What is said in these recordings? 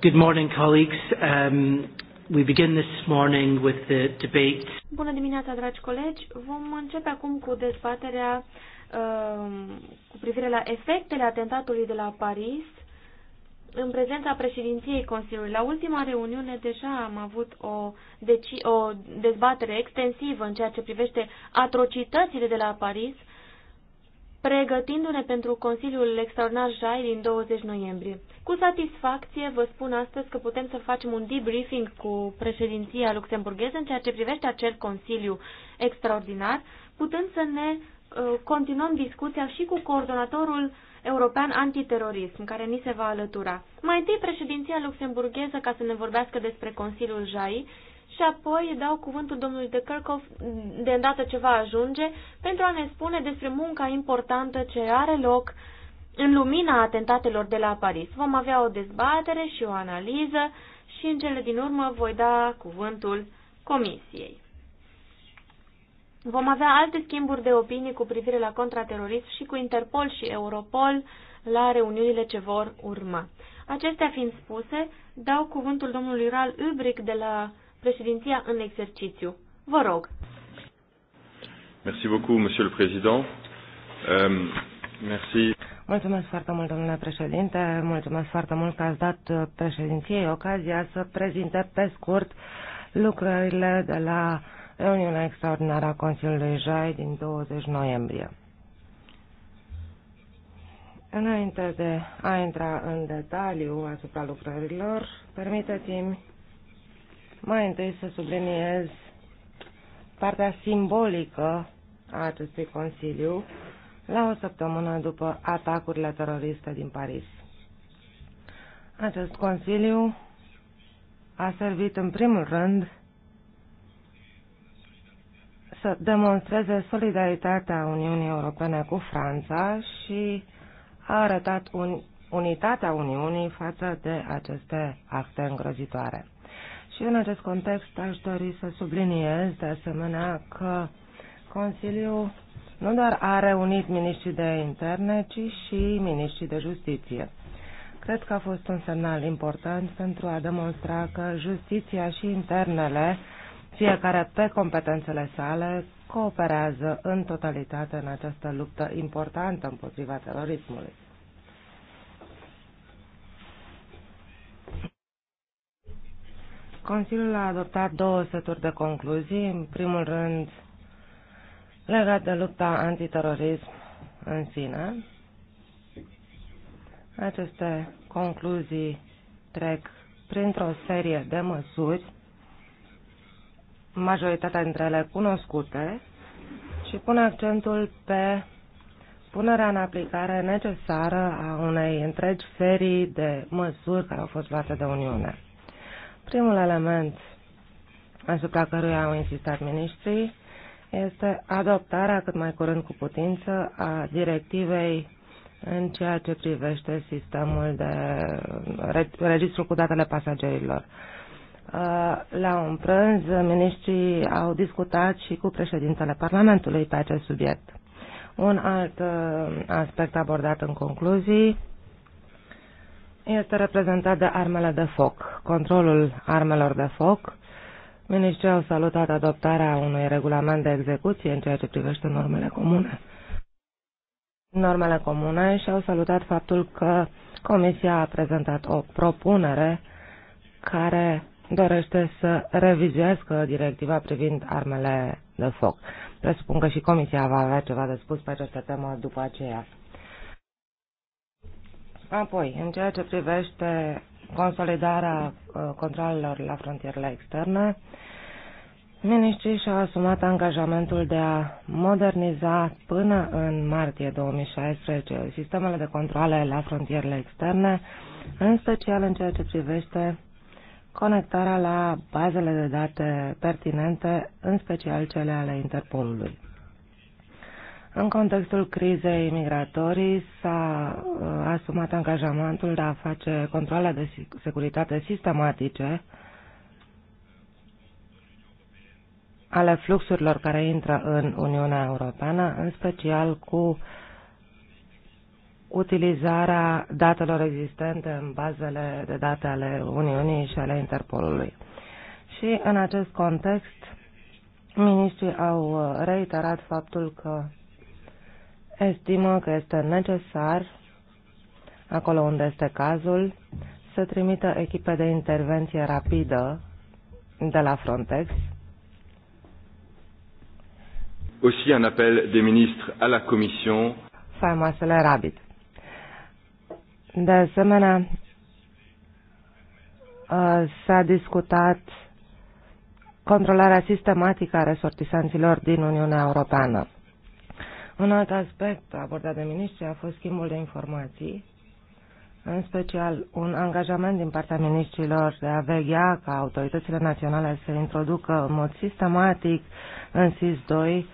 Good morning, colleagues. Um, we begin this morning with the debate. Bună dimineața, dragi colegi. Vom începe acum cu dezbaterea uh, cu privire la efectele atentatului de la Paris în prezența președinției Consiliului. La ultima reuniune deja am avut o, deci, o dezbatere extensivă în ceea ce privește atrocitățile de la Paris pregătindu-ne pentru Consiliul Extraordinar JAI din 20 noiembrie. Cu satisfacție vă spun astăzi că putem să facem un debriefing cu președinția luxemburgheză în ceea ce privește acel Consiliu Extraordinar, putând să ne uh, continuăm discuția și cu coordonatorul european antiterorism, care ni se va alătura. Mai întâi președinția luxemburgheză ca să ne vorbească despre Consiliul JAI și apoi dau cuvântul domnului de Kirchhoff de îndată ce va ajunge pentru a ne spune despre munca importantă ce are loc în lumina atentatelor de la Paris. Vom avea o dezbatere și o analiză și în cele din urmă voi da cuvântul comisiei. Vom avea alte schimburi de opinii cu privire la contraterorism și cu Interpol și Europol la reuniunile ce vor urma. Acestea fiind spuse, dau cuvântul domnului Ral Ubric de la președinția în exercițiu. Vă rog. Merci beaucoup, Monsieur le Président. Um, merci. Mulțumesc foarte mult, domnule președinte. Mulțumesc foarte mult că ați dat președinției ocazia să prezinte pe scurt lucrările de la reuniunea extraordinară a Consiliului JAI din 20 noiembrie. Înainte de a intra în detaliu asupra lucrărilor, permiteți-mi mai întâi să subliniez partea simbolică a acestui Consiliu la o săptămână după atacurile teroriste din Paris. Acest Consiliu a servit în primul rând să demonstreze solidaritatea Uniunii Europene cu Franța și a arătat un, unitatea Uniunii față de aceste acte îngrozitoare. Și în acest context aș dori să subliniez de asemenea că Consiliul nu doar a reunit miniștrii de interne, ci și miniștrii de justiție. Cred că a fost un semnal important pentru a demonstra că justiția și internele, fiecare pe competențele sale, cooperează în totalitate în această luptă importantă împotriva terorismului. Consiliul a adoptat două seturi de concluzii, în primul rând legat de lupta antiterorism în sine. Aceste concluzii trec printr-o serie de măsuri, majoritatea dintre ele cunoscute, și pun accentul pe punerea în aplicare necesară a unei întregi serii de măsuri care au fost luate de Uniune. Primul element asupra căruia au insistat ministrii este adoptarea cât mai curând cu putință a directivei în ceea ce privește sistemul de registru cu datele pasagerilor. Uh, la un prânz, ministrii au discutat și cu președintele Parlamentului pe acest subiect. Un alt uh, aspect abordat în concluzii este reprezentat de armele de foc, controlul armelor de foc. Ministrii au salutat adoptarea unui regulament de execuție în ceea ce privește normele comune. Normele comune și au salutat faptul că Comisia a prezentat o propunere care dorește să revizuiască directiva privind armele de foc. Presupun că și Comisia va avea ceva de spus pe această temă după aceea. Apoi, în ceea ce privește consolidarea uh, controlelor la frontierele externe, Ministrii și-au asumat angajamentul de a moderniza până în martie 2016 sistemele de controle la frontierele externe, în special în ceea ce privește conectarea la bazele de date pertinente, în special cele ale Interpolului. În contextul crizei migratorii s-a uh, asumat angajamentul de a face controle de securitate sistematice ale fluxurilor care intră în Uniunea Europeană, în special cu utilizarea datelor existente în bazele de date ale Uniunii și ale Interpolului. Și în acest context, ministrii au uh, reiterat faptul că estimă că este necesar, acolo unde este cazul, să trimită echipe de intervenție rapidă de la Frontex. Aussi un appel des ministres à la Commission. Faimoasele Rabbit. De asemenea, uh, s-a discutat controlarea sistematică a resortisanților din Uniunea Europeană. Un alt aspect abordat de miniștri a fost schimbul de informații, în special un angajament din partea miniștrilor de a veghea ca autoritățile naționale să introducă în mod sistematic în SIS-2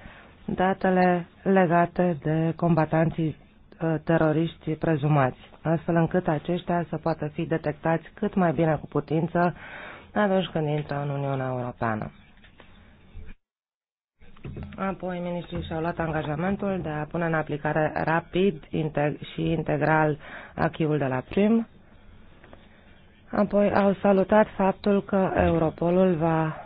datele legate de combatanții ă, teroriști prezumați, astfel încât aceștia să poată fi detectați cât mai bine cu putință atunci când intră în Uniunea Europeană. Apoi, ministrii și-au luat angajamentul de a pune în aplicare rapid și integral achiul de la prim. Apoi au salutat faptul că Europolul va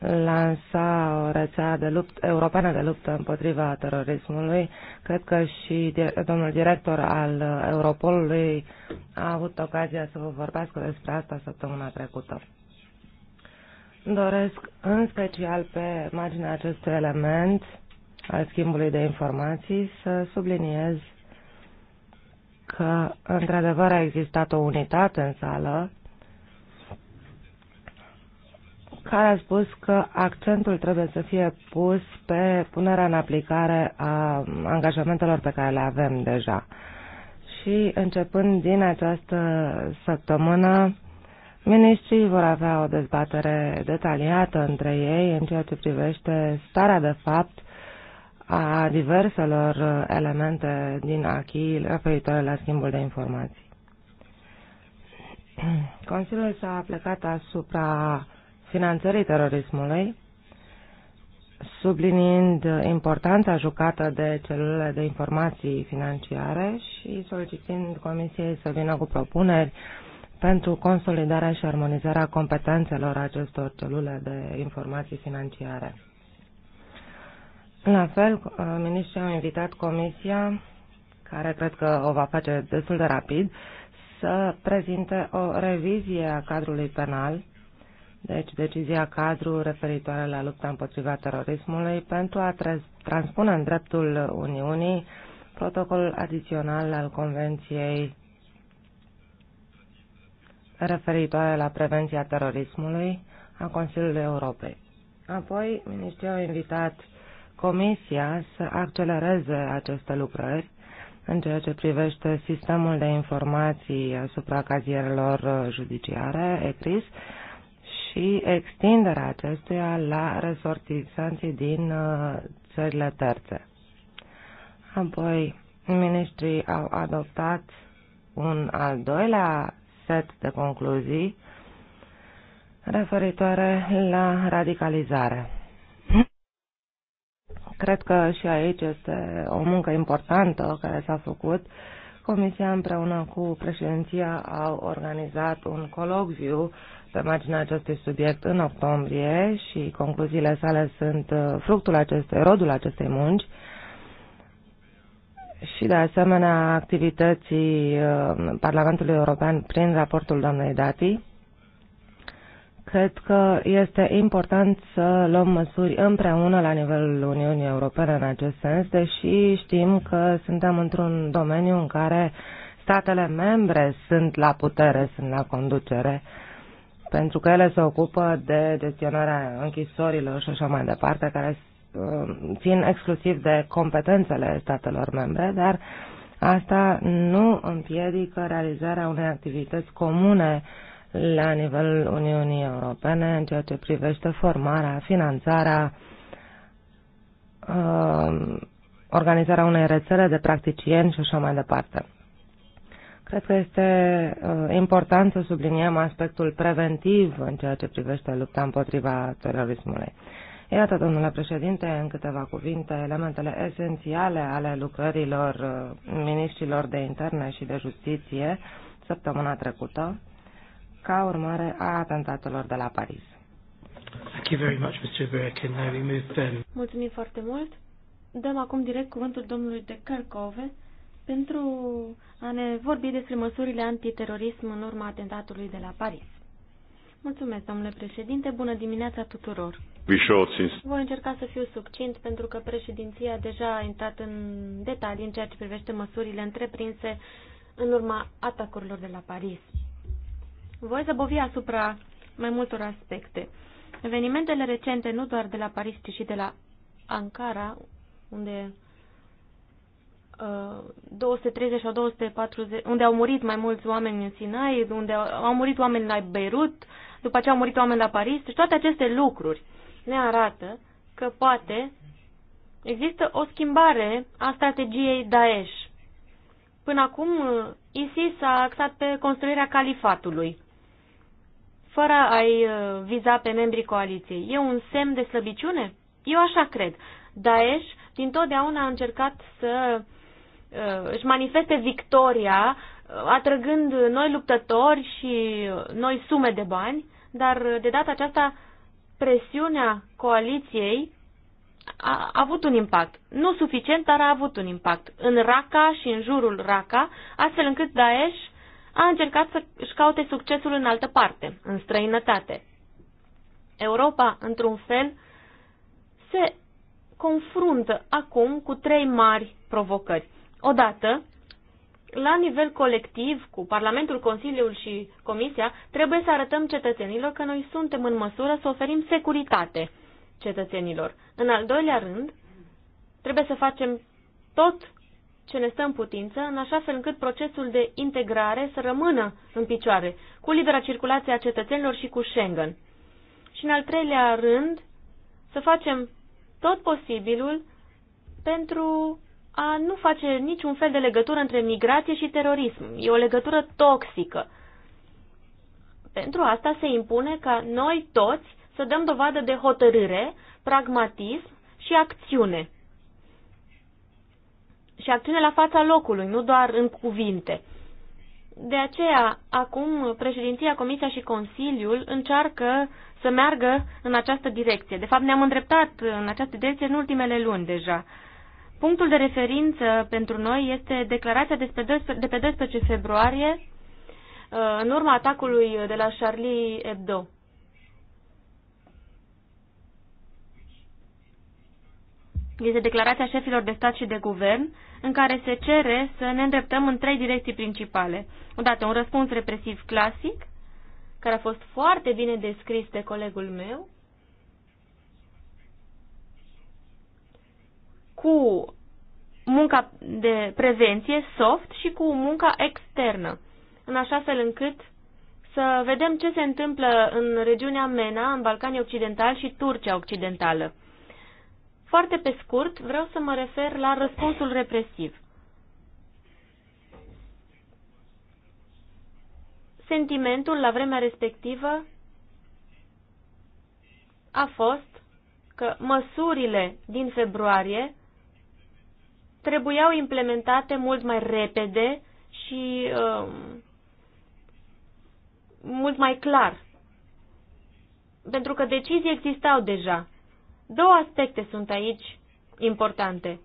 lansa o rețea de lupt, europeană de luptă împotriva terorismului. Cred că și domnul director al Europolului a avut ocazia să vă vorbească despre asta săptămâna trecută. Doresc în special pe marginea acestui element al schimbului de informații să subliniez că într-adevăr a existat o unitate în sală care a spus că accentul trebuie să fie pus pe punerea în aplicare a angajamentelor pe care le avem deja. Și începând din această săptămână, Ministrii vor avea o dezbatere detaliată între ei în ceea ce privește starea de fapt a diverselor elemente din achi referitoare la schimbul de informații. Consiliul s-a plecat asupra finanțării terorismului, subliniind importanța jucată de celulele de informații financiare și solicitând Comisiei să vină cu propuneri pentru consolidarea și armonizarea competențelor acestor celule de informații financiare. La fel, uh, ministrii au invitat Comisia, care cred că o va face destul de rapid, să prezinte o revizie a cadrului penal, deci decizia cadru referitoare la lupta împotriva terorismului, pentru a transpune în dreptul Uniunii protocolul adițional al Convenției referitoare la prevenția terorismului a Consiliului Europei. Apoi, ministrii au invitat Comisia să accelereze aceste lucrări în ceea ce privește sistemul de informații asupra cazierelor judiciare, ECRIS, și extinderea acestuia la resortizanții din uh, țările terțe. Apoi, ministrii au adoptat un al doilea set de concluzii referitoare la radicalizare. Cred că și aici este o muncă importantă care s-a făcut. Comisia împreună cu președinția au organizat un colocviu pe marginea acestui subiect în octombrie și concluziile sale sunt fructul acestei, rodul acestei munci și de asemenea activității uh, Parlamentului European prin raportul doamnei Dati. Cred că este important să luăm măsuri împreună la nivelul Uniunii Europene în acest sens, deși știm că suntem într-un domeniu în care statele membre sunt la putere, sunt la conducere, pentru că ele se ocupă de gestionarea închisorilor și așa mai departe, care Um, țin exclusiv de competențele statelor membre, dar asta nu împiedică realizarea unei activități comune la nivelul Uniunii Europene în ceea ce privește formarea, finanțarea, um, organizarea unei rețele de practicieni și așa mai departe. Cred că este uh, important să subliniem aspectul preventiv în ceea ce privește lupta împotriva terorismului. Iată, domnule președinte, în câteva cuvinte, elementele esențiale ale lucrărilor uh, ministrilor de interne și de justiție săptămâna trecută, ca urmare a atentatelor de la Paris. Thank you very much, Mr. Birkin. Now we move then. Mulțumim foarte mult. Dăm acum direct cuvântul domnului de Kerkove pentru a ne vorbi despre măsurile antiterorism în urma atentatului de la Paris. Mulțumesc, domnule președinte. Bună dimineața tuturor. Voi încerca să fiu succint pentru că președinția deja a intrat în detalii în ceea ce privește măsurile întreprinse în urma atacurilor de la Paris. Voi zăbovi asupra mai multor aspecte. Evenimentele recente, nu doar de la Paris, ci și de la Ankara, unde 230 uh, sau 240, unde au murit mai mulți oameni în Sinai, unde au murit oameni la Beirut, după ce au murit oameni la Paris. Deci toate aceste lucruri ne arată că poate există o schimbare a strategiei Daesh. Până acum, uh, ISIS s-a axat pe construirea califatului, fără a-i uh, viza pe membrii coaliției. E un semn de slăbiciune? Eu așa cred. Daesh dintotdeauna a încercat să uh, își manifeste victoria atrăgând noi luptători și noi sume de bani, dar de data aceasta presiunea coaliției a avut un impact. Nu suficient, dar a avut un impact în Raqqa și în jurul Raqqa, astfel încât Daesh a încercat să-și caute succesul în altă parte, în străinătate. Europa, într-un fel, se confruntă acum cu trei mari provocări. Odată, la nivel colectiv, cu Parlamentul, Consiliul și Comisia, trebuie să arătăm cetățenilor că noi suntem în măsură să oferim securitate cetățenilor. În al doilea rând, trebuie să facem tot ce ne stă în putință, în așa fel încât procesul de integrare să rămână în picioare, cu libera circulație a cetățenilor și cu Schengen. Și în al treilea rând, să facem tot posibilul pentru a nu face niciun fel de legătură între migrație și terorism. E o legătură toxică. Pentru asta se impune ca noi toți să dăm dovadă de hotărâre, pragmatism și acțiune. Și acțiune la fața locului, nu doar în cuvinte. De aceea, acum, președinția, Comisia și Consiliul încearcă să meargă în această direcție. De fapt, ne-am îndreptat în această direcție în ultimele luni deja. Punctul de referință pentru noi este declarația de pe 12 februarie uh, în urma atacului de la Charlie Hebdo. Este declarația șefilor de stat și de guvern în care se cere să ne îndreptăm în trei direcții principale. Odată, un răspuns represiv clasic, care a fost foarte bine descris de colegul meu, cu munca de prevenție soft și cu munca externă, în așa fel încât să vedem ce se întâmplă în regiunea MENA, în Balcanii Occidentali și Turcia Occidentală. Foarte pe scurt, vreau să mă refer la răspunsul represiv. Sentimentul la vremea respectivă a fost că măsurile din februarie trebuiau implementate mult mai repede și um, mult mai clar. Pentru că decizii existau deja. Două aspecte sunt aici importante.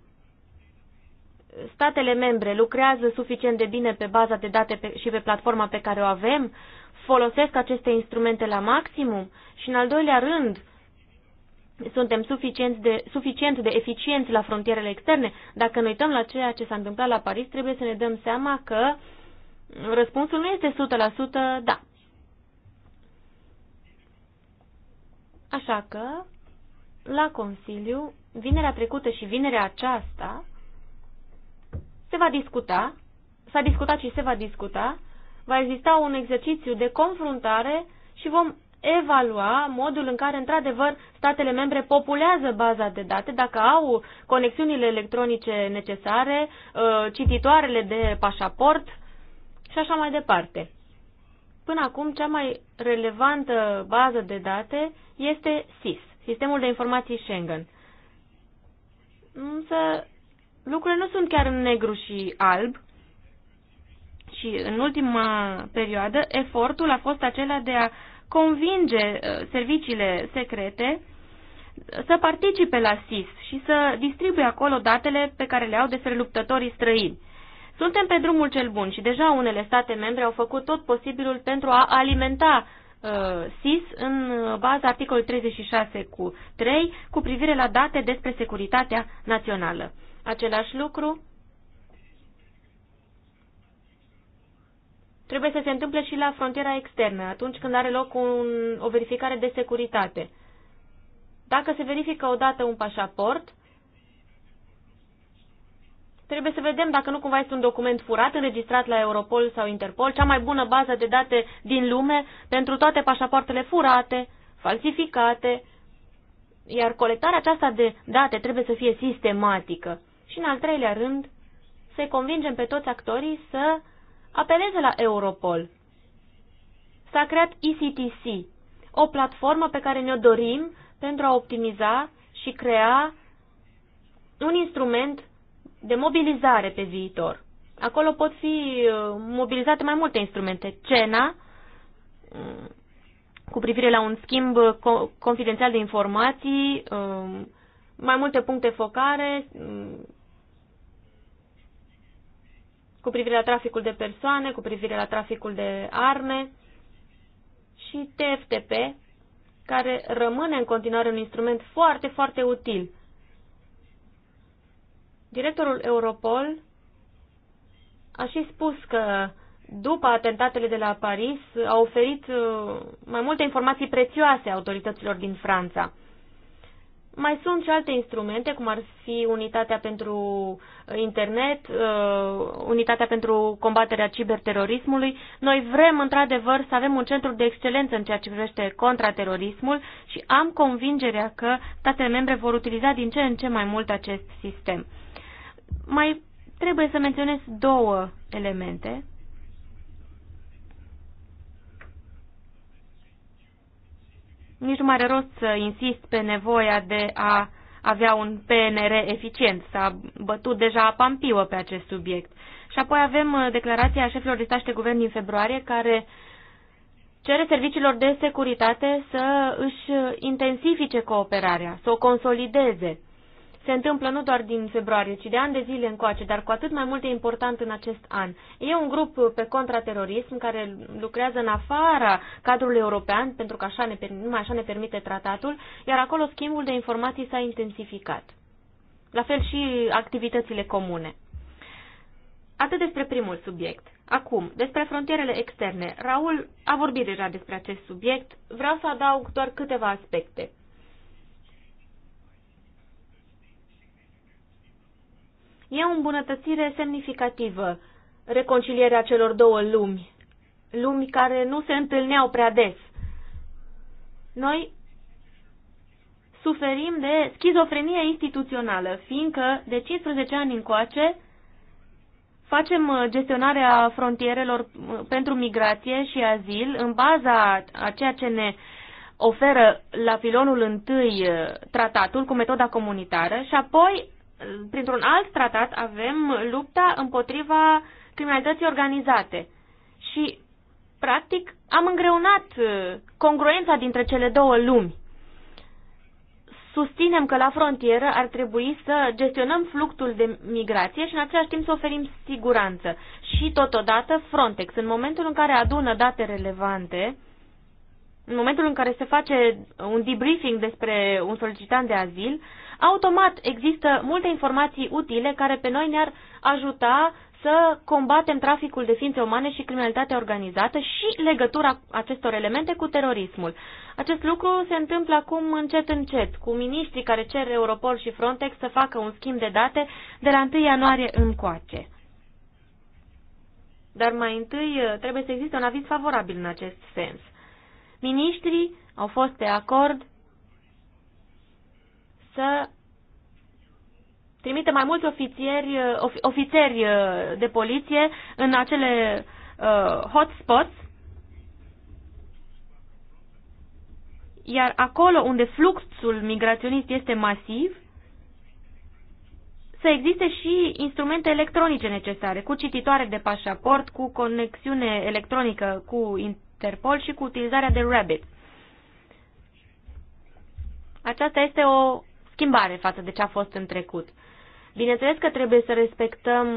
Statele membre lucrează suficient de bine pe baza de date pe, și pe platforma pe care o avem, folosesc aceste instrumente la maximum și, în al doilea rând, suntem suficient de, suficient de eficienți la frontierele externe. Dacă ne uităm la ceea ce s-a întâmplat la Paris, trebuie să ne dăm seama că răspunsul nu este 100% da. Așa că, la Consiliu, vinerea trecută și vinerea aceasta, se va discuta, s-a discutat și se va discuta, va exista un exercițiu de confruntare și vom evalua modul în care, într-adevăr, statele membre populează baza de date, dacă au conexiunile electronice necesare, uh, cititoarele de pașaport și așa mai departe. Până acum, cea mai relevantă bază de date este SIS, Sistemul de Informații Schengen. Însă, lucrurile nu sunt chiar în negru și alb, și în ultima perioadă efortul a fost acela de a convinge uh, serviciile secrete să participe la SIS și să distribuie acolo datele pe care le au despre luptătorii străini. Suntem pe drumul cel bun și deja unele state membre au făcut tot posibilul pentru a alimenta uh, SIS în baza articolului 36 cu 3 cu privire la date despre securitatea națională. Același lucru trebuie să se întâmple și la frontiera externă, atunci când are loc un, o verificare de securitate. Dacă se verifică odată un pașaport, trebuie să vedem dacă nu cumva este un document furat, înregistrat la Europol sau Interpol, cea mai bună bază de date din lume pentru toate pașapoartele furate, falsificate, iar colectarea aceasta de date trebuie să fie sistematică. Și în al treilea rând, să convingem pe toți actorii să apeleze la Europol. S-a creat ECTC, o platformă pe care ne-o dorim pentru a optimiza și crea un instrument de mobilizare pe viitor. Acolo pot fi uh, mobilizate mai multe instrumente. CENA, mm, cu privire la un schimb confidențial de informații, uh, mai multe puncte focare, mm, cu privire la traficul de persoane, cu privire la traficul de arme și TFTP, care rămâne în continuare un instrument foarte, foarte util. Directorul Europol a și spus că după atentatele de la Paris a oferit uh, mai multe informații prețioase autorităților din Franța. Mai sunt și alte instrumente, cum ar fi unitatea pentru uh, internet, uh, unitatea pentru combaterea ciberterorismului. Noi vrem, într-adevăr, să avem un centru de excelență în ceea ce privește contraterorismul și am convingerea că statele membre vor utiliza din ce în ce mai mult acest sistem. Mai trebuie să menționez două elemente Nici nu mai are rost să insist pe nevoia de a avea un PNR eficient. S-a bătut deja pampiuă pe acest subiect. Și apoi avem uh, declarația șefilor de stat și guvern din februarie care cere serviciilor de securitate să își uh, intensifice cooperarea, să o consolideze se întâmplă nu doar din februarie, ci de ani de zile încoace, dar cu atât mai mult e important în acest an. E un grup pe contraterorism care lucrează în afara cadrului european, pentru că așa ne, numai așa ne permite tratatul, iar acolo schimbul de informații s-a intensificat. La fel și activitățile comune. Atât despre primul subiect. Acum, despre frontierele externe. Raul a vorbit deja despre acest subiect. Vreau să adaug doar câteva aspecte. E o îmbunătățire semnificativă reconcilierea celor două lumi, lumi care nu se întâlneau prea des. Noi suferim de schizofrenie instituțională, fiindcă de 15 ani încoace facem uh, gestionarea frontierelor uh, pentru migrație și azil în baza a ceea ce ne oferă la filonul întâi uh, tratatul cu metoda comunitară și apoi printr-un alt tratat avem lupta împotriva criminalității organizate. Și, practic, am îngreunat uh, congruența dintre cele două lumi. Susținem că la frontieră ar trebui să gestionăm fluxul de migrație și în același timp să oferim siguranță. Și totodată Frontex, în momentul în care adună date relevante, în momentul în care se face un debriefing despre un solicitant de azil, automat există multe informații utile care pe noi ne-ar ajuta să combatem traficul de ființe umane și criminalitatea organizată și legătura acestor elemente cu terorismul. Acest lucru se întâmplă acum încet încet, cu miniștrii care cer Europol și Frontex să facă un schimb de date de la 1 ianuarie încoace. Dar mai întâi uh, trebuie să existe un aviz favorabil în acest sens. Miniștrii au fost de acord să trimite mai mulți ofițieri, uh, of, ofițeri uh, de poliție în acele uh, hotspots, iar acolo unde fluxul migraționist este masiv, să existe și instrumente electronice necesare, cu cititoare de pașaport, cu conexiune electronică cu Interpol și cu utilizarea de Rabbit. Aceasta este o schimbare față de ce a fost în trecut. Bineînțeles că trebuie să respectăm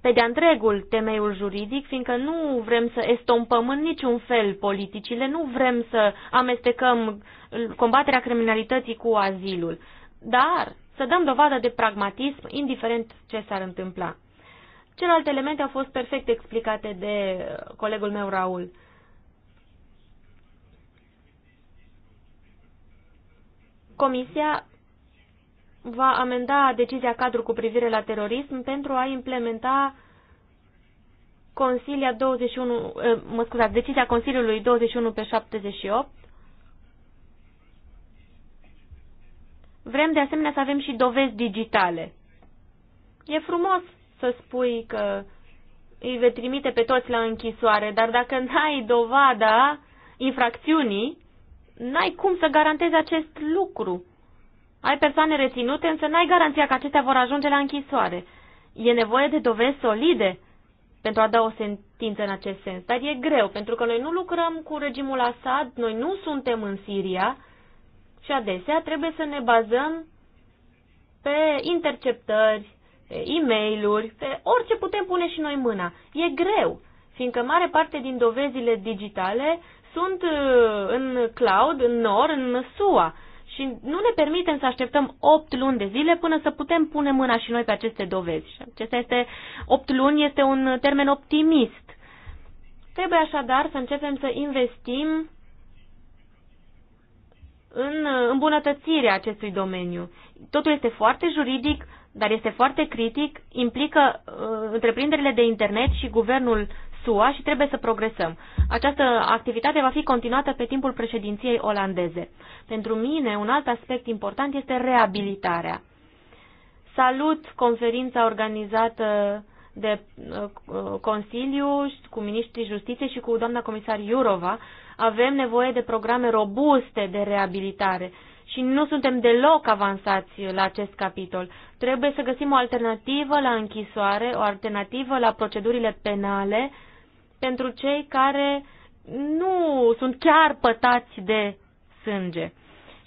pe de-a întregul temeiul juridic, fiindcă nu vrem să estompăm în niciun fel politicile, nu vrem să amestecăm combaterea criminalității cu azilul, dar să dăm dovadă de pragmatism, indiferent ce s-ar întâmpla. Celelalte elemente au fost perfect explicate de colegul meu Raul. Comisia va amenda decizia cadru cu privire la terorism pentru a implementa Consilia 21, eh, mă scuzați, decizia Consiliului 21 pe 78. Vrem de asemenea să avem și dovezi digitale. E frumos să spui că îi vei trimite pe toți la închisoare, dar dacă n-ai dovada infracțiunii, n-ai cum să garantezi acest lucru. Ai persoane reținute, însă n-ai garanția că acestea vor ajunge la închisoare. E nevoie de dovezi solide pentru a da o sentință în acest sens, dar e greu, pentru că noi nu lucrăm cu regimul Assad, noi nu suntem în Siria și adesea trebuie să ne bazăm pe interceptări, pe e mail pe orice putem pune și noi mâna. E greu, fiindcă mare parte din dovezile digitale sunt uh, în cloud, în nor, în SUA și nu ne permitem să așteptăm 8 luni de zile până să putem pune mâna și noi pe aceste dovezi. Acesta este 8 luni este un termen optimist. Trebuie așadar să începem să investim în uh, îmbunătățirea acestui domeniu. Totul este foarte juridic, dar este foarte critic, implică uh, întreprinderile de internet și guvernul SUA și trebuie să progresăm. Această activitate va fi continuată pe timpul președinției olandeze. Pentru mine, un alt aspect important este reabilitarea. Salut conferința organizată de uh, Consiliu cu ministrii justiției și cu doamna comisar Iurova. Avem nevoie de programe robuste de reabilitare și nu suntem deloc avansați la acest capitol. Trebuie să găsim o alternativă la închisoare, o alternativă la procedurile penale pentru cei care nu sunt chiar pătați de sânge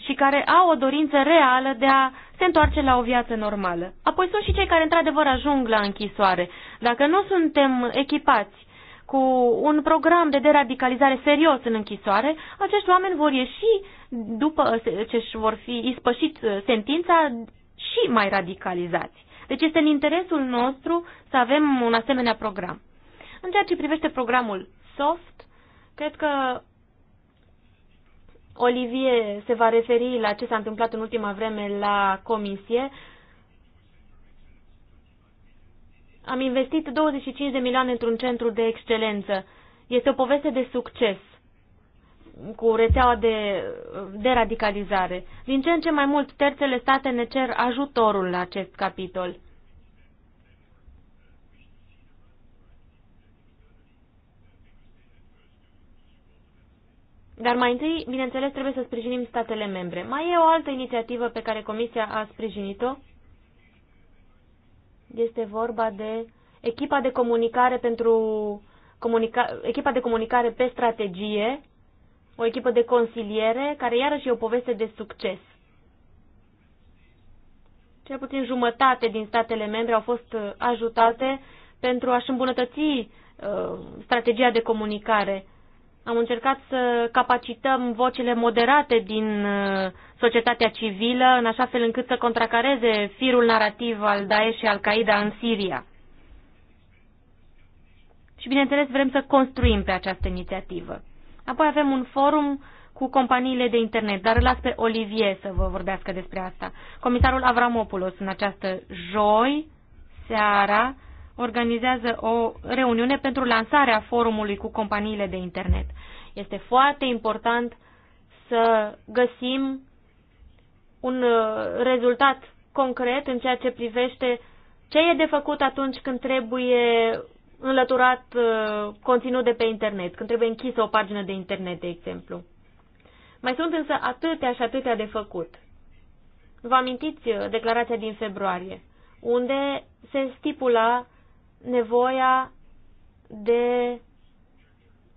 și care au o dorință reală de a se întoarce la o viață normală. Apoi sunt și cei care într-adevăr ajung la închisoare. Dacă nu suntem echipați cu un program de deradicalizare serios în închisoare, acești oameni vor ieși după ce își vor fi ispășit uh, sentința și mai radicalizați. Deci este în interesul nostru să avem un asemenea program. În ceea ce privește programul SOFT, cred că Olivier se va referi la ce s-a întâmplat în ultima vreme la comisie. Am investit 25 de milioane într-un centru de excelență. Este o poveste de succes cu rețeaua de radicalizare. Din ce în ce mai mult, terțele state ne cer ajutorul la acest capitol. Dar mai întâi, bineînțeles, trebuie să sprijinim statele membre. Mai e o altă inițiativă pe care Comisia a sprijinit-o. Este vorba de echipa de comunicare pentru comunica, echipa de comunicare pe strategie, o echipă de consiliere, care iarăși e o poveste de succes. Cel puțin jumătate din statele membre au fost uh, ajutate pentru a-și îmbunătăți uh, strategia de comunicare am încercat să capacităm vocile moderate din uh, societatea civilă, în așa fel încât să contracareze firul narativ al Daesh și Al-Qaeda în Siria. Și, bineînțeles, vrem să construim pe această inițiativă. Apoi avem un forum cu companiile de internet, dar îl las pe Olivier să vă vorbească despre asta. Comisarul Avramopoulos în această joi, seara, organizează o reuniune pentru lansarea forumului cu companiile de internet. Este foarte important să găsim un uh, rezultat concret în ceea ce privește ce e de făcut atunci când trebuie înlăturat uh, conținut de pe internet, când trebuie închisă o pagină de internet, de exemplu. Mai sunt însă atâtea și atâtea de făcut. Vă amintiți uh, declarația din februarie, unde se stipula nevoia de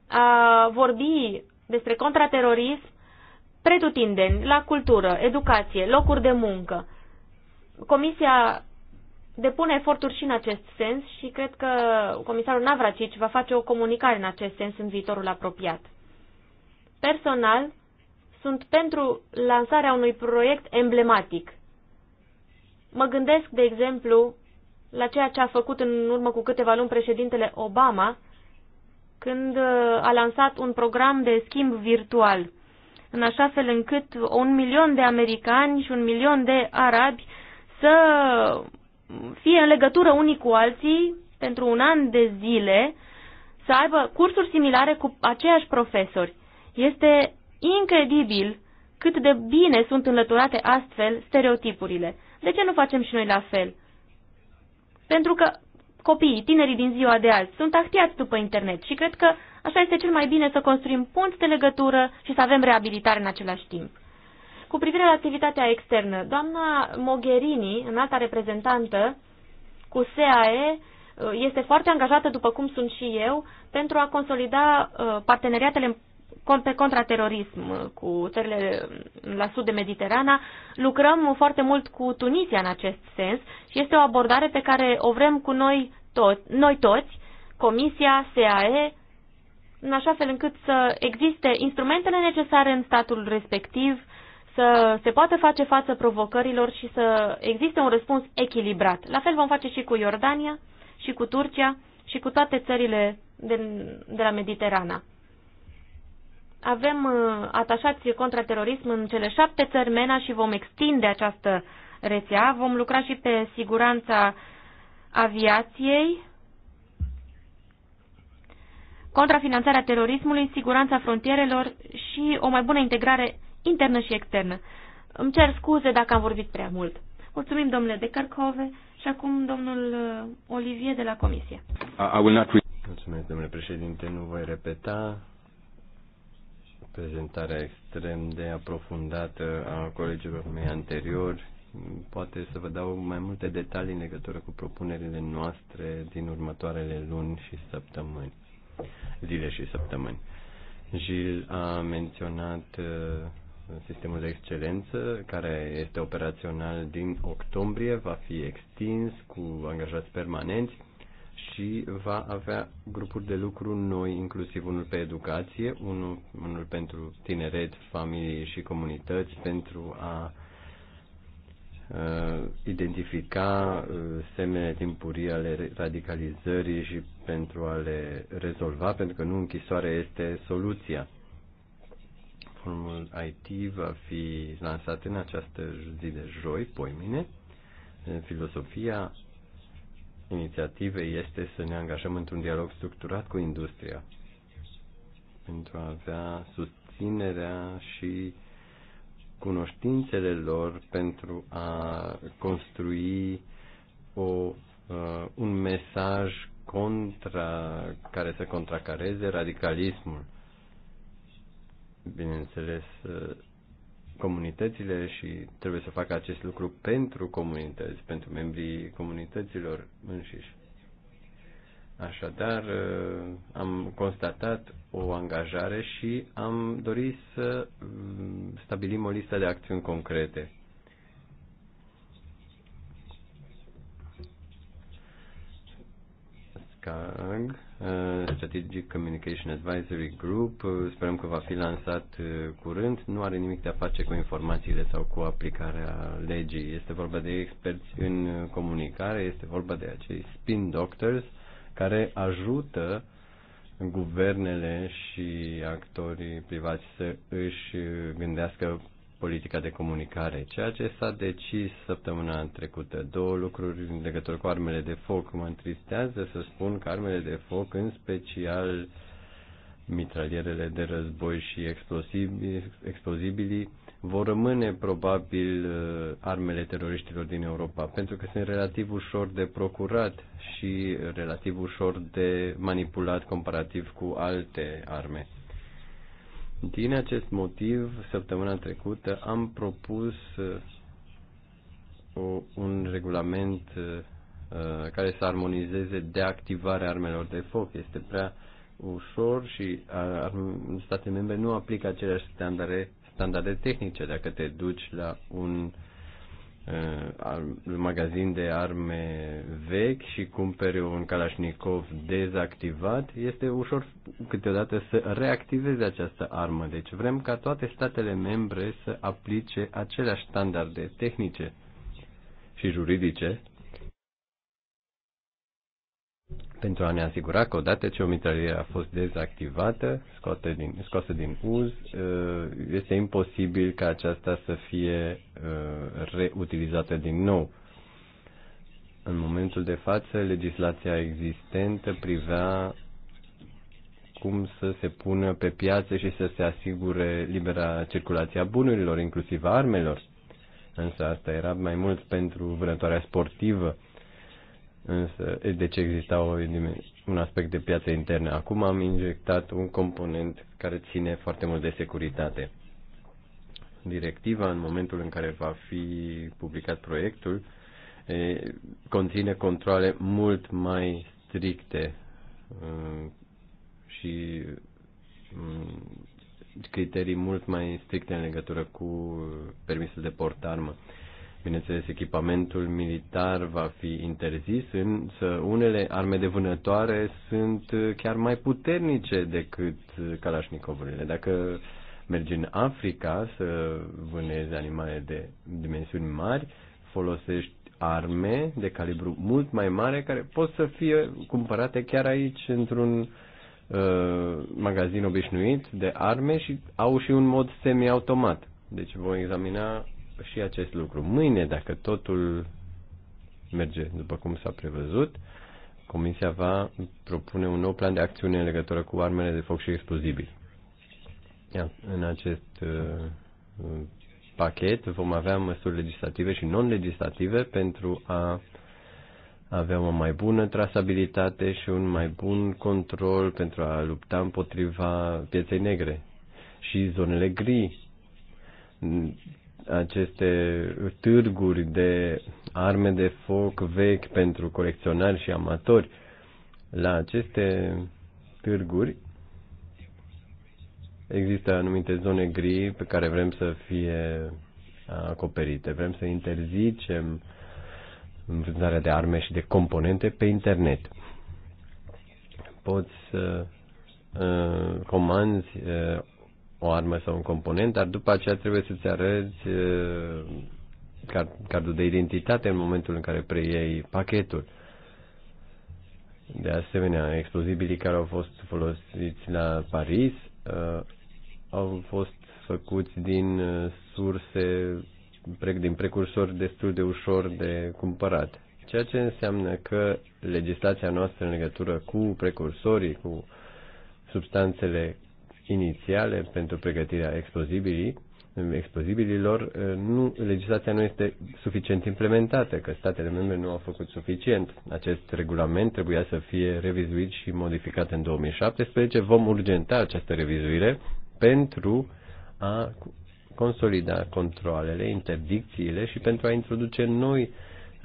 a vorbi despre contraterorism pretutindeni la cultură, educație, locuri de muncă. Comisia depune eforturi și în acest sens și cred că comisarul Navracici va face o comunicare în acest sens în viitorul apropiat. Personal, sunt pentru lansarea unui proiect emblematic. Mă gândesc, de exemplu, la ceea ce a făcut în urmă cu câteva luni președintele Obama, când uh, a lansat un program de schimb virtual, în așa fel încât un milion de americani și un milion de arabi să fie în legătură unii cu alții pentru un an de zile, să aibă cursuri similare cu aceiași profesori. Este incredibil cât de bine sunt înlăturate astfel stereotipurile. De ce nu facem și noi la fel? Pentru că copiii, tinerii din ziua de azi, sunt actiați după internet și cred că așa este cel mai bine să construim punți de legătură și să avem reabilitare în același timp. Cu privire la activitatea externă, doamna Mogherini, înalta reprezentantă cu SAE, este foarte angajată, după cum sunt și eu, pentru a consolida uh, parteneriatele pe contraterorism cu țările la sud de Mediterana. Lucrăm foarte mult cu Tunisia în acest sens și este o abordare pe care o vrem cu noi toți, noi toți Comisia, SAE, în așa fel încât să existe instrumentele necesare în statul respectiv, să se poată face față provocărilor și să existe un răspuns echilibrat. La fel vom face și cu Iordania, și cu Turcia, și cu toate țările de, de la Mediterana. Avem uh, atașați contra terorism în cele șapte țări MENA și vom extinde această rețea. Vom lucra și pe siguranța aviației, contrafinanțarea terorismului, siguranța frontierelor și o mai bună integrare internă și externă. Îmi cer scuze dacă am vorbit prea mult. Mulțumim, domnule de Cărcove, și acum domnul uh, Olivier de la Comisie. Mulțumesc, domnule președinte, nu voi repeta prezentarea extrem de aprofundată a colegilor mei anteriori. Poate să vă dau mai multe detalii în legătură cu propunerile noastre din următoarele luni și săptămâni, zile și săptămâni. Gil a menționat uh, sistemul de excelență, care este operațional din octombrie, va fi extins cu angajați permanenți și va avea grupuri de lucru noi, inclusiv unul pe educație, unul, unul pentru tineret, familie și comunități, pentru a uh, identifica uh, semnele timpurii ale radicalizării și pentru a le rezolva, pentru că nu închisoarea este soluția. Formul IT va fi lansat în această zi de joi, poimine, filosofia inițiativei este să ne angajăm într-un dialog structurat cu industria pentru a avea susținerea și cunoștințele lor pentru a construi o, uh, un mesaj contra, care să contracareze radicalismul. Bineînțeles, uh, comunitățile și trebuie să facă acest lucru pentru comunități, pentru membrii comunităților înșiși. Așadar, eh, am constatat o angajare și am dorit să mm, stabilim o listă de acțiuni concrete. Skag Uh, Strategic Communication Advisory Group. Uh, sperăm că va fi lansat uh, curând. Nu are nimic de a face cu informațiile sau cu aplicarea legii. Este vorba de experți în comunicare, este vorba de acei spin doctors care ajută guvernele și actorii privați să își gândească politica de comunicare. Ceea ce s-a decis săptămâna trecută, două lucruri în legătură cu armele de foc. Mă întristează să spun că armele de foc, în special mitralierele de război și explozibili, vor rămâne probabil uh, armele teroriștilor din Europa, pentru că sunt relativ ușor de procurat și relativ ușor de manipulat comparativ cu alte arme. Din acest motiv, săptămâna trecută am propus uh, o, un regulament uh, uh care să armonizeze deactivarea armelor de foc. Este prea ușor și uh, state membre nu aplică aceleași standarde, standarde tehnice. Dacă te duci la un Uh, magazin de arme vechi și cumpere un Kalashnikov dezactivat, este ușor câteodată să reactiveze această armă. Deci vrem ca toate statele membre să aplice aceleași standarde tehnice și juridice pentru a ne asigura că odată ce o mitralieră a fost dezactivată, scoasă din, scoasă din uz, uh, este imposibil ca aceasta să fie uh, reutilizată din nou. În momentul de față, legislația existentă privea cum să se pună pe piață și să se asigure libera circulația bunurilor, inclusiv a armelor. Însă asta era mai mult pentru vânătoarea sportivă însă, ce deci exista o, un aspect de piață internă. Acum am injectat un component care ține foarte mult de securitate. Directiva, în momentul în care va fi publicat proiectul, conține controle mult mai stricte și criterii mult mai stricte în legătură cu permisul de portarmă. Bineînțeles, echipamentul militar va fi interzis, însă unele arme de vânătoare sunt chiar mai puternice decât calașnicovurile. Dacă mergi în Africa să vânezi animale de dimensiuni mari, folosești arme de calibru mult mai mare care pot să fie cumpărate chiar aici într-un uh, magazin obișnuit de arme și au și un mod semi-automat. Deci vom examina și acest lucru. Mâine, dacă totul merge după cum s-a prevăzut, Comisia va propune un nou plan de acțiune în legătură cu armele de foc și explozibili. În acest uh, pachet vom avea măsuri legislative și non-legislative pentru a avea o mai bună trasabilitate și un mai bun control pentru a lupta împotriva pieței negre și zonele gri aceste târguri de arme de foc vechi pentru colecționari și amatori. La aceste târguri există anumite zone gri pe care vrem să fie acoperite. Vrem să interzicem vânzarea de arme și de componente pe internet. Poți să uh, comanzi uh, o armă sau un component, dar după aceea trebuie să-ți arăți uh, cardul de identitate în momentul în care preiei pachetul. De asemenea, explozibilii care au fost folosiți la Paris uh, au fost făcuți din uh, surse, din precursori destul de ușor de cumpărat. Ceea ce înseamnă că legislația noastră în legătură cu precursorii, cu substanțele inițiale pentru pregătirea explozibili, explozibililor, eh, nu, legislația nu este suficient implementată, că statele membre nu au făcut suficient. Acest regulament trebuia să fie revizuit și modificat în 2017. Vom urgenta această revizuire pentru a consolida controlele, interdicțiile și pentru a introduce noi uh,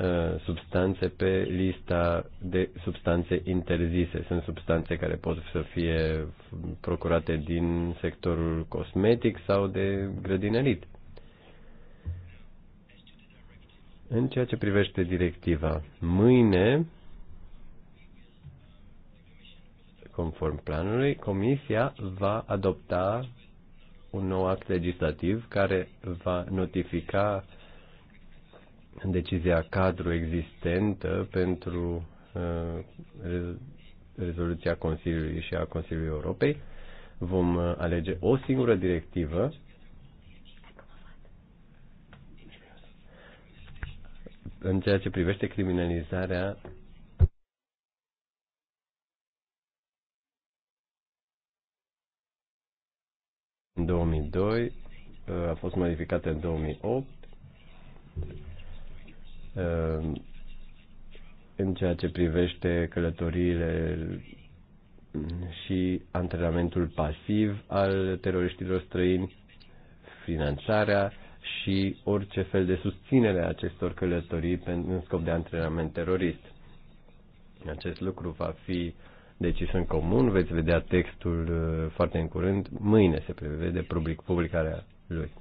Uh, substanțe pe lista de substanțe interzise. Sunt substanțe care pot să fie procurate din sectorul cosmetic sau de grădinărit. În ceea ce privește directiva, mâine, conform planului, Comisia va adopta un nou act legislativ care va notifica uh, decizia cadru existentă pentru uh, rezoluția Consiliului și a Consiliului Europei. Vom uh, alege o singură directivă în ceea ce privește criminalizarea în 2002, uh, a fost modificată în 2008 Ehm, în ceea ce privește călătoriile și antrenamentul pasiv al teroriștilor străini, finanțarea și orice fel de susținere a acestor călătorii în scop de antrenament terorist. Acest lucru va fi decis în comun, veți vedea textul eh, foarte în curând, mâine se prevede public, publicarea lui.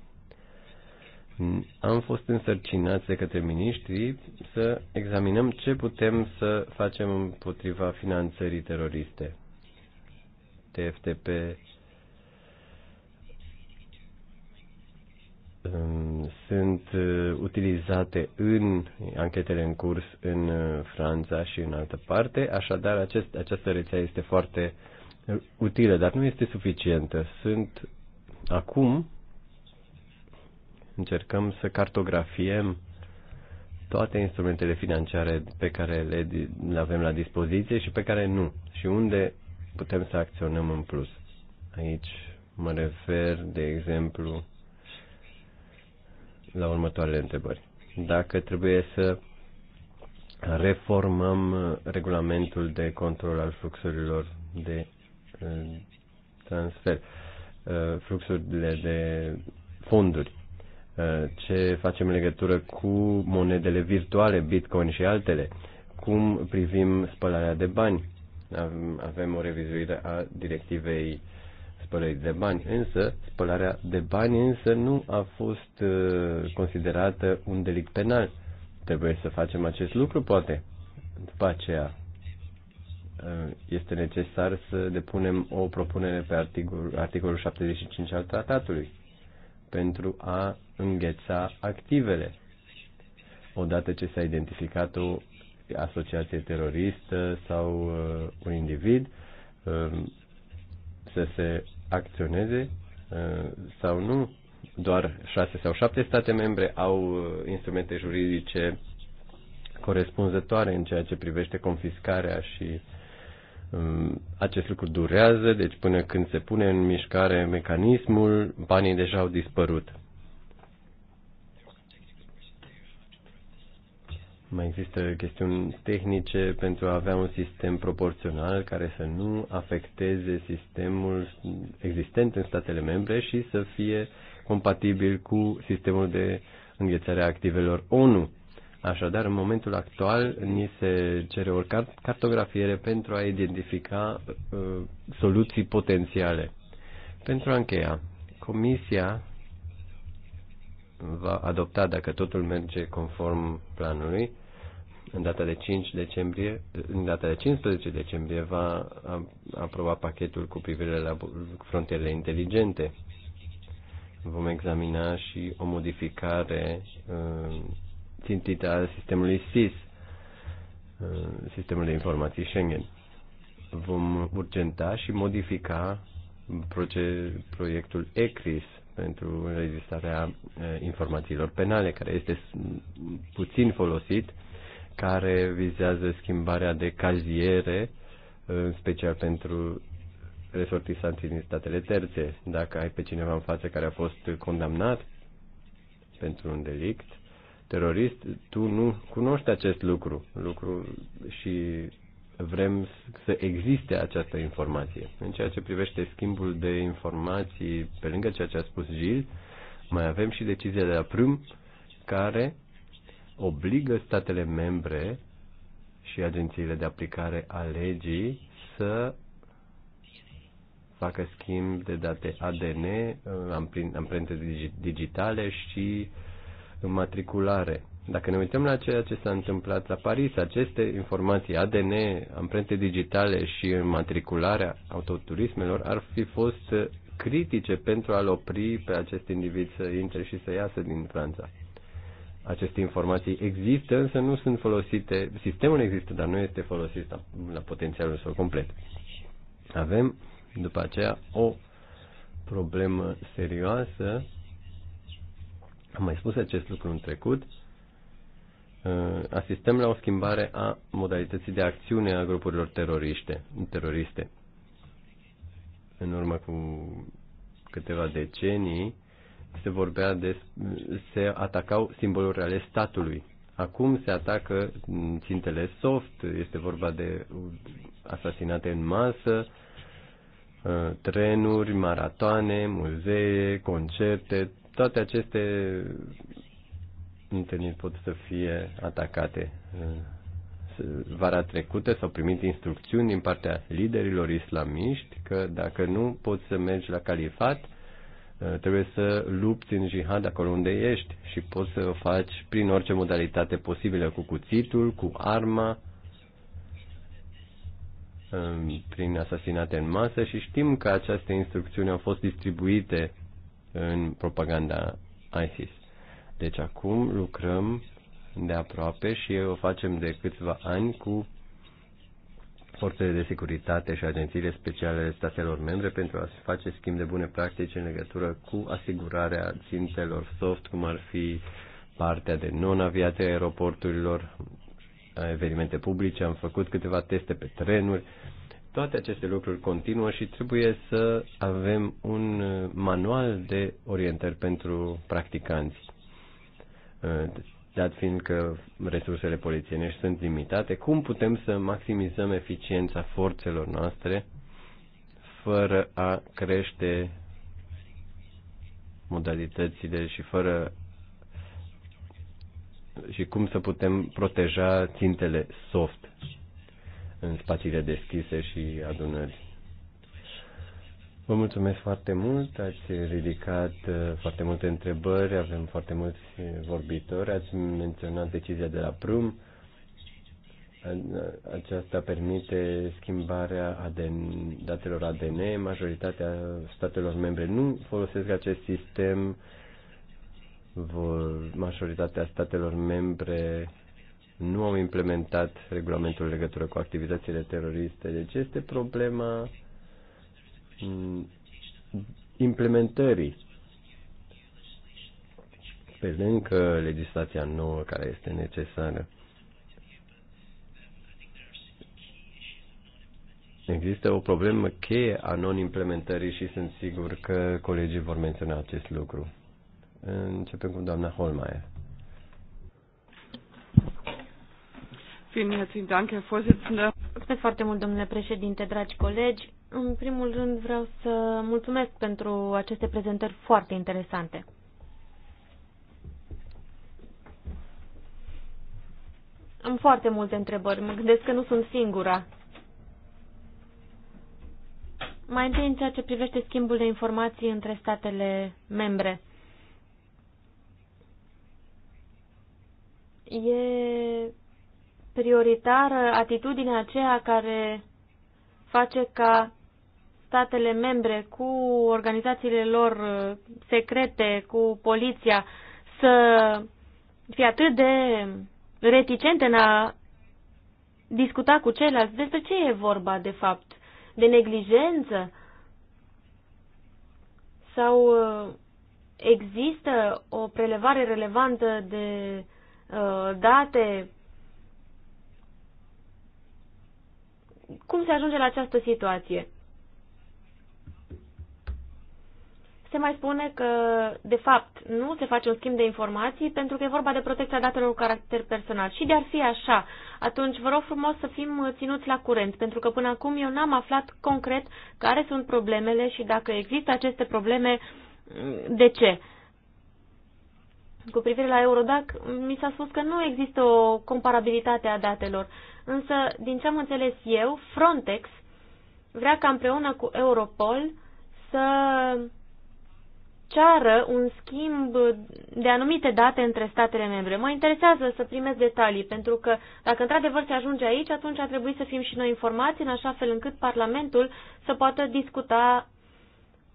Am fost însărcinați de către miniștri să examinăm ce putem să facem împotriva finanțării teroriste. TFTP um, sunt uh, utilizate în anchetele în curs în uh, Franța și în altă parte, așadar acest, această rețea este foarte uh, utilă, dar nu este suficientă. Sunt acum Încercăm să cartografiem toate instrumentele financiare pe care le, avem la dispoziție și pe care nu și unde putem să acționăm în plus. Aici mă refer, de exemplu, la următoarele întrebări. Dacă trebuie să reformăm regulamentul de control al fluxurilor de uh, transfer, uh, fluxurile de fonduri ce facem în legătură cu monedele virtuale, Bitcoin și altele, cum privim spălarea de bani. Avem o revizuire a directivei spălării de bani, însă spălarea de bani însă nu a fost uh, considerată un delict penal. Trebuie să facem acest lucru, poate. După aceea, uh, este necesar să depunem o propunere pe articol, articolul 75 al tratatului pentru a îngheța activele. Odată ce s-a identificat o asociație teroristă sau uh, un individ, uh, să se acționeze uh, sau nu. Doar șase sau șapte state membre au uh, instrumente juridice corespunzătoare în ceea ce privește confiscarea și um, acest lucru durează, deci până când se pune în mișcare mecanismul, banii deja au dispărut. Mai există chestiuni tehnice pentru a avea un sistem proporțional care să nu afecteze sistemul existent în statele membre și să fie compatibil cu sistemul de înghețare a activelor ONU. Așadar, în momentul actual, ni se cere o cartografiere pentru a identifica uh, soluții potențiale. Pentru a încheia, Comisia va adopta, dacă totul merge conform planului, în data de 5 decembrie, în data de 15 decembrie va aproba pachetul cu privire la frontierele inteligente. Vom examina și o modificare uh, țintită al sistemului SIS, uh, sistemul de informații Schengen. Vom urgenta și modifica proiectul ECRIS pentru rezistarea uh, informațiilor penale, care este puțin folosit care vizează schimbarea de caziere, în special pentru resortisanții din statele terțe. Dacă ai pe cineva în față care a fost condamnat pentru un delict terorist, tu nu cunoști acest lucru, lucru și vrem să existe această informație. În ceea ce privește schimbul de informații, pe lângă ceea ce a spus Gil, mai avem și decizia de la Prüm, care obligă statele membre și agențiile de aplicare a legii să facă schimb de date ADN, amprente digitale și înmatriculare. Dacă ne uităm la ceea ce s-a întâmplat la Paris, aceste informații ADN, amprente digitale și înmatricularea autoturismelor ar fi fost critice pentru a-l opri pe acest individ să intre și să iasă din Franța. Aceste informații există, însă nu sunt folosite. Sistemul există, dar nu este folosit la, la potențialul său complet. Avem, după aceea, o problemă serioasă. Am mai spus acest lucru în trecut. Uh, asistăm la o schimbare a modalității de acțiune a grupurilor teroriste, teroriste. În urmă cu câteva decenii, se vorbea de, se atacau simboluri ale statului. Acum se atacă țintele soft, este vorba de asasinate în masă, uh, trenuri, maratoane, muzee, concerte, toate aceste întâlniri pot să fie atacate. Uh, vara trecută s-au primit instrucțiuni din partea liderilor islamiști că dacă nu poți să mergi la califat, Eh, trebuie să lupți în jihad acolo unde ești și poți să o faci prin orice modalitate posibilă, cu cuțitul, cu arma, eh, prin asasinate în masă și știm că aceste instrucțiuni au fost distribuite în propaganda ISIS. Deci acum lucrăm de aproape și o facem de câțiva ani cu forțele de securitate și agențiile speciale ale statelor membre pentru a face schimb de bune practici în legătură cu asigurarea țintelor soft, cum ar fi partea de non aviație aeroporturilor, evenimente publice, am făcut câteva teste pe trenuri. Toate aceste lucruri continuă și trebuie să avem un manual de orientări pentru practicanți dat fiindcă resursele polițienești sunt limitate, cum putem să maximizăm eficiența forțelor noastre fără a crește modalitățile și fără și cum să putem proteja țintele soft în spațiile deschise și adunări. Vă mulțumesc foarte mult, ați ridicat uh, foarte multe întrebări, avem foarte mulți vorbitori, ați menționat decizia de la Prum. Uh, aceasta permite schimbarea ADN, datelor ADN. Majoritatea statelor membre nu folosesc acest sistem. majoritatea statelor membre nu au implementat regulamentul în legătură cu activitățile teroriste. Deci este problema Mm, implementării pe lângă legislația nouă care este necesară. Există o problemă cheie a non-implementării și sunt sigur că colegii vor menționa acest lucru. Începem cu doamna Holmeier. Mulțumesc foarte mult, domnule președinte, dragi colegi. În primul rând vreau să mulțumesc pentru aceste prezentări foarte interesante. Am foarte multe întrebări. Mă gândesc că nu sunt singura. Mai întâi în ceea ce privește schimbul de informații între statele membre. E prioritară atitudinea aceea care face ca statele membre cu organizațiile lor uh, secrete, cu poliția, să fie atât de reticente în a discuta cu ceilalți despre ce e vorba, de fapt, de neglijență sau uh, există o prelevare relevantă de uh, date? Cum se ajunge la această situație? se mai spune că, de fapt, nu se face un schimb de informații pentru că e vorba de protecția datelor cu caracter personal. Și de-ar fi așa, atunci vă rog frumos să fim ținuți la curent, pentru că până acum eu n-am aflat concret care sunt problemele și dacă există aceste probleme, de ce. Cu privire la Eurodac, mi s-a spus că nu există o comparabilitate a datelor, însă, din ce am înțeles eu, Frontex vrea ca împreună cu Europol să ceară un schimb de anumite date între statele membre. Mă interesează să primesc detalii, pentru că dacă într-adevăr se ajunge aici, atunci ar trebui să fim și noi informați în așa fel încât Parlamentul să poată discuta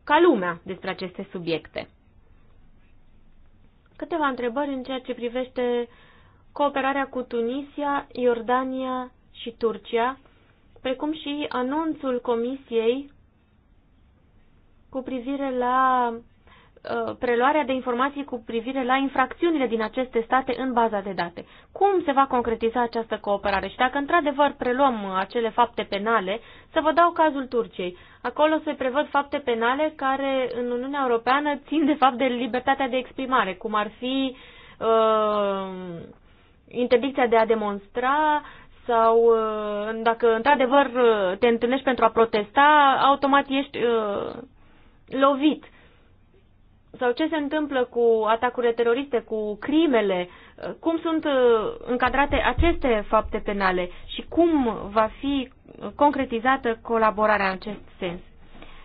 ca lumea despre aceste subiecte. Câteva întrebări în ceea ce privește cooperarea cu Tunisia, Iordania și Turcia, precum și anunțul Comisiei cu privire la Uh, preluarea de informații cu privire la infracțiunile din aceste state în baza de date. Cum se va concretiza această cooperare și dacă într-adevăr preluăm acele fapte penale, să vă dau cazul Turciei. Acolo se prevăd fapte penale care în Uniunea Europeană țin de fapt de libertatea de exprimare, cum ar fi uh, interdicția de a demonstra, sau uh, dacă într-adevăr te întâlnești pentru a protesta, automat ești uh, lovit sau ce se întâmplă cu atacurile teroriste, cu crimele, cum sunt uh, încadrate aceste fapte penale și cum va fi concretizată colaborarea în acest sens.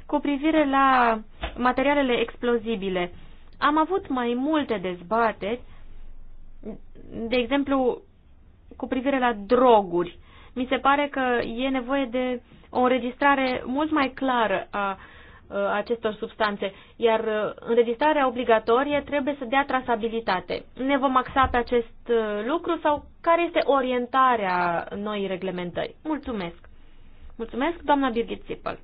Cu privire la materialele explozibile, am avut mai multe dezbateri, de exemplu, cu privire la droguri. Mi se pare că e nevoie de o înregistrare mult mai clară a uh, Uh, acestor substanțe, iar uh, înregistrarea obligatorie trebuie să dea trasabilitate. Ne vom axa pe acest uh, lucru sau care este orientarea noii reglementări? Mulțumesc! Mulțumesc, doamna Birgit Zippel.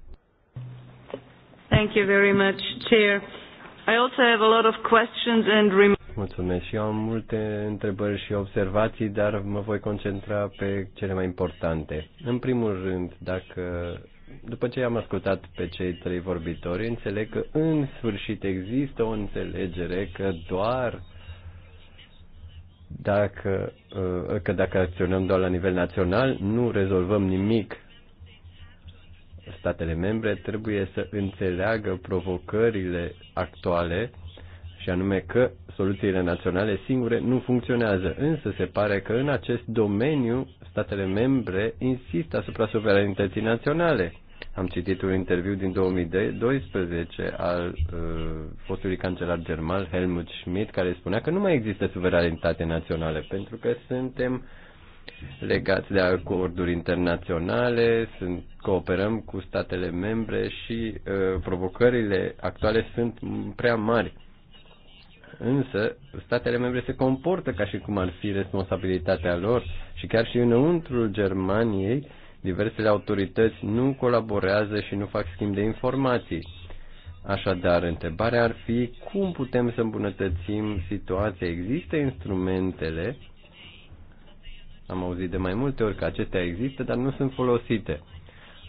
Thank you very much, Chair. I also have a lot of questions and Mulțumesc eu am multe întrebări și observații, dar mă voi concentra pe cele mai importante. În primul rând, dacă după ce am ascultat pe cei trei vorbitori, înțeleg că în sfârșit există o înțelegere că doar dacă, uh, că dacă acționăm doar la nivel național, nu rezolvăm nimic. Statele membre trebuie să înțeleagă provocările actuale și anume că soluțiile naționale singure nu funcționează. Însă se pare că în acest domeniu statele membre insistă asupra suveranității naționale. Am citit un interviu din 2012 al uh, fostului cancelar german Helmut Schmidt care spunea că nu mai există suveranitate națională pentru că suntem legați de acorduri internaționale, sunt, cooperăm cu statele membre și uh, provocările actuale sunt prea mari însă statele membre se comportă ca și cum ar fi responsabilitatea lor și chiar și înăuntru Germaniei diversele autorități nu colaborează și nu fac schimb de informații. Așadar, întrebarea ar fi cum putem să îmbunătățim situația. Există instrumentele, am auzit de mai multe ori că acestea există, dar nu sunt folosite.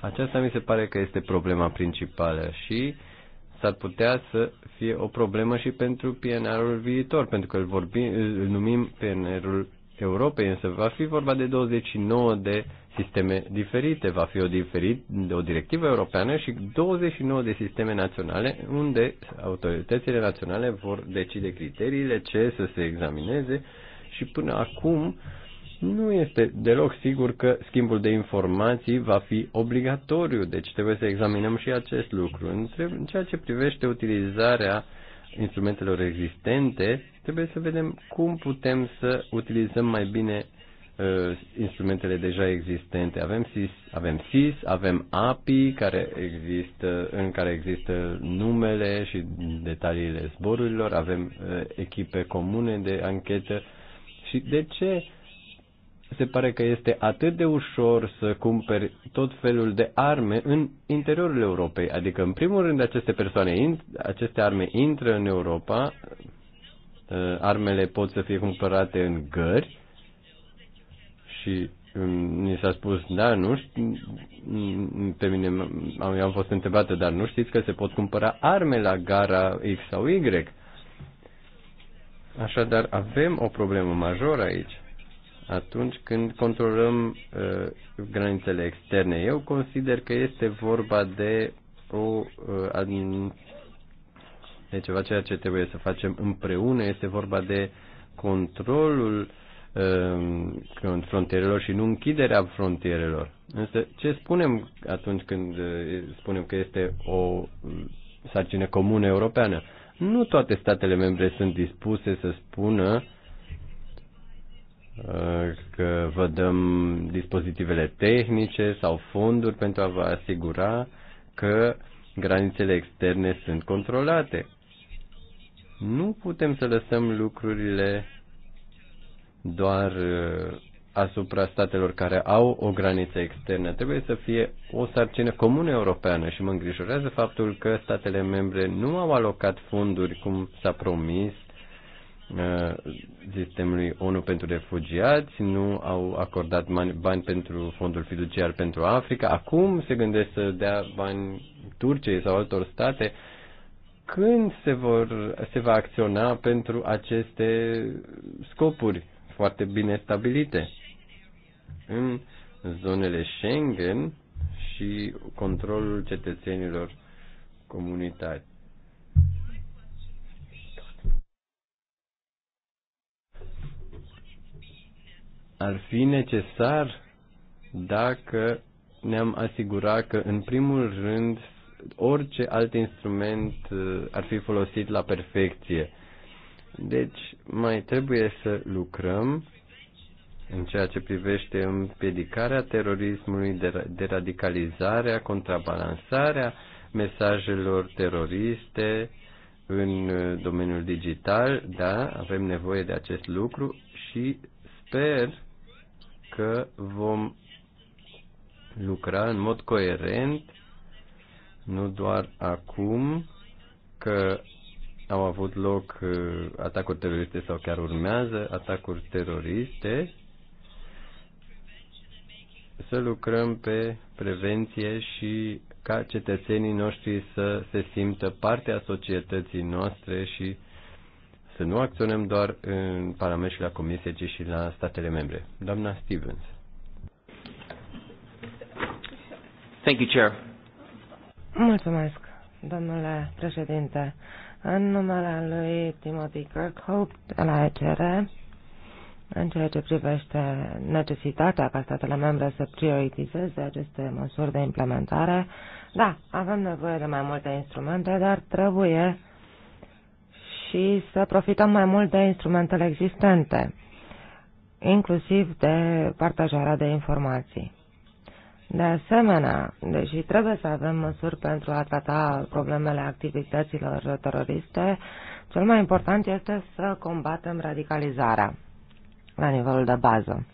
Aceasta mi se pare că este problema principală și s-ar putea să fie o problemă și pentru PNR-ul viitor, pentru că îl, vorbim, îl numim PNR-ul Europei, însă va fi vorba de 29 de sisteme diferite. Va fi o, diferit, o directivă europeană și 29 de sisteme naționale unde autoritățile naționale vor decide criteriile, ce să se examineze și până acum uh, nu este deloc sigur că schimbul de informații va fi obligatoriu, deci trebuie să examinăm și acest lucru. În ceea ce privește utilizarea instrumentelor existente, trebuie să vedem cum putem să utilizăm mai bine uh, instrumentele deja existente. Avem SIS, avem, SIS, avem API care există, în care există numele și detaliile zborurilor, avem uh, echipe comune de anchetă și de ce se pare că este atât de ușor să cumperi tot felul de arme în interiorul Europei. Adică, în primul rând, aceste persoane, aceste arme intră în Europa, uh, armele pot să fie cumpărate în gări și mi um, s-a spus, da, nu știu, mm, pe mine am, am fost întrebată, dar nu știți că se pot cumpăra arme la gara X sau Y. Așadar, avem o problemă majoră aici atunci când controlăm uh, granițele externe. Eu consider că este vorba de o uh, admin... de ceva ceea ce trebuie să facem împreună, este vorba de controlul uh, frontierelor și nu închiderea frontierelor. Însă ce spunem atunci când uh, spunem că este o sarcină comună europeană? Nu toate statele membre sunt dispuse să spună uh, că vă dăm dispozitivele tehnice sau fonduri pentru a vă asigura că granițele externe sunt controlate. Nu putem să lăsăm lucrurile doar uh, asupra statelor care au o graniță externă. Trebuie să fie o sarcină comună europeană și mă îngrijorează faptul că statele membre nu au alocat fonduri cum s-a promis Uh, sistemului ONU pentru refugiați, nu au acordat bani pentru fondul fiduciar pentru Africa, acum se gândesc să dea bani Turciei sau altor state, când se, vor, se va acționa pentru aceste scopuri foarte bine stabilite? În zonele Schengen și controlul cetățenilor comunitari ar fi necesar dacă ne-am asigura că, în primul rând, orice alt instrument uh, ar fi folosit la perfecție. Deci, mai trebuie să lucrăm în ceea ce privește împiedicarea terorismului, de radicalizarea, contrabalansarea mesajelor teroriste în uh, domeniul digital. Da, avem nevoie de acest lucru și sper că vom lucra în mod coerent, nu doar acum că au avut loc uh, atacuri teroriste sau chiar urmează atacuri teroriste, să lucrăm pe prevenție și ca cetățenii noștri să se simtă parte a societății noastre și să nu acționăm doar în Parlament și la Comisie, ci și la statele membre. Doamna Stevens. Thank you, Chair. Mulțumesc, domnule președinte. În numele lui Timothy Kirkhope de la ECR, în ceea ce privește necesitatea ca statele membre să prioritizeze aceste măsuri de implementare, da, avem nevoie de mai multe instrumente, dar trebuie uh, și să profităm mai mult de instrumentele existente, inclusiv de partajarea de informații. De asemenea, deși trebuie să avem măsuri pentru a trata problemele activităților teroriste, cel mai important este să combatem radicalizarea la nivelul de bază.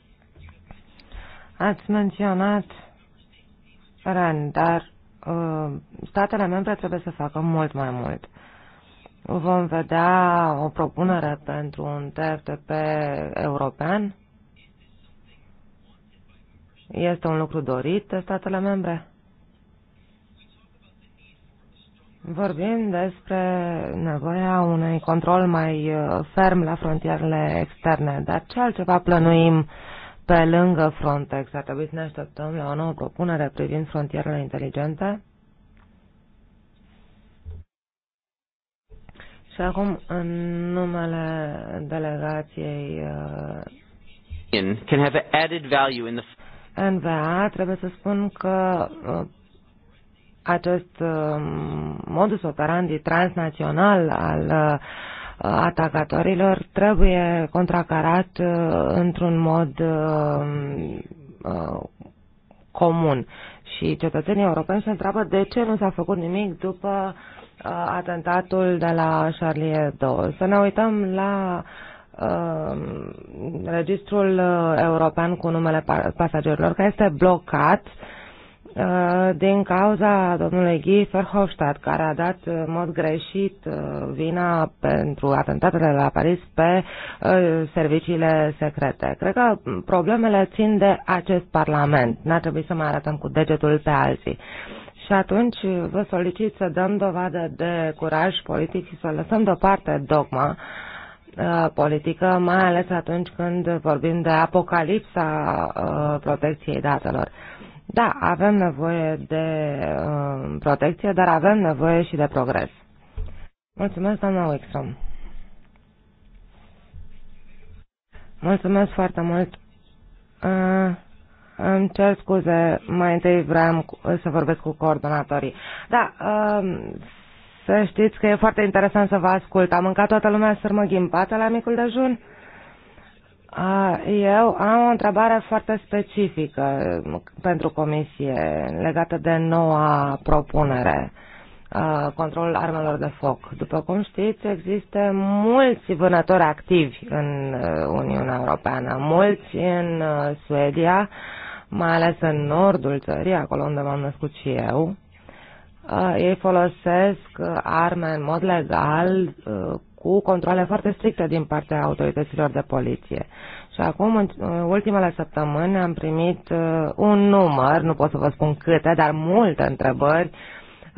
Ați menționat, Ren, dar uh, statele membre trebuie să facă mult mai mult. Vom vedea o propunere pentru un TFTP european? Este un lucru dorit de statele membre? Vorbim despre nevoia unui control mai uh, ferm la frontierele externe, dar ce altceva plănuim pe lângă Frontex? Ar trebui să ne așteptăm la o nouă propunere privind frontierele inteligente? Și acum, în numele delegației uh, can have added value in the NVA, trebuie să spun că uh, acest uh, modus operandi transnațional al atacatorilor trebuie contracarat într-un mod comun. Și cetățenii europeni se întreabă de ce nu s-a făcut nimic după uh, atentatul de la Charlie Hebdo. Să ne uităm la um, registrul uh, european cu numele pasagerilor, care este blocat uh, din cauza domnului Guy Verhofstadt, care a dat uh, în mod greșit vina pentru atentatele la Paris pe serviciile secrete. Cred că problemele țin de acest parlament. N-ar trebui să mai arătăm cu degetul pe alții. Și atunci vă solicit să dăm dovadă de curaj politic și să lăsăm deoparte dogma uh, politică, mai ales atunci când vorbim de apocalipsa uh, protecției datelor. Da, avem nevoie de uh, protecție, dar avem nevoie și de progres. Mulțumesc, doamna Wickstrom. Mulțumesc foarte mult. Îmi cer scuze, mai întâi vreau să vorbesc cu coordonatorii. Da, um, să știți că e foarte interesant să vă ascult. Am mâncat toată lumea sârmă ghimpată la micul dejun? Eu am o întrebare foarte specifică um, pentru comisie legată de noua propunere uh, controlul armelor de foc. După cum știți, există mulți vânători activi în uh, Uniunea Europeană, mulți în uh, Suedia, mai ales în nordul țării, acolo unde m-am născut și eu, uh, ei folosesc uh, arme în mod legal uh, cu controle foarte stricte din partea autorităților de poliție. Și acum, în ultimele săptămâni, am primit un număr, nu pot să vă spun câte, dar multe întrebări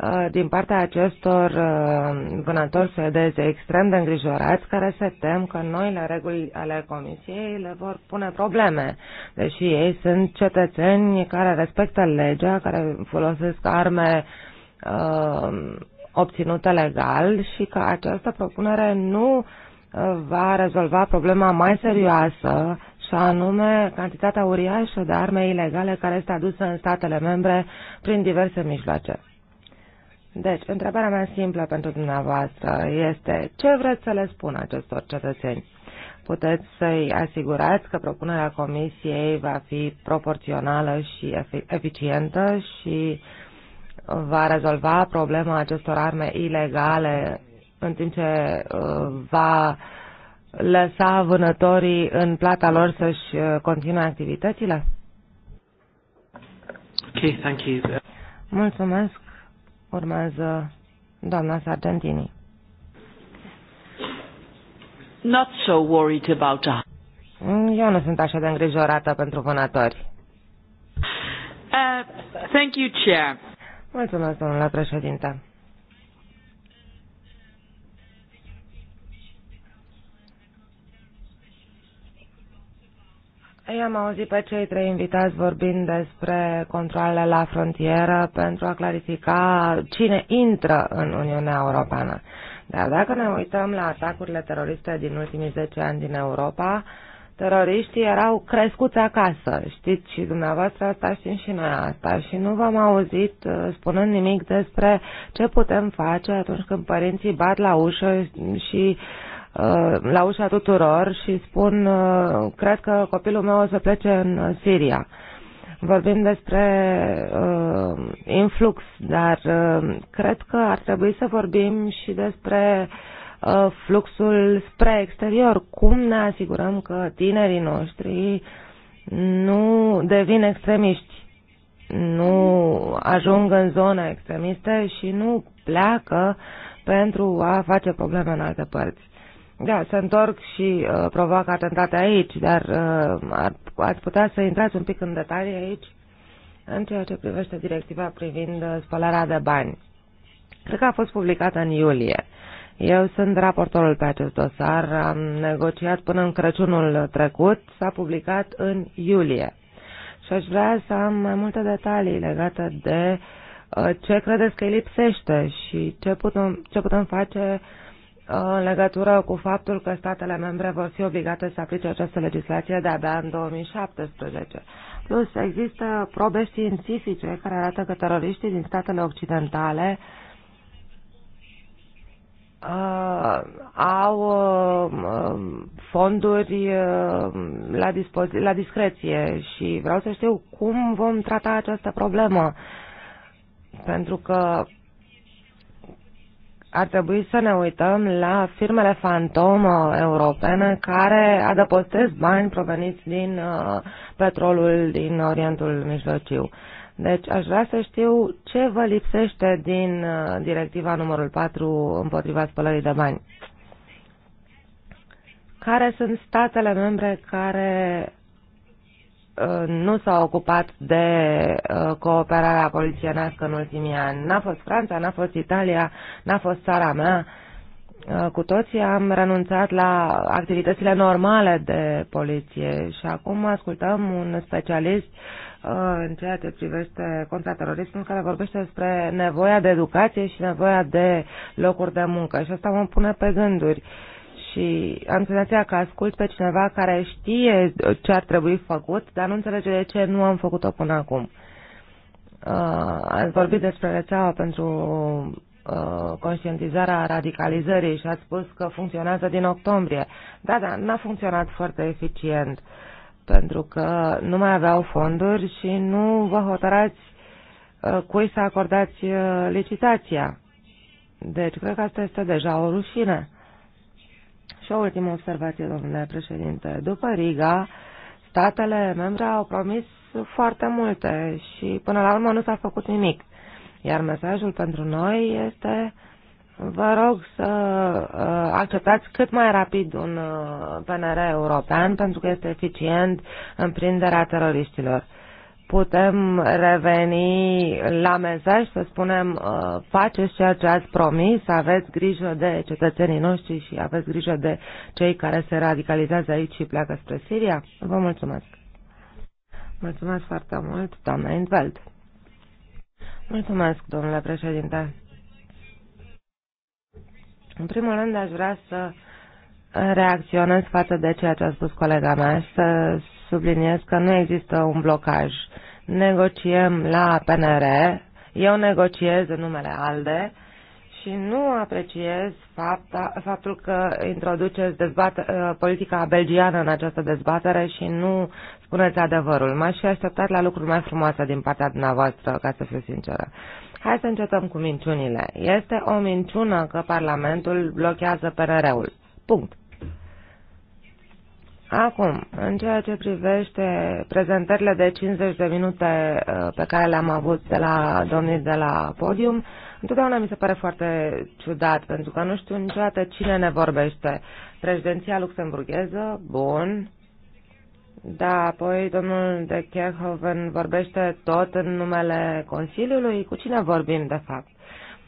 Uh, din partea acestor uh, vânători suedeze extrem de îngrijorați care se tem că noile reguli ale Comisiei le vor pune probleme, deși ei sunt cetățeni care respectă legea, care folosesc arme uh, obținute legal și că această propunere nu va rezolva problema mai serioasă și anume cantitatea uriașă de arme ilegale care este adusă în statele membre prin diverse mijloace. Deci, întrebarea mea simplă pentru dumneavoastră este ce vreți să le spun acestor cetățeni? Puteți să-i asigurați că propunerea comisiei va fi proporțională și eficientă și va rezolva problema acestor arme ilegale în timp ce uh, va lăsa vânătorii în plata lor să-și uh, continue activitățile? Okay, thank you. Mulțumesc. Urmează doamna Sargentini. Not so worried about us. Eu nu sunt așa de îngrijorată pentru vânători. Uh, thank you, Chair. Mulțumesc, domnule președinte. I-am auzit pe cei trei invitați vorbind despre controlele la frontieră pentru a clarifica cine intră în Uniunea Europeană. Dar dacă ne uităm la atacurile teroriste din ultimii 10 ani din Europa, teroriștii erau crescuți acasă. Știți și dumneavoastră asta știm și noi asta și nu v-am auzit uh, spunând nimic despre ce putem face atunci când părinții bat la ușă și uh, Uh, la ușa tuturor și spun uh, cred că copilul meu o să plece în Siria. Vorbim despre uh, influx, dar uh, cred că ar trebui să vorbim și despre uh, fluxul spre exterior. Cum ne asigurăm că tinerii noștri nu devin extremiști, nu ajung în zone extremiste și nu pleacă pentru a face probleme în alte părți. Da, se întorc și uh, provoacă atentate aici, dar uh, ar, ați putea să intrați un pic în detalii aici în ceea ce privește directiva privind uh, spălarea de bani. Cred că a fost publicată în iulie. Eu sunt raportorul pe acest dosar, am negociat până în Crăciunul trecut, s-a publicat în iulie. Și aș vrea să am mai multe detalii legate de uh, ce credeți că îi lipsește și ce putem, ce putem face uh, în legătură cu faptul că statele membre vor fi obligate să aplice această legislație de-abia în 2017. Plus, există probe științifice care arată că teroriștii din statele occidentale uh, au uh, fonduri uh, la, la discreție și vreau să știu cum vom trata această problemă. Pentru că ar trebui să ne uităm la firmele fantomă uh, europene care adăpostesc bani proveniți din uh, petrolul din Orientul Mijlociu. Deci aș vrea să știu ce vă lipsește din uh, directiva numărul 4 împotriva spălării de bani. Care sunt statele membre care Uh, nu s-a ocupat de uh, cooperarea polițienească în ultimii ani. N-a fost Franța, n-a fost Italia, n-a fost țara mea. Uh, cu toții am renunțat la activitățile normale de poliție și acum ascultăm un specialist în ceea ce privește contraterorismul care vorbește despre nevoia de educație și nevoia de locuri de muncă și asta mă pune pe gânduri. Uh, și am senzația că ascult pe cineva care știe ce ar trebui făcut, dar nu înțelege de ce nu am făcut-o până acum. Uh, ați vorbit despre rețeaua pentru uh, conștientizarea radicalizării și ați spus că funcționează din octombrie. Da, da, n-a funcționat foarte eficient pentru că nu mai aveau fonduri și nu vă hotărați uh, cui să acordați uh, licitația. Deci, cred că asta este deja o rușine. Și o ultimă observație, domnule președinte. După Riga, statele membre au promis foarte multe și până la urmă nu s-a făcut nimic. Iar mesajul pentru noi este vă rog să uh, acceptați cât mai rapid un uh, PNR european pentru că este eficient în prinderea teroriștilor putem reveni la mesaj, să spunem, uh, faceți ceea ce ați promis, aveți grijă de cetățenii noștri și aveți grijă de cei care se radicalizează aici și pleacă spre Siria? Vă mulțumesc! Mulțumesc foarte mult, doamna Intveld! Mulțumesc, domnule președinte! În primul rând, aș vrea să reacționez față de ceea ce a spus colega mea să subliniez că nu există un blocaj. Negociem la PNR, eu negociez în numele ALDE și nu apreciez fapta, faptul că introduceți dezbat, uh, politica belgiană în această dezbatere și nu spuneți adevărul. M-aș fi așteptat la lucruri mai frumoase din partea dumneavoastră, ca să fiu sinceră. Hai să încetăm cu minciunile. Este o minciună că Parlamentul blochează PNR-ul. Punct. Acum, în ceea ce privește prezentările de 50 de minute uh, pe care le-am avut de la domnii de la podium, întotdeauna mi se pare foarte ciudat, pentru că nu știu niciodată cine ne vorbește. Președinția luxemburgheză, bun, da, apoi domnul de Kerhoven vorbește tot în numele Consiliului. Cu cine vorbim, de fapt?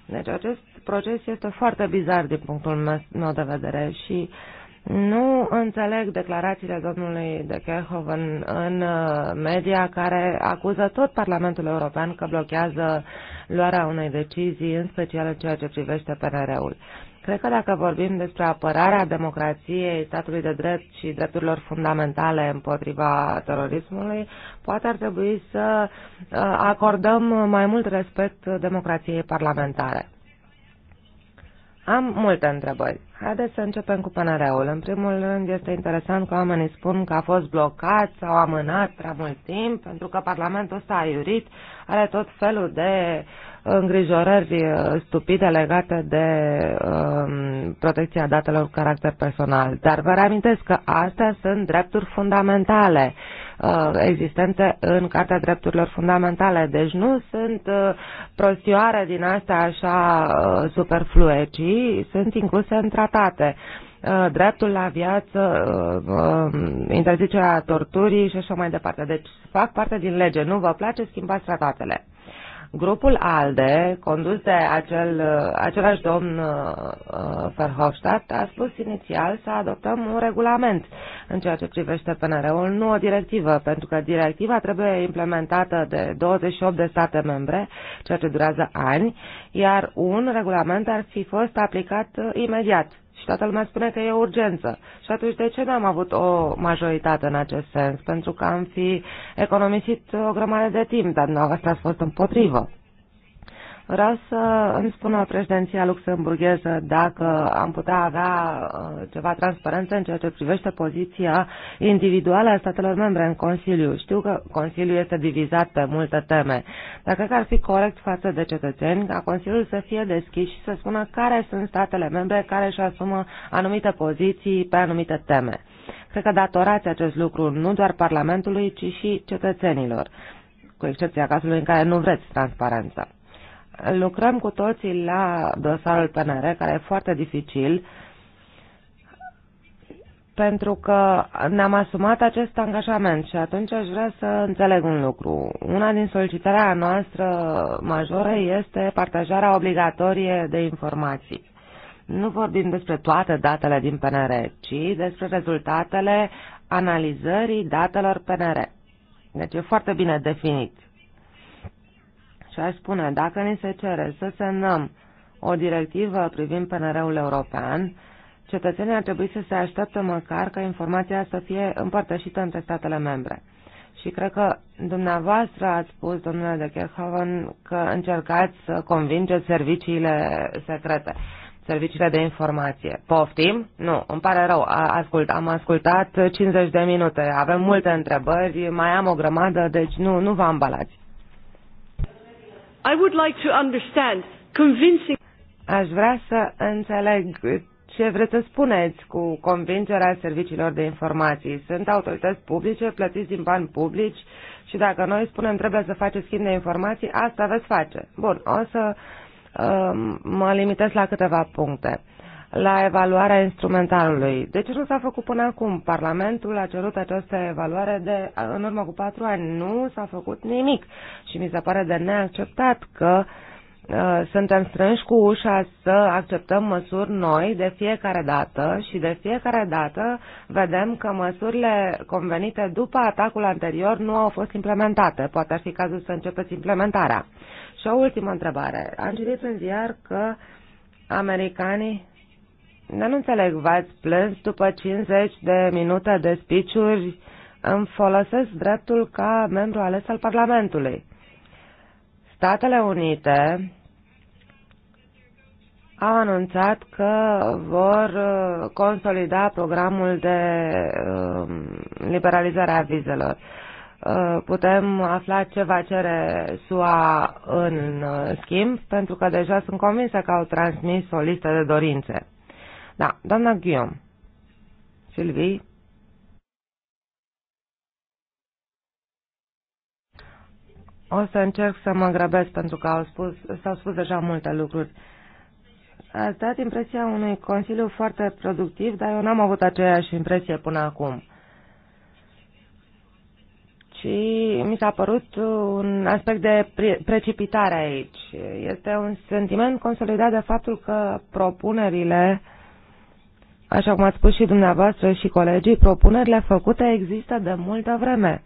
Deci acest proces este foarte bizar din punctul meu de vedere și uh, nu înțeleg declarațiile domnului de Kerhoven în uh, media care acuză tot Parlamentul European că blochează luarea unei decizii, în special în ceea ce privește PNR-ul. Cred că dacă vorbim despre apărarea democrației, statului de drept și drepturilor fundamentale împotriva terorismului, poate ar trebui să uh, acordăm mai mult respect democrației parlamentare. Am multe întrebări. Haideți să începem cu PNR-ul. În primul rând, este interesant că oamenii spun că a fost blocat sau amânat prea mult timp, pentru că Parlamentul ăsta a iurit, are tot felul de uh, îngrijorări uh, stupide legate de um, protecția datelor cu caracter personal. Dar vă reamintesc că astea sunt drepturi fundamentale. Uh, Uh, existente în cartea Drepturilor Fundamentale. Deci nu sunt uh, prostioare din astea așa uh, superflue, ci sunt incluse în tratate dreptul la viață, um, interzicerea torturii și așa mai departe. Deci fac parte din lege. Nu vă place, schimbați tratatele. Grupul ALDE, condus de acel, același domn uh, uh, Verhofstadt, a spus inițial să adoptăm un regulament în ceea ce privește PNR-ul, nu o directivă, pentru că directiva trebuie implementată de 28 de state membre, ceea ce durează ani, iar un regulament ar fi fost aplicat uh, imediat Toată lumea spune că e urgență. Și atunci de ce n-am avut o majoritate în acest sens? Pentru că am fi economisit o grămadă de timp, dar dumneavoastră ați fost împotrivă. Vreau să îmi spună președinția luxemburgheză dacă am putea avea uh, ceva transparență în ceea ce privește poziția individuală a statelor membre în Consiliu. Știu că Consiliul este divizat pe multe teme, dar cred că ar fi corect față de cetățeni ca Consiliul să fie deschis și să spună care sunt statele membre care își asumă anumite poziții pe anumite teme. Cred că datorați acest lucru nu doar Parlamentului, ci și cetățenilor, cu excepția cazului în care nu vreți transparență lucrăm cu toții la dosarul PNR, care e foarte dificil, pentru că ne-am asumat acest angajament și atunci aș vrea să înțeleg un lucru. Una din solicitarea noastră majoră este partajarea obligatorie de informații. Nu vorbim despre toate datele din PNR, ci despre rezultatele analizării datelor PNR. Deci e foarte bine definit și aș spune, dacă ni se cere să semnăm o directivă privind PNR-ul european, cetățenii ar trebui să se aștepte măcar ca informația să fie împărtășită între statele membre. Și cred că dumneavoastră ați spus, domnule de Kerhoven, că încercați să convingeți serviciile secrete, serviciile de informație. Poftim? Nu, îmi pare rău, ascult, am ascultat 50 de minute, avem multe întrebări, mai am o grămadă, deci nu, nu vă ambalați. I would like to understand convincing... Aș vrea să înțeleg ce vreți să spuneți cu convingerea serviciilor de informații. Sunt autorități publice, plătiți din bani publici și dacă noi spunem trebuie să faceți schimb de informații, asta veți face. Bun, o să uh, mă limitez la câteva puncte la evaluarea instrumentarului. De deci ce nu s-a făcut până acum? Parlamentul a cerut această evaluare de, în urmă cu patru ani. Nu s-a făcut nimic și mi se pare de neacceptat că uh, suntem strânși cu ușa să acceptăm măsuri noi de fiecare dată și de fiecare dată vedem că măsurile convenite după atacul anterior nu au fost implementate. Poate ar fi cazul să începeți implementarea. Și o ultimă întrebare. Am citit în ziar că americanii dar nu înțeleg, v-ați plâns după 50 de minute de spiciuri, îmi folosesc dreptul ca membru ales al Parlamentului. Statele Unite au anunțat că vor uh, consolida programul de um, liberalizare a vizelor. Uh, putem afla ce va cere SUA în uh, schimb, pentru că deja sunt convinsă că au transmis o listă de dorințe. Da, doamna Guillaume. Silvii. O să încerc să mă grăbesc pentru că au spus, s-au spus deja multe lucruri. Ați dat impresia unui consiliu foarte productiv, dar eu n-am avut aceeași impresie până acum. Și mi s-a părut un aspect de pre precipitare aici. Este un sentiment consolidat de faptul că propunerile uh, Așa cum ați spus și dumneavoastră și colegii, propunerile făcute există de multă vreme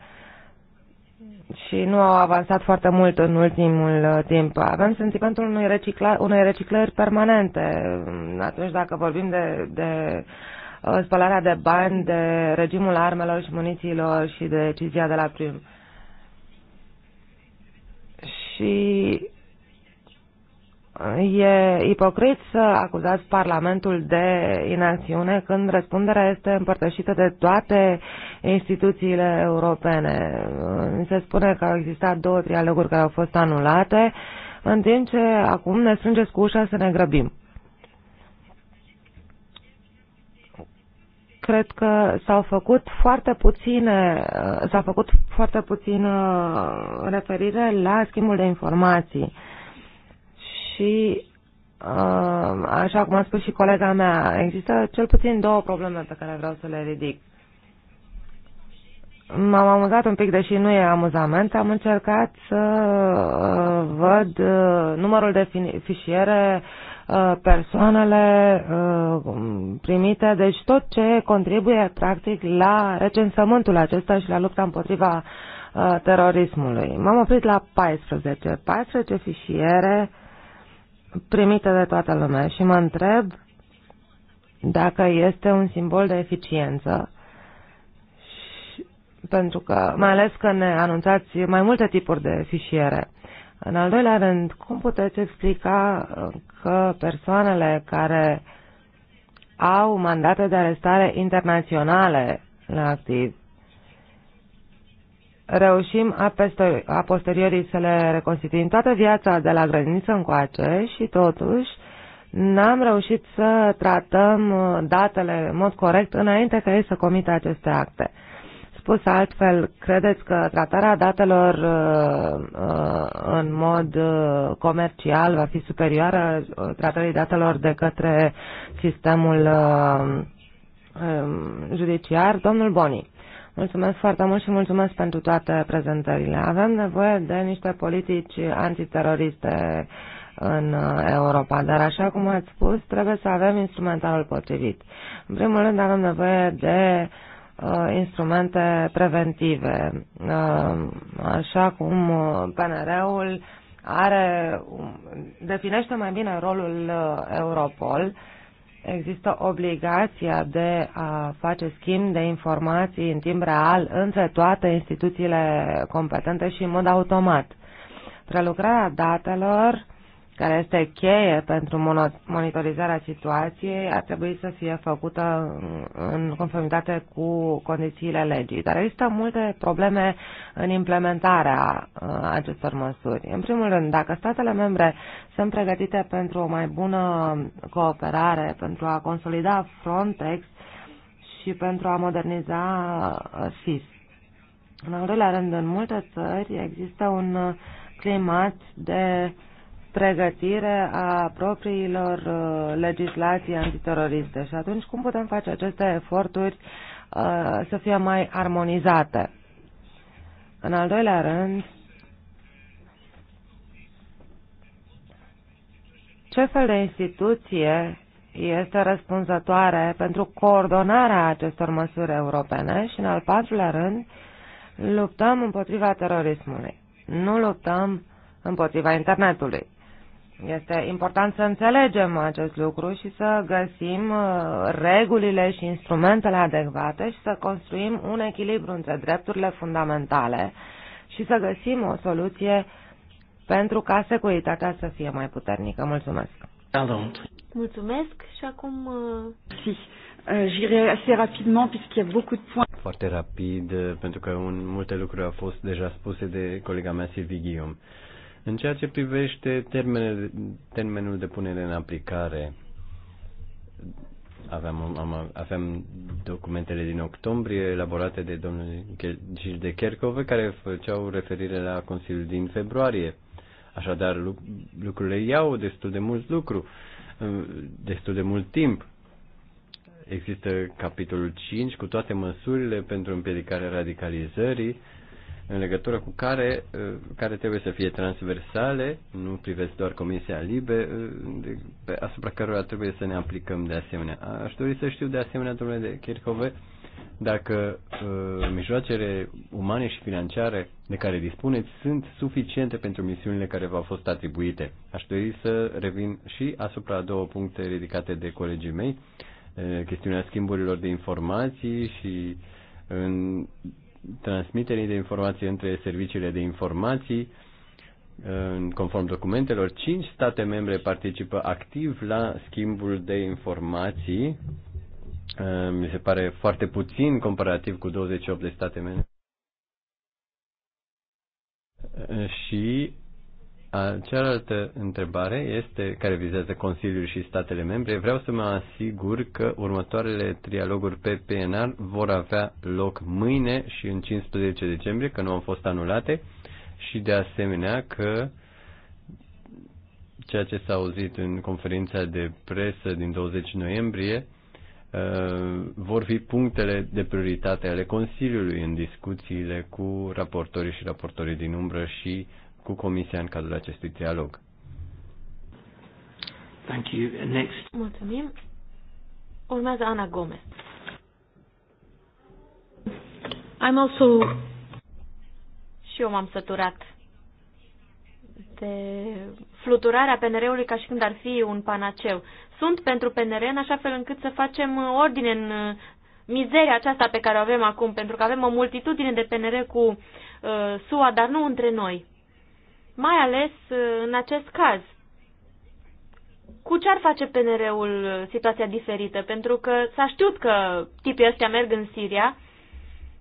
și nu au avansat foarte mult în ultimul uh, timp. Avem sentimentul unei, recicla, unei reciclări permanente. Mm, atunci dacă vorbim de, de uh, spălarea de bani, de regimul armelor și munițiilor și de decizia de la prim. Și E ipocrit să acuzați Parlamentul de inacțiune când răspunderea este împărtășită de toate instituțiile europene. Se spune că au existat două trialoguri care au fost anulate, în timp ce acum ne strângeți cu ușa să ne grăbim. Cred că s-au făcut foarte puține, s-a făcut foarte puțin referire la schimbul de informații și uh, așa cum a spus și colega mea, există cel puțin două probleme pe care vreau să le ridic. M-am amuzat un pic, deși nu e amuzament, am încercat să uh, văd uh, numărul de fișiere, persoanele primite, deci tot ce contribuie practic la recensământul acesta și la lupta împotriva terorismului. M-am oprit la 14. 14 fișiere uh, primită de toată lumea și mă întreb dacă este un simbol de eficiență și, pentru că, mai ales că ne anunțați mai multe tipuri de fișiere. În al doilea rând, cum puteți explica uh, că persoanele care au mandate de arestare internaționale la activ reușim a posteriorii să le reconstituim toată viața de la grădiniță încoace și totuși n-am reușit să tratăm uh, datele în mod corect înainte ca ei să comită aceste acte. Spus altfel, credeți că tratarea datelor uh, uh, în mod comercial va fi superioară tratării datelor de către sistemul um, judiciar? Domnul Boni. Mulțumesc foarte mult și mulțumesc pentru toate prezentările. Avem nevoie de niște politici antiteroriste în uh, Europa, dar așa cum ați spus, trebuie să avem instrumentarul potrivit. În primul rând avem nevoie de uh, instrumente preventive, uh, așa cum uh, PNR-ul are, um, definește mai bine rolul uh, Europol există obligația de a face schimb de informații în timp real între toate instituțiile competente și în mod automat. Prelucrarea datelor care este cheie pentru monitorizarea situației, ar trebui să fie făcută în conformitate cu condițiile legii. Dar există multe probleme în implementarea uh, acestor măsuri. În primul rând, dacă statele membre sunt pregătite pentru o mai bună cooperare, pentru a consolida Frontex și pentru a moderniza SIS. Uh, în al doilea rând, în multe țări există un uh, climat de uh, pregătire a propriilor uh, legislații antiteroriste. Și atunci cum putem face aceste eforturi uh, să fie mai armonizate? În al doilea rând, ce fel de instituție este răspunzătoare pentru coordonarea acestor măsuri europene și, în al patrulea rând, luptăm împotriva terorismului. Nu luptăm împotriva internetului. Este important să înțelegem acest lucru și să găsim uh, regulile și instrumentele adecvate și să construim un echilibru între drepturile fundamentale și să găsim o soluție pentru ca securitatea să fie mai puternică. Mulțumesc! Mulțumesc și acum... Uh, uh, Foarte rapid, pentru că un, multe lucruri au fost deja spuse de colega mea Silvi Guillaume. În ceea ce privește termenele, termenul de punere în aplicare, aveam, am, aveam documentele din octombrie elaborate de domnul Gil de Kerkove care făceau referire la Consiliul din februarie. Așadar, lucrurile iau destul de mult lucru, uh, destul de mult timp. Există capitolul 5 cu toate măsurile pentru împiedicarea radicalizării în legătură cu care, uh, care trebuie să fie transversale, nu privesc doar Comisia Libe, uh, asupra cărora trebuie să ne aplicăm de asemenea. Aș dori să știu de asemenea, domnule de Kirchhove, dacă uh, mijloacele umane și financiare de care dispuneți sunt suficiente pentru misiunile care v-au fost atribuite. Aș dori să revin și asupra două puncte ridicate de colegii mei, uh, chestiunea schimburilor de informații și în transmiterii de informații între serviciile de informații, în conform documentelor, cinci state membre participă activ la schimbul de informații. Ehm, mi se pare foarte puțin comparativ cu 28 de state membre. Ehm, și a Cealaltă întrebare este, care vizează Consiliul și statele membre, vreau să mă asigur că următoarele trialoguri pe PNR vor avea loc mâine și în 15 decembrie, că nu au fost anulate, și de asemenea că ceea ce s-a auzit în conferința de presă din 20 noiembrie uh, vor fi punctele de prioritate ale Consiliului în discuțiile cu raportorii și raportorii din umbră și uh, cu Comisia în cadrul acestui dialog. Thank you. Next. Mulțumim. Urmează Ana Gomez. I'm also... Și eu m-am săturat de fluturarea PNR-ului ca și când ar fi un panaceu. Sunt pentru PNR în așa fel încât să facem ordine în mizeria aceasta pe care o avem acum, pentru că avem o multitudine de PNR cu uh, SUA, dar nu între noi mai ales uh, în acest caz. Cu ce ar face PNR-ul uh, situația diferită? Pentru că s-a știut că tipii ăștia merg în Siria,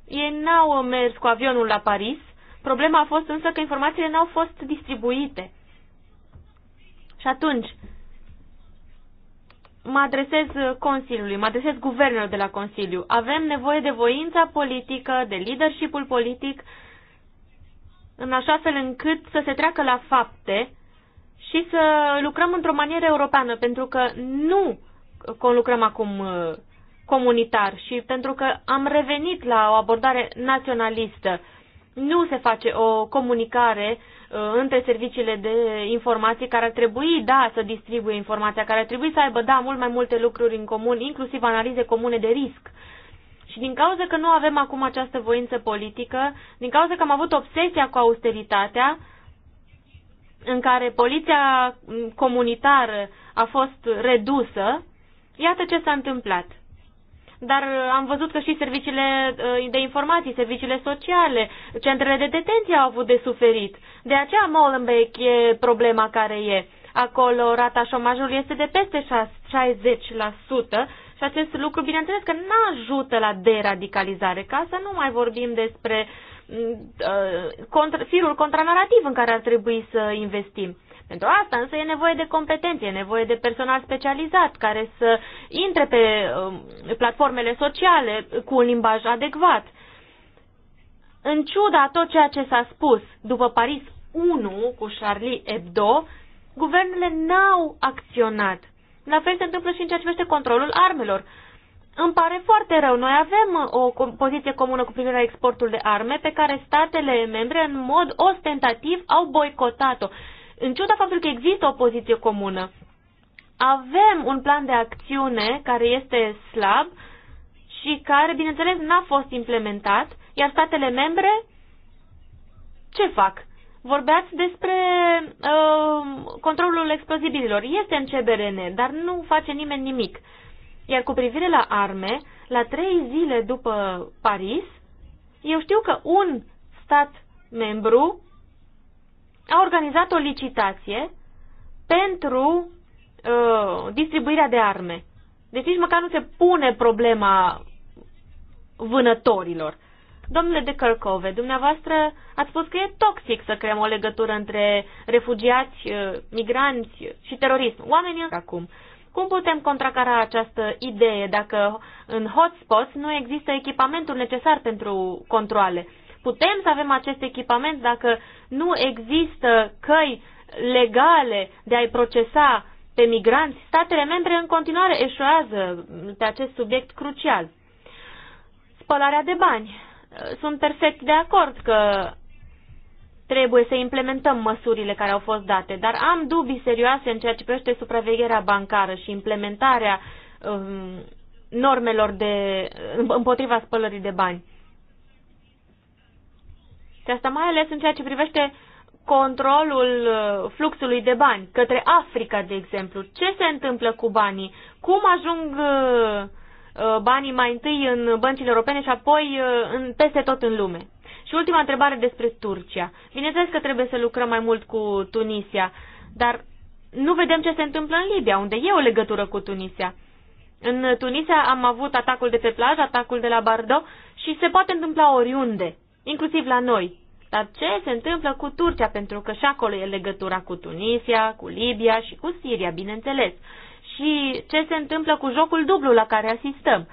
ei n-au mers cu avionul la Paris, problema a fost însă că informațiile n-au fost distribuite. Și atunci, mă adresez uh, Consiliului, mă adresez guvernelor de la Consiliu. Avem nevoie de voința politică, de leadership politic, în așa fel încât să se treacă la fapte și să lucrăm într-o manieră europeană, pentru că nu lucrăm acum uh, comunitar și pentru că am revenit la o abordare naționalistă. Nu se face o comunicare uh, între serviciile de informații care ar trebui, da, să distribuie informația, care ar trebui să aibă, da, mult mai multe lucruri în comun, inclusiv analize comune de risc și din cauza că nu avem acum această voință politică, din cauza că am avut obsesia cu austeritatea, în care poliția comunitară a fost redusă, iată ce s-a întâmplat. Dar uh, am văzut că și serviciile uh, de informații, serviciile sociale, centrele de detenție au avut de suferit. De aceea Molenbeek e problema care e. Acolo rata șomajului este de peste 60%, și acest lucru, bineînțeles că nu ajută la deradicalizare, ca să nu mai vorbim despre mm, uh, contra, firul contranarativ în care ar trebui să investim. Pentru asta însă e nevoie de competențe, e nevoie de personal specializat care să intre pe uh, platformele sociale cu un limbaj adecvat. În ciuda tot ceea ce s-a spus după Paris 1 cu Charlie Hebdo, guvernele n-au acționat. La fel se întâmplă și în ceea ce privește controlul armelor. Îmi pare foarte rău. Noi avem uh, o poziție comună cu privire la exportul de arme pe care statele membre în mod ostentativ au boicotat-o, în ciuda faptului că există o poziție comună. Avem un plan de acțiune care este slab și care, bineînțeles, n-a fost implementat, iar statele membre ce fac? Vorbeați despre uh, controlul explozibililor. Este în CBRN, dar nu face nimeni nimic. Iar cu privire la arme, la trei zile după Paris, eu știu că un stat membru a organizat o licitație pentru uh, distribuirea de arme. Deci nici măcar nu se pune problema vânătorilor. Domnule de Cărcove, dumneavoastră ați spus că e toxic să creăm o legătură între refugiați, uh, migranți și terorism. Oamenii acum. Cum putem contracara această idee dacă în hotspots nu există echipamentul necesar pentru controle? Putem să avem acest echipament dacă nu există căi legale de a-i procesa pe migranți? Statele membre în continuare eșuează pe acest subiect crucial. Spălarea de bani sunt perfect de acord că trebuie să implementăm măsurile care au fost date, dar am dubii serioase în ceea ce privește supravegherea bancară și implementarea um, normelor de, împotriva spălării de bani. Și asta mai ales în ceea ce privește controlul uh, fluxului de bani către Africa, de exemplu. Ce se întâmplă cu banii? Cum ajung uh, Uh, banii mai întâi în băncile europene și apoi uh, în, peste tot în lume. Și ultima întrebare despre Turcia. Bineînțeles că trebuie să lucrăm mai mult cu Tunisia, dar nu vedem ce se întâmplă în Libia, unde e o legătură cu Tunisia. În Tunisia am avut atacul de pe plajă, atacul de la Bardo și se poate întâmpla oriunde, inclusiv la noi. Dar ce se întâmplă cu Turcia? Pentru că și acolo e legătura cu Tunisia, cu Libia și cu Siria, bineînțeles și ce se întâmplă cu jocul dublu la care asistăm.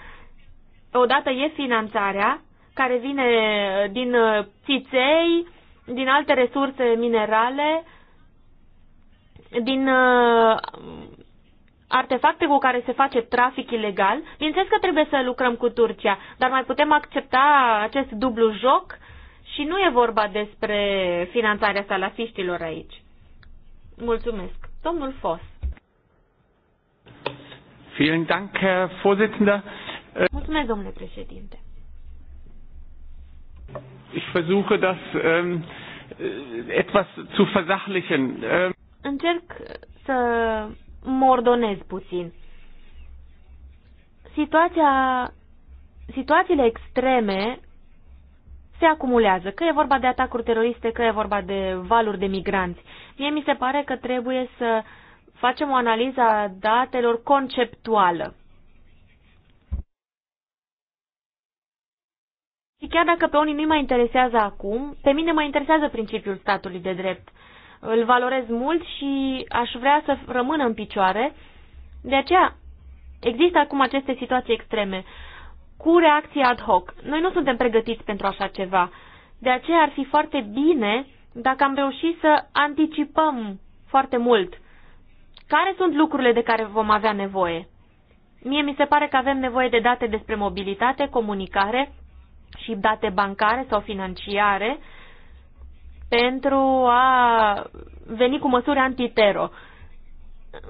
Odată e finanțarea, care vine din uh, țiței, din alte resurse minerale, din uh, artefacte cu care se face trafic ilegal. Bineînțeles că trebuie să lucrăm cu Turcia, dar mai putem accepta acest dublu joc și nu e vorba despre finanțarea salafiștilor aici. Mulțumesc. Domnul Fos. Vielen Dank, Herr Vorsitzender. Mulțumesc, domnule președinte. Ich versuche das ähm, äh, etwas zu versachlichen. Ähm, Încerc să mordonez puțin. Situația, situațiile extreme se acumulează, că e vorba de atacuri teroriste, că e vorba de valuri de migranți. Mie mi se pare că trebuie să facem o analiză a datelor conceptuală. Și chiar dacă pe unii nu-i mai interesează acum, pe mine mă interesează principiul statului de drept. Îl valorez mult și aș vrea să rămână în picioare. De aceea există acum aceste situații extreme, cu reacții ad hoc. Noi nu suntem pregătiți pentru așa ceva. De aceea ar fi foarte bine dacă am reușit să anticipăm foarte mult care sunt lucrurile de care vom avea nevoie? Mie mi se pare că avem nevoie de date despre mobilitate, comunicare și date bancare sau financiare pentru a veni cu măsuri antitero.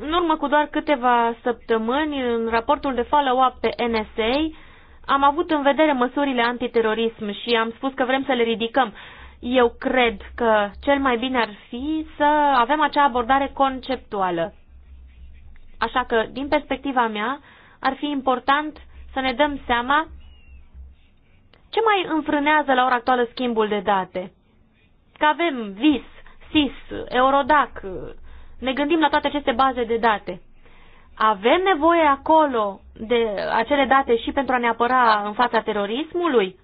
În urmă cu doar câteva săptămâni, în raportul de follow-up pe NSA, am avut în vedere măsurile antiterorism și am spus că vrem să le ridicăm. Eu cred că cel mai bine ar fi să avem acea abordare conceptuală. Așa că, din perspectiva mea, ar fi important să ne dăm seama ce mai înfrânează la ora actuală schimbul de date. Că avem VIS, SIS, Eurodac, ne gândim la toate aceste baze de date. Avem nevoie acolo de acele date și pentru a ne apăra în fața terorismului?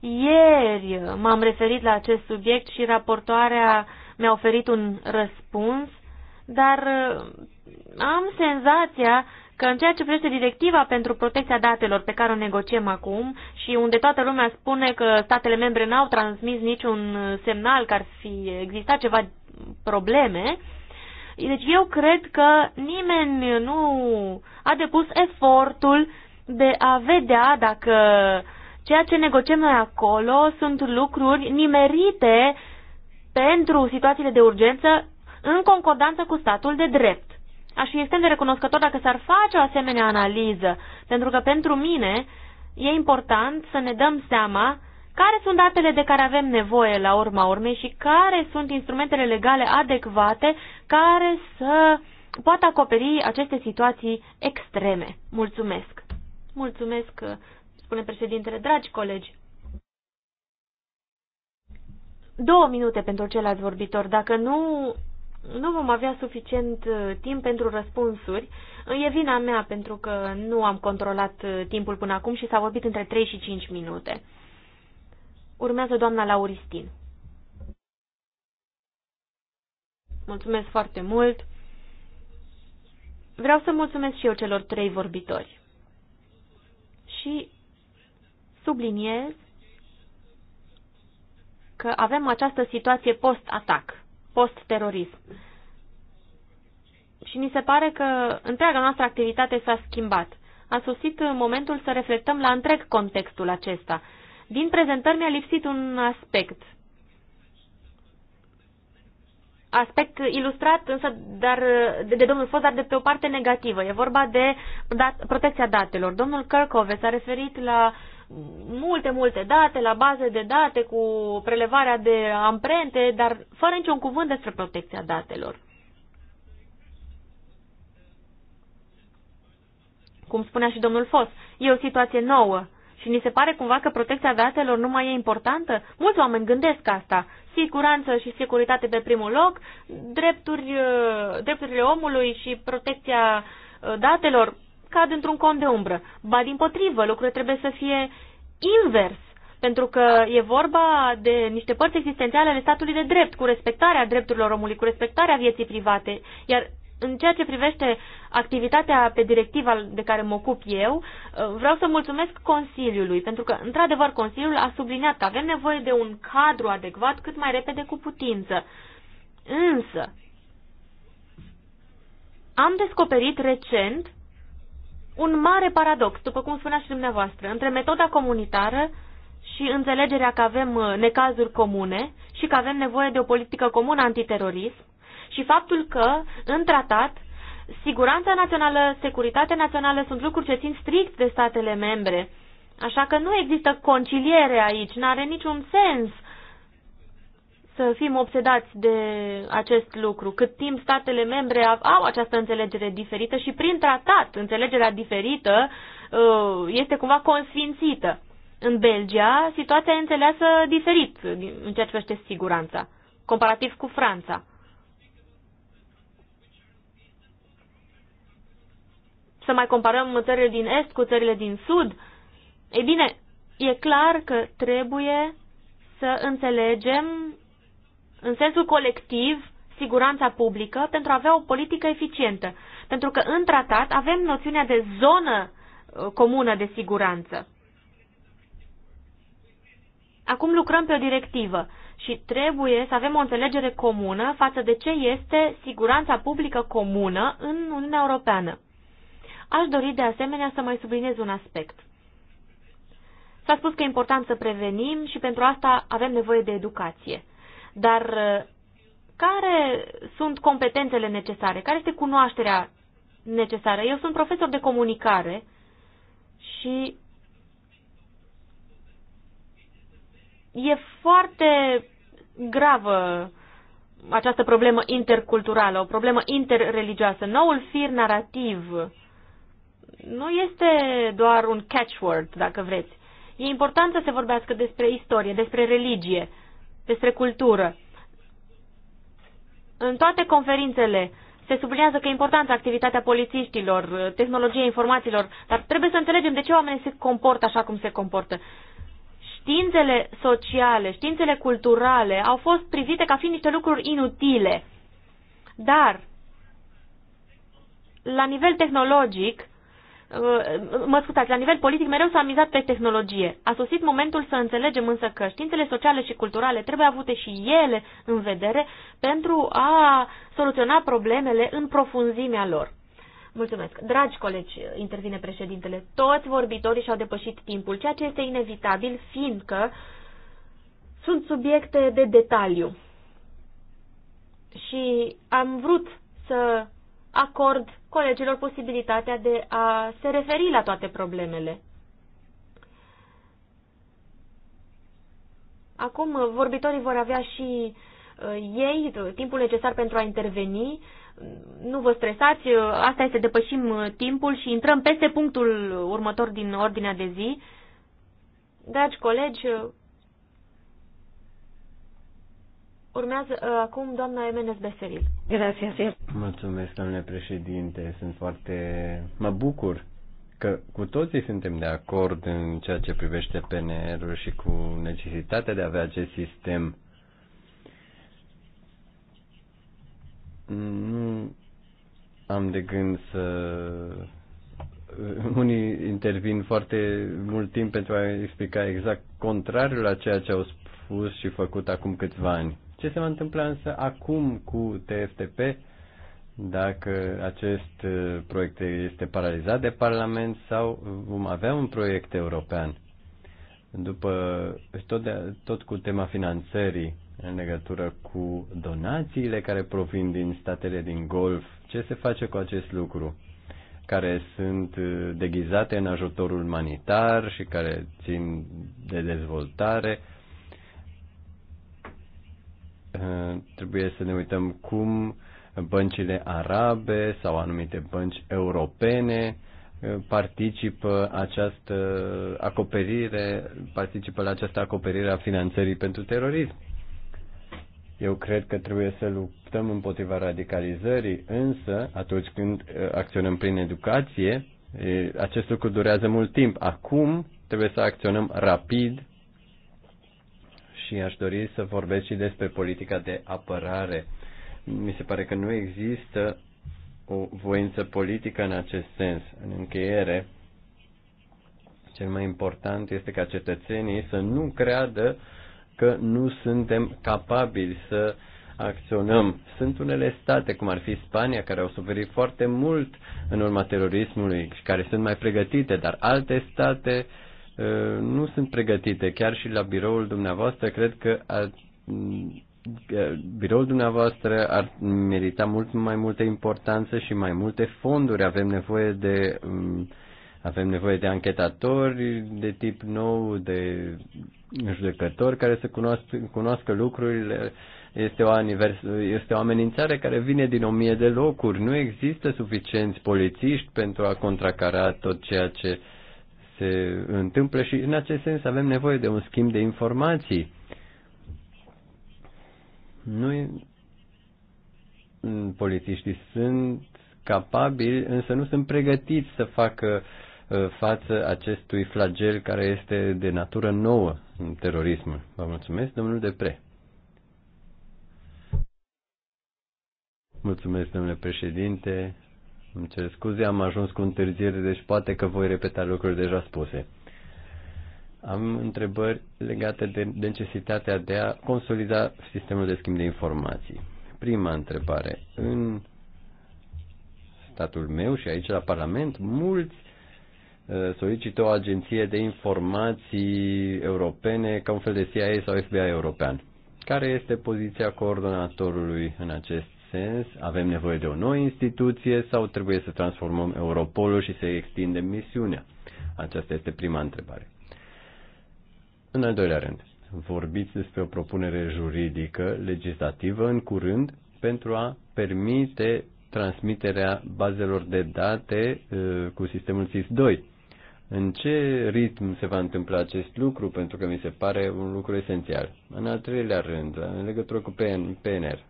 Ieri m-am referit la acest subiect și raportoarea mi-a oferit un răspuns, dar am senzația că în ceea ce privește directiva pentru protecția datelor pe care o negociem acum și unde toată lumea spune că statele membre n-au transmis niciun semnal că ar fi existat ceva probleme, deci eu cred că nimeni nu a depus efortul de a vedea dacă ceea ce negociem noi acolo sunt lucruri nimerite pentru situațiile de urgență în concordanță cu statul de drept. Aș fi extrem de recunoscător dacă s-ar face o asemenea analiză, pentru că pentru mine e important să ne dăm seama care sunt datele de care avem nevoie la urma urmei și care sunt instrumentele legale adecvate care să poată acoperi aceste situații extreme. Mulțumesc! Mulțumesc, spune președintele, dragi colegi. Două minute pentru celălalt vorbitor. Dacă nu, nu vom avea suficient uh, timp pentru răspunsuri. E vina mea pentru că nu am controlat uh, timpul până acum și s-a vorbit între 3 și 5 minute. Urmează doamna Lauristin. Mulțumesc foarte mult. Vreau să mulțumesc și eu celor trei vorbitori. Și subliniez că avem această situație post-atac post-terorism. Și mi se pare că întreaga noastră activitate s-a schimbat. A sosit momentul să reflectăm la întreg contextul acesta. Din prezentări mi-a lipsit un aspect. Aspect ilustrat însă dar, de, de domnul Fost, dar de pe o parte negativă. E vorba de dat, protecția datelor. Domnul Kirkove s-a referit la uh, multe, multe date, la baze de date, cu prelevarea de amprente, dar fără niciun cuvânt despre protecția datelor. Cum spunea și domnul Fos, e o situație nouă și ni se pare cumva că protecția datelor nu mai e importantă? Mulți oameni gândesc asta. Siguranță și securitate pe primul loc, drepturi, drepturile omului și protecția uh, datelor cad într-un cont de umbră. Ba din potrivă, lucrurile trebuie să fie invers, pentru că e vorba de niște părți existențiale ale statului de drept, cu respectarea drepturilor omului, cu respectarea vieții private, iar în ceea ce privește activitatea pe directiva de care mă ocup eu, vreau să mulțumesc Consiliului, pentru că, într-adevăr, Consiliul a subliniat că avem nevoie de un cadru adecvat cât mai repede cu putință. Însă, am descoperit recent un mare paradox, după cum spunea și dumneavoastră, între metoda comunitară și înțelegerea că avem uh, necazuri comune și că avem nevoie de o politică comună antiterorism și faptul că, în tratat, siguranța națională, securitatea națională sunt lucruri ce țin strict de statele membre. Așa că nu există conciliere aici, nu are niciun sens să fim obsedați de acest lucru, cât timp statele membre au această înțelegere diferită și prin tratat înțelegerea diferită uh, este cumva consfințită. În Belgia, situația e înțeleasă diferit în ceea ce privește siguranța, comparativ cu Franța. Să mai comparăm țările din Est cu țările din Sud? Ei bine, e clar că trebuie să înțelegem în sensul colectiv siguranța publică pentru a avea o politică eficientă. Pentru că în tratat avem noțiunea de zonă uh, comună de siguranță. Acum lucrăm pe o directivă și trebuie să avem o înțelegere comună față de ce este siguranța publică comună în Uniunea Europeană. Aș dori de asemenea să mai subliniez un aspect. S-a spus că e important să prevenim și pentru asta avem nevoie de educație. Dar uh, care sunt competențele necesare? Care este cunoașterea necesară? Eu sunt profesor de comunicare și e foarte gravă această problemă interculturală, o problemă interreligioasă. Noul fir narrativ nu este doar un catchword, dacă vreți. E important să se vorbească despre istorie, despre religie, despre cultură. În toate conferințele se subliniază că e importantă activitatea polițiștilor, tehnologia informațiilor, dar trebuie să înțelegem de ce oamenii se comportă așa cum se comportă. Științele sociale, științele culturale au fost privite ca fiind niște lucruri inutile. Dar, la nivel tehnologic, Uh, mă scutați, la nivel politic mereu s-a mizat pe tehnologie. A sosit momentul să înțelegem însă că științele sociale și culturale trebuie avute și ele în vedere pentru a soluționa problemele în profunzimea lor. Mulțumesc. Dragi colegi, intervine președintele, toți vorbitorii și-au depășit timpul, ceea ce este inevitabil, fiindcă sunt subiecte de detaliu. Și am vrut să acord colegilor posibilitatea de a se referi la toate problemele. Acum vorbitorii vor avea și uh, ei timpul necesar pentru a interveni. Nu vă stresați, uh, asta este depășim uh, timpul și intrăm peste punctul următor din ordinea de zi. Dragi colegi, uh, Urmează uh, acum doamna Emenes Beseril. Gracias. Mulțumesc, domnule președinte. Sunt foarte... Mă bucur că cu toții suntem de acord în ceea ce privește PNR-ul și cu necesitatea de a avea acest sistem. Nu am de gând să... Unii intervin foarte mult timp pentru a explica exact contrariul la ceea ce au spus și făcut acum câțiva ani. Ce se va întâmpla însă acum cu TFTP dacă acest uh, proiect este paralizat de Parlament sau vom avea un proiect european? După tot, de, tot cu tema finanțării în legătură cu donațiile care provin din statele din Golf, ce se face cu acest lucru? care sunt uh, deghizate în ajutorul umanitar și care țin de dezvoltare, Eh, trebuie să ne uităm cum băncile arabe sau anumite bănci europene eh, participă această acoperire, participă la această acoperire a finanțării pentru terorism. Eu cred că trebuie să luptăm împotriva radicalizării, însă atunci când eh, acționăm prin educație, acest lucru durează mult timp. Acum trebuie să acționăm rapid și aș dori să vorbesc și despre politica de apărare. Mi se pare că nu există o voință politică în acest sens. În încheiere, cel mai important este ca cetățenii să nu creadă că nu suntem capabili să acționăm. Sunt unele state, cum ar fi Spania, care au suferit foarte mult în urma terorismului și care sunt mai pregătite, dar alte state uh, Uh, nu sunt pregătite. Chiar și la biroul dumneavoastră, cred că ar, uh, biroul dumneavoastră ar merita mult mai multă importanță și mai multe fonduri. Avem nevoie de um, avem nevoie de anchetatori de tip nou, de judecători care să cunoască, cunoască lucrurile. Este o, anivers, este o amenințare care vine din o mie de locuri. Nu există suficienți polițiști pentru a contracara tot ceea ce uh, se întâmplă și în acest sens avem nevoie de un schimb de informații. Noi, politiștii sunt capabili, însă nu sunt pregătiți să facă uh, față acestui flagel care este de natură nouă în terorismul. Vă mulțumesc, domnul Depre. Mulțumesc, domnule președinte. Îmi cer scuze, am ajuns cu întârziere, deci poate că voi repeta lucruri deja spuse. Am întrebări legate de necesitatea de a consolida sistemul de schimb de informații. Prima întrebare. În statul meu și aici la Parlament, mulți uh, solicită o agenție de informații europene ca un fel de CIA sau FBI european. Care este poziția coordonatorului în acest sens? Avem nevoie de o nouă instituție sau trebuie să transformăm Europolul și să extindem misiunea? Aceasta este prima întrebare. În al doilea rând, vorbiți despre o propunere juridică, legislativă, în curând, pentru a permite transmiterea bazelor de date uh, cu sistemul SIS-2. În ce ritm se va întâmpla acest lucru? Pentru că mi se pare un lucru esențial. În al treilea rând, în legătură cu PNR,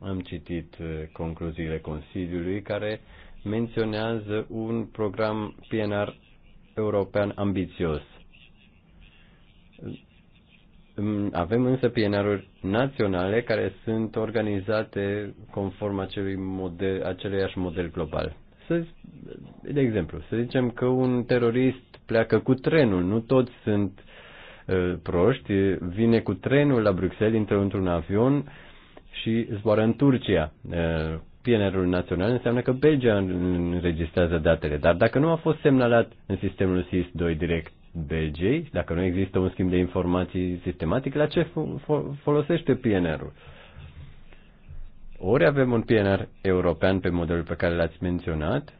am citit uh, concluziile Consiliului care menționează un program PNR european ambițios. Avem însă PNR-uri naționale care sunt organizate conform acelui model, aceleiași model global. Să, de exemplu, să zicem că un terorist pleacă cu trenul, nu toți sunt uh, proști, vine cu trenul la Bruxelles, intră într-un avion, și zboară în Turcia. PNR-ul național înseamnă că Belgia înregistrează datele, dar dacă nu a fost semnalat în sistemul SIS-2 direct Belgiei, dacă nu există un schimb de informații sistematic, la ce folosește PNR-ul? Ori avem un PNR european pe modelul pe care l-ați menționat,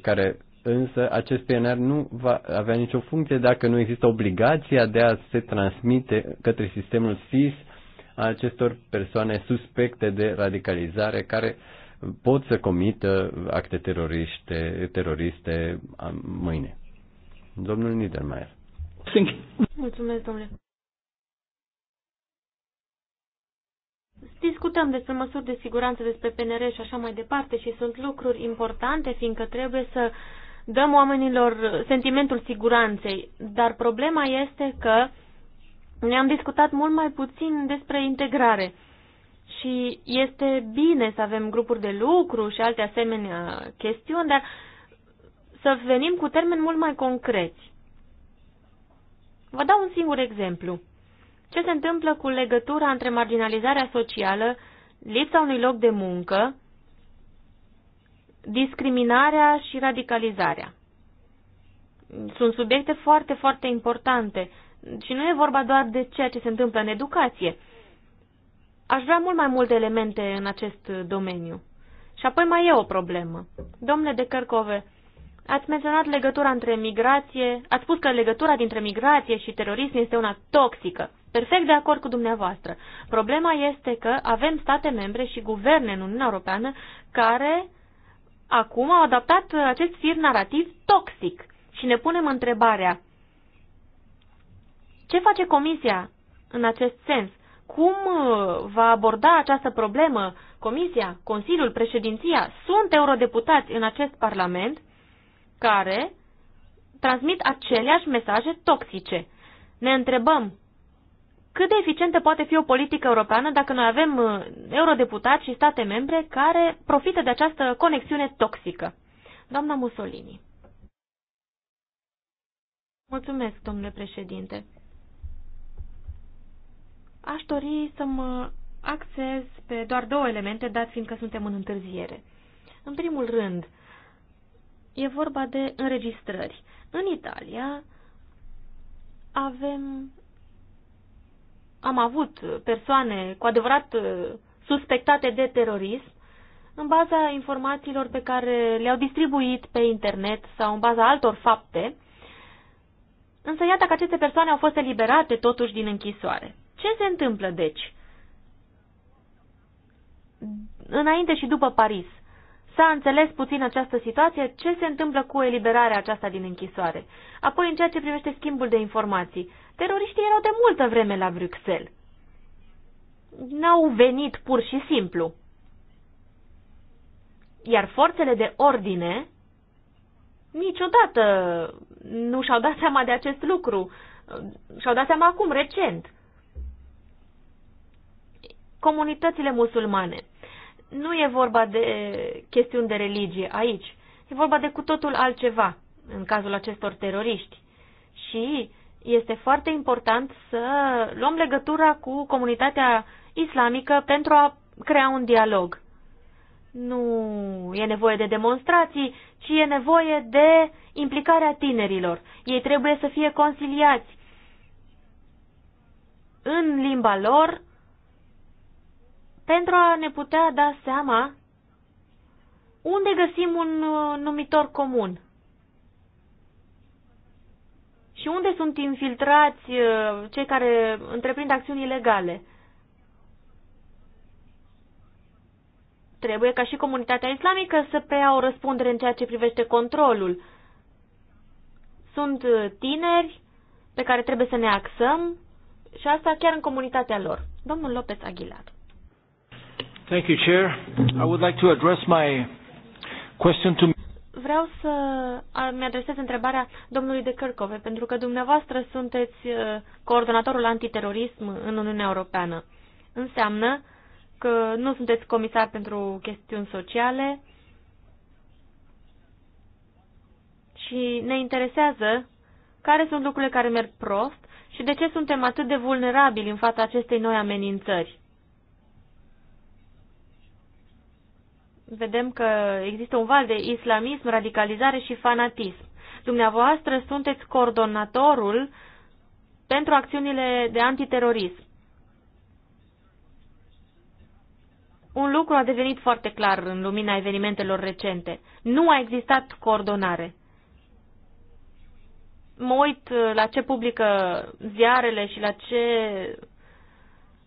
care însă acest PNR nu va avea nicio funcție dacă nu există obligația de a se transmite către sistemul SIS a acestor persoane suspecte de radicalizare care pot să comită acte teroriste, teroriste mâine. Domnul Niedermayer. Mulțumesc, domnule. Discutăm despre măsuri de siguranță, despre PNR și așa mai departe și sunt lucruri importante, fiindcă trebuie să dăm oamenilor sentimentul siguranței, dar problema este că ne-am discutat mult mai puțin despre integrare. Și este bine să avem grupuri de lucru și alte asemenea chestiuni, dar să venim cu termeni mult mai concreți. Vă dau un singur exemplu. Ce se întâmplă cu legătura între marginalizarea socială, lipsa unui loc de muncă discriminarea și radicalizarea. Sunt subiecte foarte, foarte importante și nu e vorba doar de ceea ce se întâmplă în educație. Aș vrea mult mai multe elemente în acest domeniu. Și apoi mai e o problemă. Domnule de Cărcove, ați menționat legătura între migrație, ați spus că legătura dintre migrație și terorism este una toxică. Perfect de acord cu dumneavoastră. Problema este că avem state membre și guverne în Uniunea Europeană care acum au adaptat acest fir narrativ toxic și ne punem întrebarea ce face Comisia în acest sens? Cum uh, va aborda această problemă Comisia, Consiliul, Președinția? Sunt eurodeputați în acest Parlament care transmit aceleași mesaje toxice. Ne întrebăm cât de eficientă poate fi o politică europeană dacă noi avem uh, eurodeputați și state membre care profită de această conexiune toxică. Doamna Mussolini. Mulțumesc, domnule președinte. Aș dori să mă axez pe doar două elemente, dat fiindcă suntem în întârziere. În primul rând, e vorba de înregistrări. În Italia avem am avut persoane cu adevărat uh, suspectate de terorism în baza informațiilor pe care le-au distribuit pe internet sau în baza altor fapte, însă iată că aceste persoane au fost eliberate totuși din închisoare. Ce se întâmplă, deci? Înainte și după Paris, S-a înțeles puțin această situație, ce se întâmplă cu eliberarea aceasta din închisoare. Apoi, în ceea ce privește schimbul de informații, Teroriștii erau de multă vreme la Bruxelles. N-au venit pur și simplu. Iar forțele de ordine niciodată nu și-au dat seama de acest lucru. Și-au dat seama acum, recent. Comunitățile musulmane. Nu e vorba de chestiuni de religie aici. E vorba de cu totul altceva în cazul acestor teroriști. Și este foarte important să luăm legătura cu comunitatea islamică pentru a crea un dialog. Nu e nevoie de demonstrații, ci e nevoie de implicarea tinerilor. Ei trebuie să fie conciliați în limba lor pentru a ne putea da seama unde găsim un numitor comun. Și unde sunt infiltrați uh, cei care întreprind acțiuni ilegale? Trebuie ca și comunitatea islamică să preia o răspundere în ceea ce privește controlul. Sunt uh, tineri pe care trebuie să ne axăm și asta chiar în comunitatea lor. Domnul Lopez Aguilar. Thank you, Chair. I would like to address my question to vreau să mi adresez întrebarea domnului de Cărcove, pentru că dumneavoastră sunteți uh, coordonatorul antiterorism în Uniunea Europeană. Înseamnă că nu sunteți comisar pentru chestiuni sociale și ne interesează care sunt lucrurile care merg prost și de ce suntem atât de vulnerabili în fața acestei noi amenințări. vedem că există un val de islamism, radicalizare și fanatism. Dumneavoastră sunteți coordonatorul pentru acțiunile de antiterorism. Un lucru a devenit foarte clar în lumina evenimentelor recente. Nu a existat coordonare. Mă uit la ce publică ziarele și la ce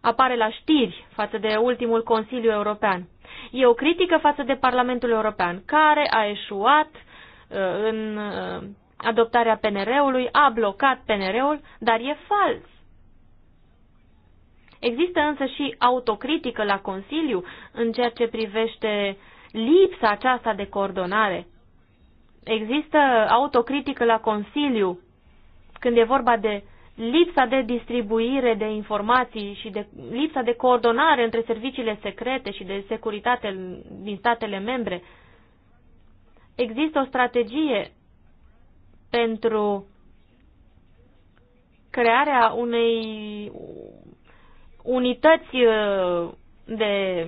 apare la știri față de ultimul Consiliu European. E o critică față de Parlamentul European, care a eșuat uh, în uh, adoptarea PNR-ului, a blocat PNR-ul, dar e fals. Există însă și autocritică la Consiliu în ceea ce privește lipsa aceasta de coordonare. Există autocritică la Consiliu când e vorba de lipsa de distribuire de informații și de lipsa de coordonare între serviciile secrete și de securitate din statele membre. Există o strategie pentru crearea unei unități uh, de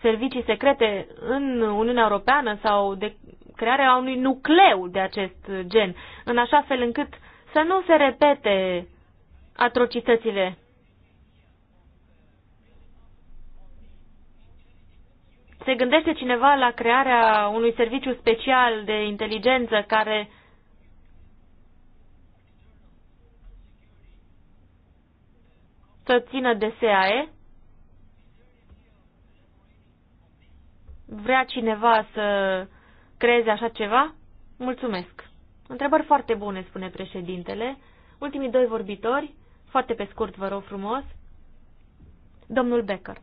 servicii secrete în Uniunea Europeană sau de crearea unui nucleu de acest gen, în așa fel încât să nu se repete atrocitățile. Se gândește cineva la crearea unui serviciu special de inteligență care să țină de SAE? Vrea cineva să creeze așa ceva? Mulțumesc! Întrebări foarte bune, spune președintele. Ultimii doi vorbitori, foarte pe scurt, vă rog frumos. Domnul Becker.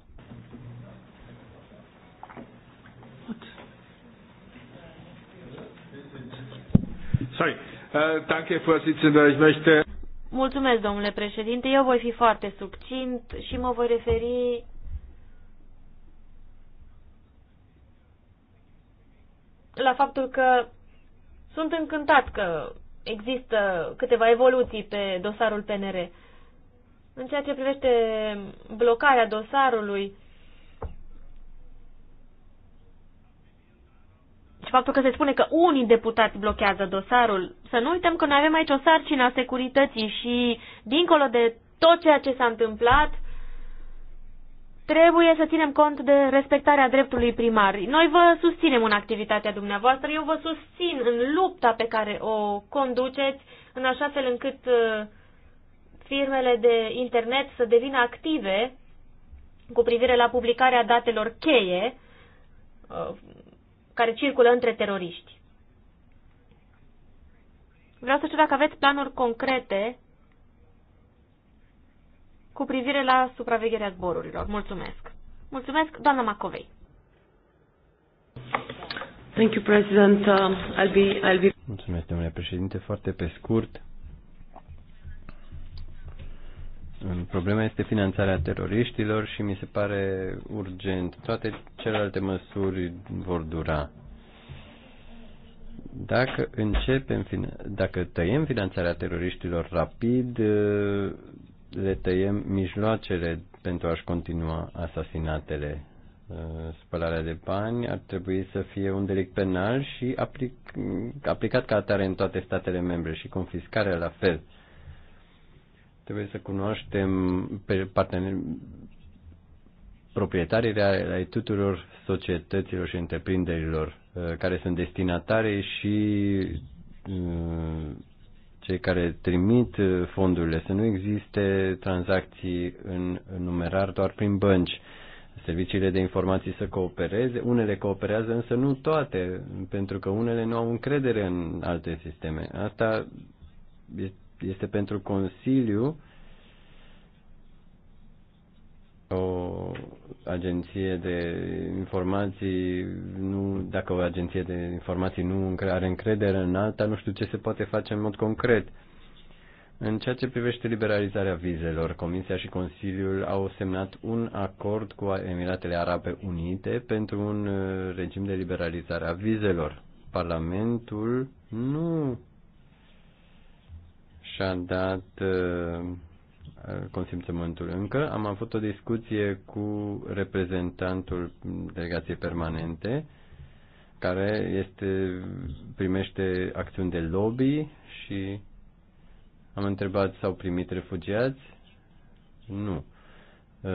Sorry. Uh, danke, Ich möchte... Mulțumesc, domnule președinte. Eu voi fi foarte succint și mă voi referi la faptul că sunt încântat că există câteva evoluții pe dosarul PNR. În ceea ce privește blocarea dosarului și faptul că se spune că unii deputați blochează dosarul, să nu uităm că noi avem aici o sarcină a securității și, dincolo de tot ceea ce s-a întâmplat, trebuie să ținem cont de respectarea dreptului primar. Noi vă susținem în activitatea dumneavoastră, eu vă susțin în lupta pe care o conduceți, în așa fel încât uh, firmele de internet să devină active cu privire la publicarea datelor cheie uh, care circulă între teroriști. Vreau să știu dacă aveți planuri concrete cu privire la supravegherea zborurilor. Mulțumesc. Mulțumesc, doamna Macovei. Thank you, President. Uh, I'll be, I'll be... Mulțumesc, domnule președinte. Foarte pe scurt. Problema este finanțarea teroriștilor și mi se pare urgent. Toate celelalte măsuri vor dura. Dacă începem, dacă tăiem finanțarea teroriștilor rapid, uh, le tăiem mijloacele pentru a-și continua asasinatele. Uh, spălarea de bani ar trebui să fie un delict penal și aplic, aplicat ca atare în toate statele membre și confiscarea la fel. Trebuie să cunoaștem pe partener, proprietarii ai tuturor societăților și întreprinderilor uh, care sunt destinatare și uh, cei care trimit uh, fondurile, să nu existe tranzacții în numerar doar prin bănci. Serviciile de informații să coopereze, unele cooperează, însă nu toate, pentru că unele nu au încredere în alte sisteme. Asta este pentru Consiliu o agenție de informații, nu, dacă o agenție de informații nu are încredere în alta, nu știu ce se poate face în mod concret. În ceea ce privește liberalizarea vizelor, Comisia și Consiliul au semnat un acord cu Emiratele Arabe Unite pentru un uh, regim de liberalizare a vizelor. Parlamentul nu și-a dat uh, consimțământul încă. Am avut o discuție cu reprezentantul delegației permanente care este, primește acțiuni de lobby și am întrebat s-au primit refugiați? Nu.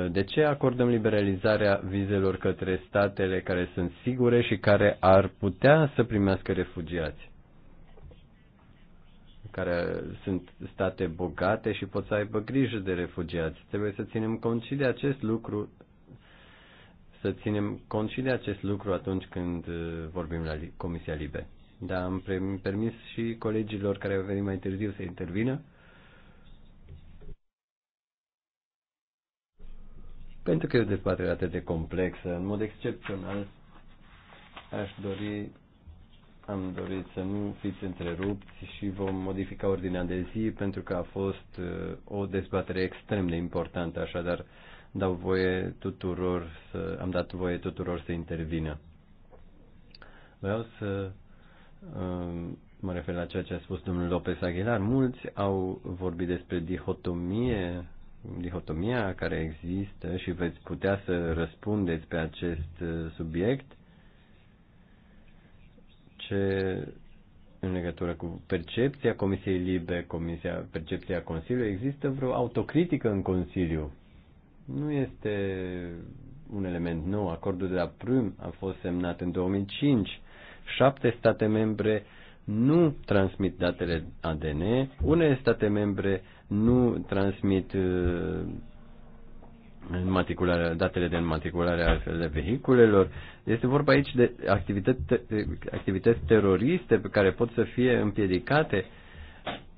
De ce acordăm liberalizarea vizelor către statele care sunt sigure și care ar putea să primească refugiați? care sunt state bogate și pot să aibă grijă de refugiați. Trebuie să ținem cont și de acest lucru să ținem cont și de acest lucru atunci când uh, vorbim la Comisia Libe. Dar am permis și colegilor care au venit mai târziu să intervină. Pentru că e o dezbatere atât de complexă, în mod excepțional, aș dori am dorit să nu fiți întrerupți și vom modifica ordinea de zi pentru că a fost uh, o dezbatere extrem de importantă, așadar dau voie tuturor să, am dat voie tuturor să intervină. Vreau să um, mă refer la ceea ce a spus domnul Lopez Aguilar. Mulți au vorbit despre dihotomie, dihotomia care există și veți putea să răspundeți pe acest uh, subiect ce în legătură cu percepția Comisiei Libe, Comisia, percepția Consiliului, există vreo autocritică în Consiliu. Nu este un element nou. Acordul de la Prüm a fost semnat în 2005. Șapte state membre nu transmit datele ADN, unele state membre nu transmit uh, datele de înmatriculare ale vehiculelor. Este vorba aici de activități, activități teroriste pe care pot să fie împiedicate,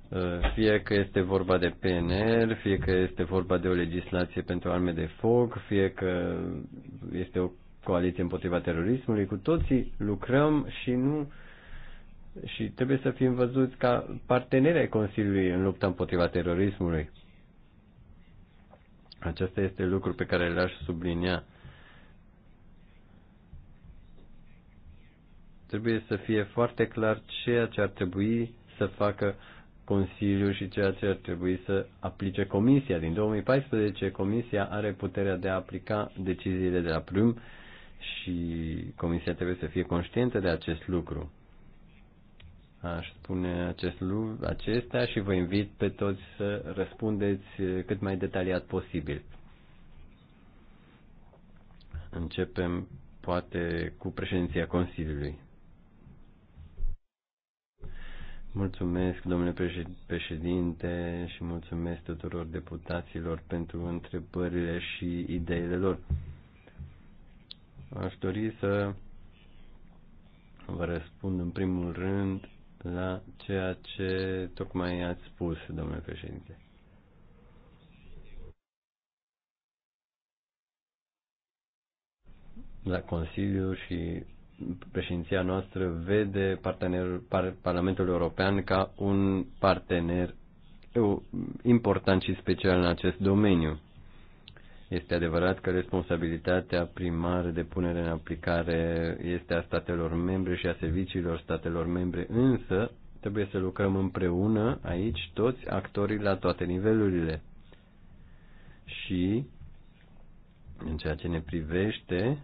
uh, fie că este vorba de PNR, fie că este vorba de o legislație pentru arme de foc, fie că este o coaliție împotriva terorismului. Cu toții lucrăm și nu și trebuie să fim văzuți ca parteneri ai Consiliului în lupta împotriva terorismului acesta este lucru pe care l-aș sublinia. Trebuie să fie foarte clar ceea ce ar trebui să facă Consiliul și ceea ce ar trebui să aplice Comisia. Din 2014, Comisia are puterea de a aplica deciziile de la prim și Comisia trebuie să fie conștientă de acest lucru aș spune acest lucru, acestea și vă invit pe toți să răspundeți eh, cât mai detaliat posibil. Începem poate cu președinția Consiliului. Mulțumesc, domnule președinte, și mulțumesc tuturor deputaților pentru întrebările și ideile lor. Aș dori să vă răspund în primul rând la ceea ce tocmai ați spus, domnule președinte. La Consiliu și președinția noastră vede partenerul, par, Parlamentul European ca un partener important și special în acest domeniu. Este adevărat că responsabilitatea primară de punere în aplicare este a statelor membre și a serviciilor statelor membre, însă trebuie să lucrăm împreună aici toți actorii la toate nivelurile. Și în ceea ce ne privește,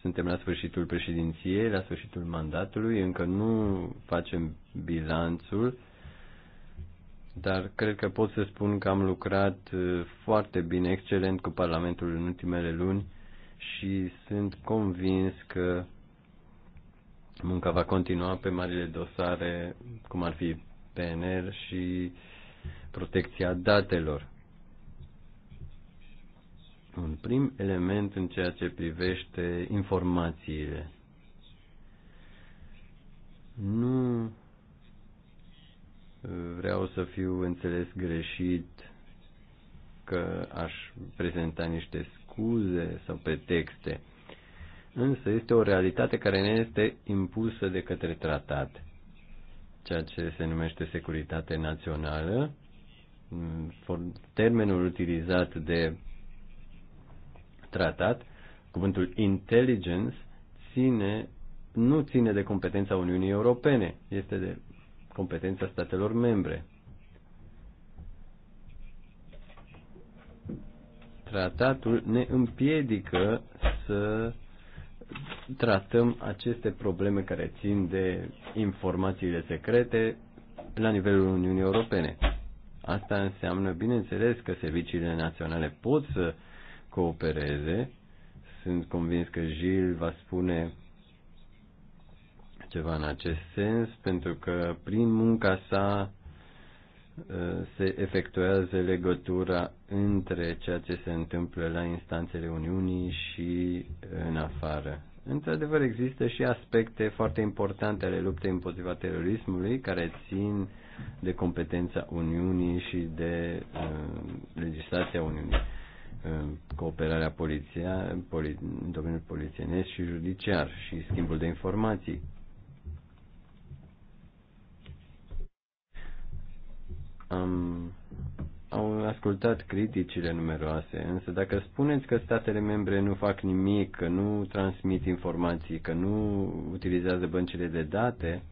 suntem la sfârșitul președinției, la sfârșitul mandatului, încă nu facem bilanțul dar cred că pot să spun că am lucrat uh, foarte bine, excelent cu Parlamentul în ultimele luni și sunt convins că munca va continua pe marile dosare, cum ar fi PNR și protecția datelor. Un prim element în ceea ce privește informațiile. Nu vreau să fiu înțeles greșit că aș prezenta niște scuze sau pretexte. Însă este o realitate care ne este impusă de către tratat. Ceea ce se numește securitate națională, termenul utilizat de tratat, cuvântul intelligence, ține, nu ține de competența Uniunii Europene, este de competența statelor membre. Tratatul ne împiedică să tratăm aceste probleme care țin de informațiile secrete la nivelul Uniunii Europene. Asta înseamnă, bineînțeles, că serviciile naționale pot să coopereze. Sunt convins că Gil va spune ceva în acest sens, pentru că prin munca sa ă, se efectuează legătura între ceea ce se întâmplă la instanțele Uniunii și în afară. Într-adevăr, există și aspecte foarte importante ale luptei împotriva terorismului care țin de competența Uniunii și de uh, legislația Uniunii, uh, cooperarea poliția, poli, în domeniul polițienesc și judiciar și schimbul de informații. Am, am ascultat criticile numeroase, însă dacă spuneți că statele membre nu fac nimic, că nu transmit informații, că nu utilizează băncile de date,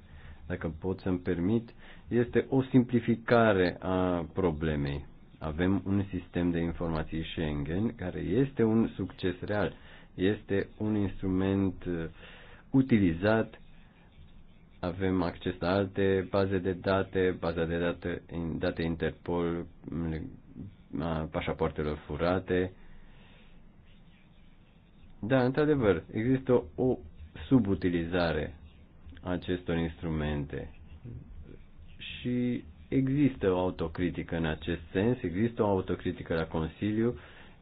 dacă pot să-mi permit, este o simplificare a problemei. Avem un sistem de informații Schengen care este un succes real, este un instrument uh, utilizat avem acces la alte baze de date, baza de date, date Interpol, pașapoartelor furate. Da, într-adevăr, există o subutilizare a acestor instrumente și există o autocritică în acest sens, există o autocritică la Consiliu,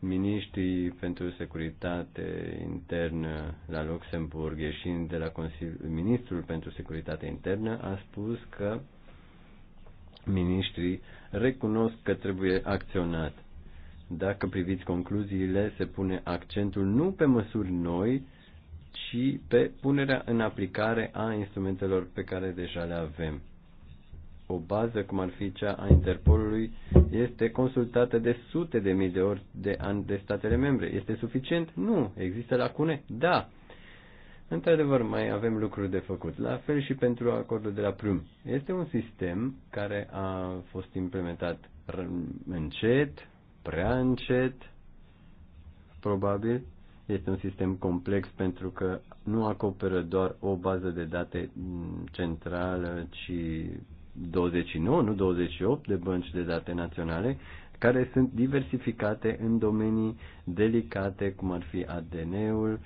miniștrii pentru securitate internă la Luxemburg, ieșind de la Consiliul, ministrul pentru securitate internă, a spus că miniștrii recunosc că trebuie acționat. Dacă priviți concluziile, se pune accentul nu pe măsuri noi, ci pe punerea în aplicare a instrumentelor pe care deja le avem o bază cum ar fi cea a Interpolului este consultată de sute de mii de ori de ani de statele membre. Este suficient? Nu. Există lacune? Da. Într-adevăr, mai avem lucruri de făcut. La fel și pentru acordul de la Prum. Este un sistem care a fost implementat încet, prea încet, probabil. Este un sistem complex pentru că nu acoperă doar o bază de date centrală, ci 29, nu 28 de bănci de date naționale, care sunt diversificate în domenii delicate, cum ar fi ADN-ul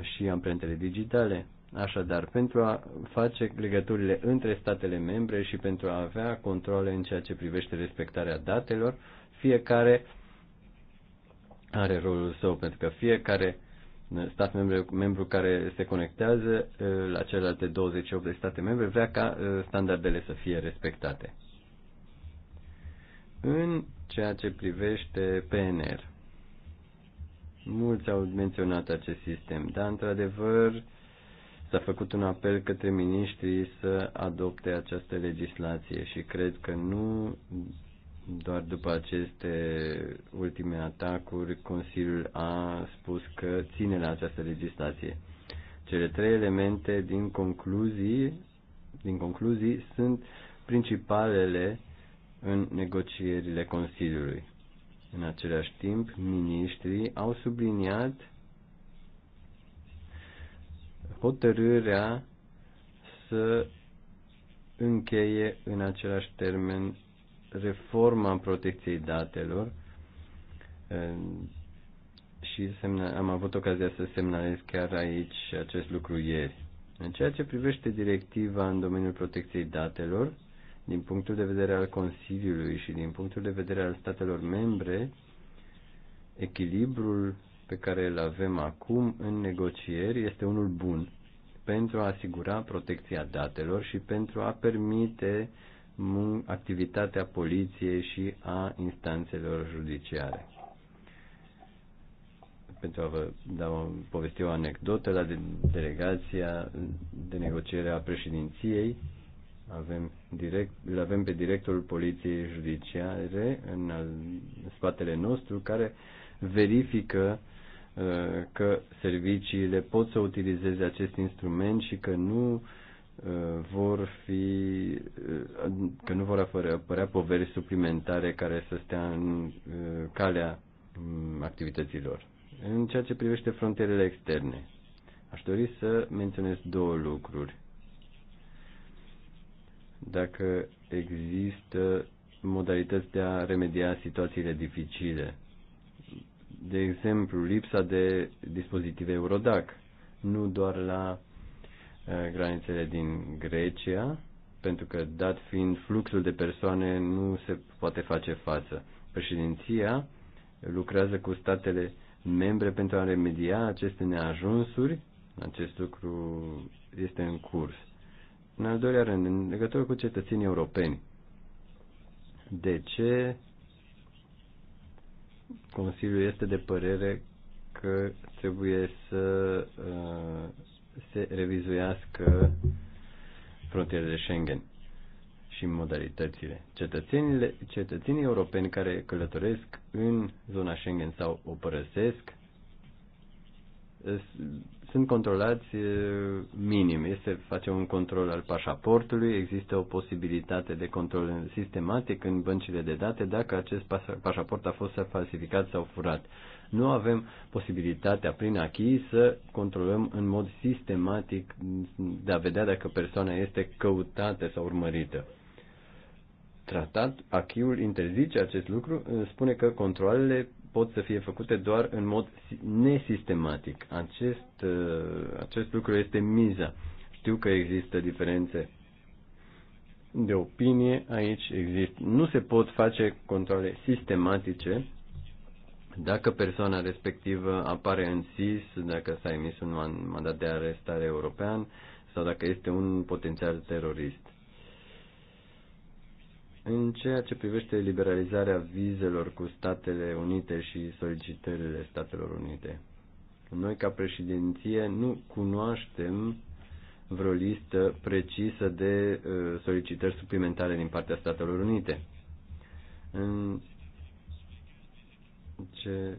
și amprentele digitale. Așadar, pentru a face legăturile între statele membre și pentru a avea controle în ceea ce privește respectarea datelor, fiecare are rolul său, pentru că fiecare uh, stat membru, membru care se conectează la celelalte 28 de state membre vrea ca standardele să fie respectate. În ceea ce privește PNR, mulți au menționat acest sistem, dar într-adevăr s-a făcut un apel către miniștrii să adopte această legislație și cred că nu doar după aceste ultime atacuri, Consiliul a spus că ține la această legislație. Cele trei elemente din concluzii, din concluzii sunt principalele în negocierile Consiliului. În același timp, miniștrii au subliniat hotărârea să încheie în același termen reforma protecției datelor și semna, am avut ocazia să semnalez chiar aici acest lucru ieri. În ceea ce privește directiva în domeniul protecției datelor, din punctul de vedere al Consiliului și din punctul de vedere al statelor membre, echilibrul pe care îl avem acum în negocieri este unul bun pentru a asigura protecția datelor și pentru a permite activitatea poliției și a instanțelor judiciare. Pentru a vă da o, povesti o anecdotă, la de, delegația de negociere a președinției avem direct, îl avem pe directorul poliției judiciare în, al, în spatele nostru care verifică uh, că serviciile pot să utilizeze acest instrument și că nu uh, vor fi, că nu vor apărea poveri suplimentare care să stea în uh, calea mm, activităților. În ceea ce privește frontierele externe, aș dori să menționez două lucruri. Dacă există modalități de a remedia situațiile dificile, de exemplu, lipsa de dispozitive Eurodac, nu doar la Eh, granițele din Grecia, pentru că, dat fiind fluxul de persoane, nu se poate face față. Președinția lucrează cu statele membre pentru a remedia aceste neajunsuri. Acest lucru este în curs. În al doilea rând, în legătură cu cetățenii europeni. De ce Consiliul este de părere că trebuie să uh, se revizuiască frontierele Schengen și modalitățile. Cetățenile, cetățenii europeni care călătoresc în zona Schengen sau o părăsesc eh, sunt controlați eh, minim. Este face un control al pașaportului, există o posibilitate de control sistematic în băncile de date dacă acest pașaport a fost falsificat sau furat nu avem posibilitatea prin achii să controlăm în mod sistematic de a vedea dacă persoana este căutată sau urmărită. Tratat, achiul interzice acest lucru, spune că controlele pot să fie făcute doar în mod nesistematic. Acest, uh, acest lucru este miza. Știu că există diferențe de opinie aici există. Nu se pot face controle sistematice dacă persoana respectivă apare în SIS, dacă s-a emis un mandat de arestare european sau dacă este un potențial terorist. În ceea ce privește liberalizarea vizelor cu Statele Unite și solicitările Statelor Unite, noi ca președinție nu cunoaștem vreo listă precisă de uh, solicitări suplimentare din partea Statelor Unite. În ce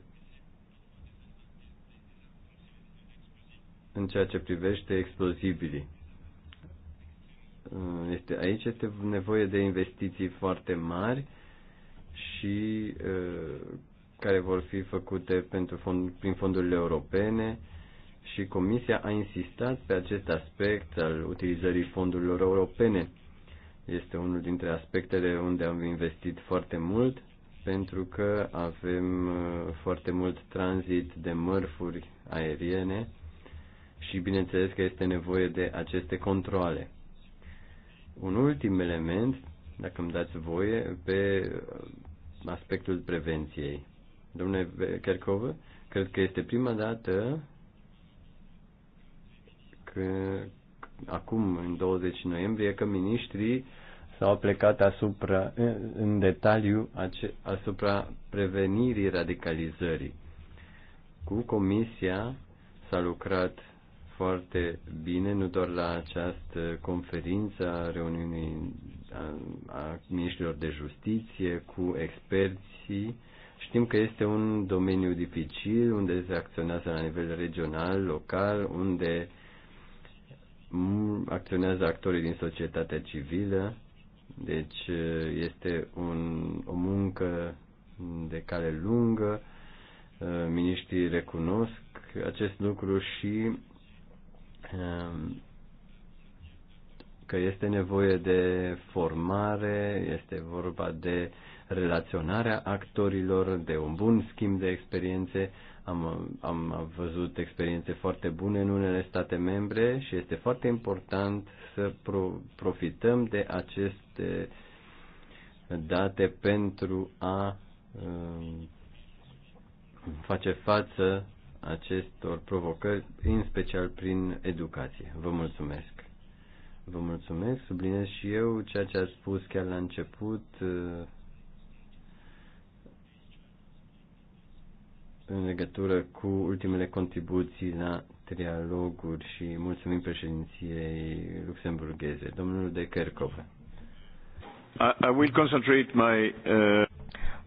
în ceea ce privește explozibilii. Uh, este, aici este nevoie de investiții foarte mari și uh, care vor fi făcute pentru fond, prin fondurile europene și Comisia a insistat pe acest aspect al utilizării fondurilor europene. Este unul dintre aspectele unde am investit foarte mult pentru că avem uh, foarte mult tranzit de mărfuri aeriene și bineînțeles că este nevoie de aceste controle. Un ultim element, dacă îmi dați voie, pe uh, aspectul prevenției. Domnule Kerkov, cred că este prima dată că acum, în 20 noiembrie, că miniștrii s-au plecat asupra, în detaliu asupra prevenirii radicalizării. Cu comisia s-a lucrat foarte bine, nu doar la această conferință a reuniunii a, a ministrilor de justiție cu experții. Știm că este un domeniu dificil, unde se acționează la nivel regional, local, unde acționează actorii din societatea civilă deci este un, o muncă de cale lungă. Miniștrii recunosc acest lucru și că este nevoie de formare, este vorba de relaționarea actorilor, de un bun schimb de experiențe am, am văzut experiențe foarte bune în unele state membre și este foarte important să pro, profităm de aceste date pentru a uh, face față acestor provocări, în special prin educație. Vă mulțumesc! Vă mulțumesc, subliniez și eu ceea ce ați spus chiar la început. Uh, în legătură cu ultimele contribuții la trialoguri și mulțumim președinției luxemburgheze. Domnul de Kerkov. I, I will concentrate my uh...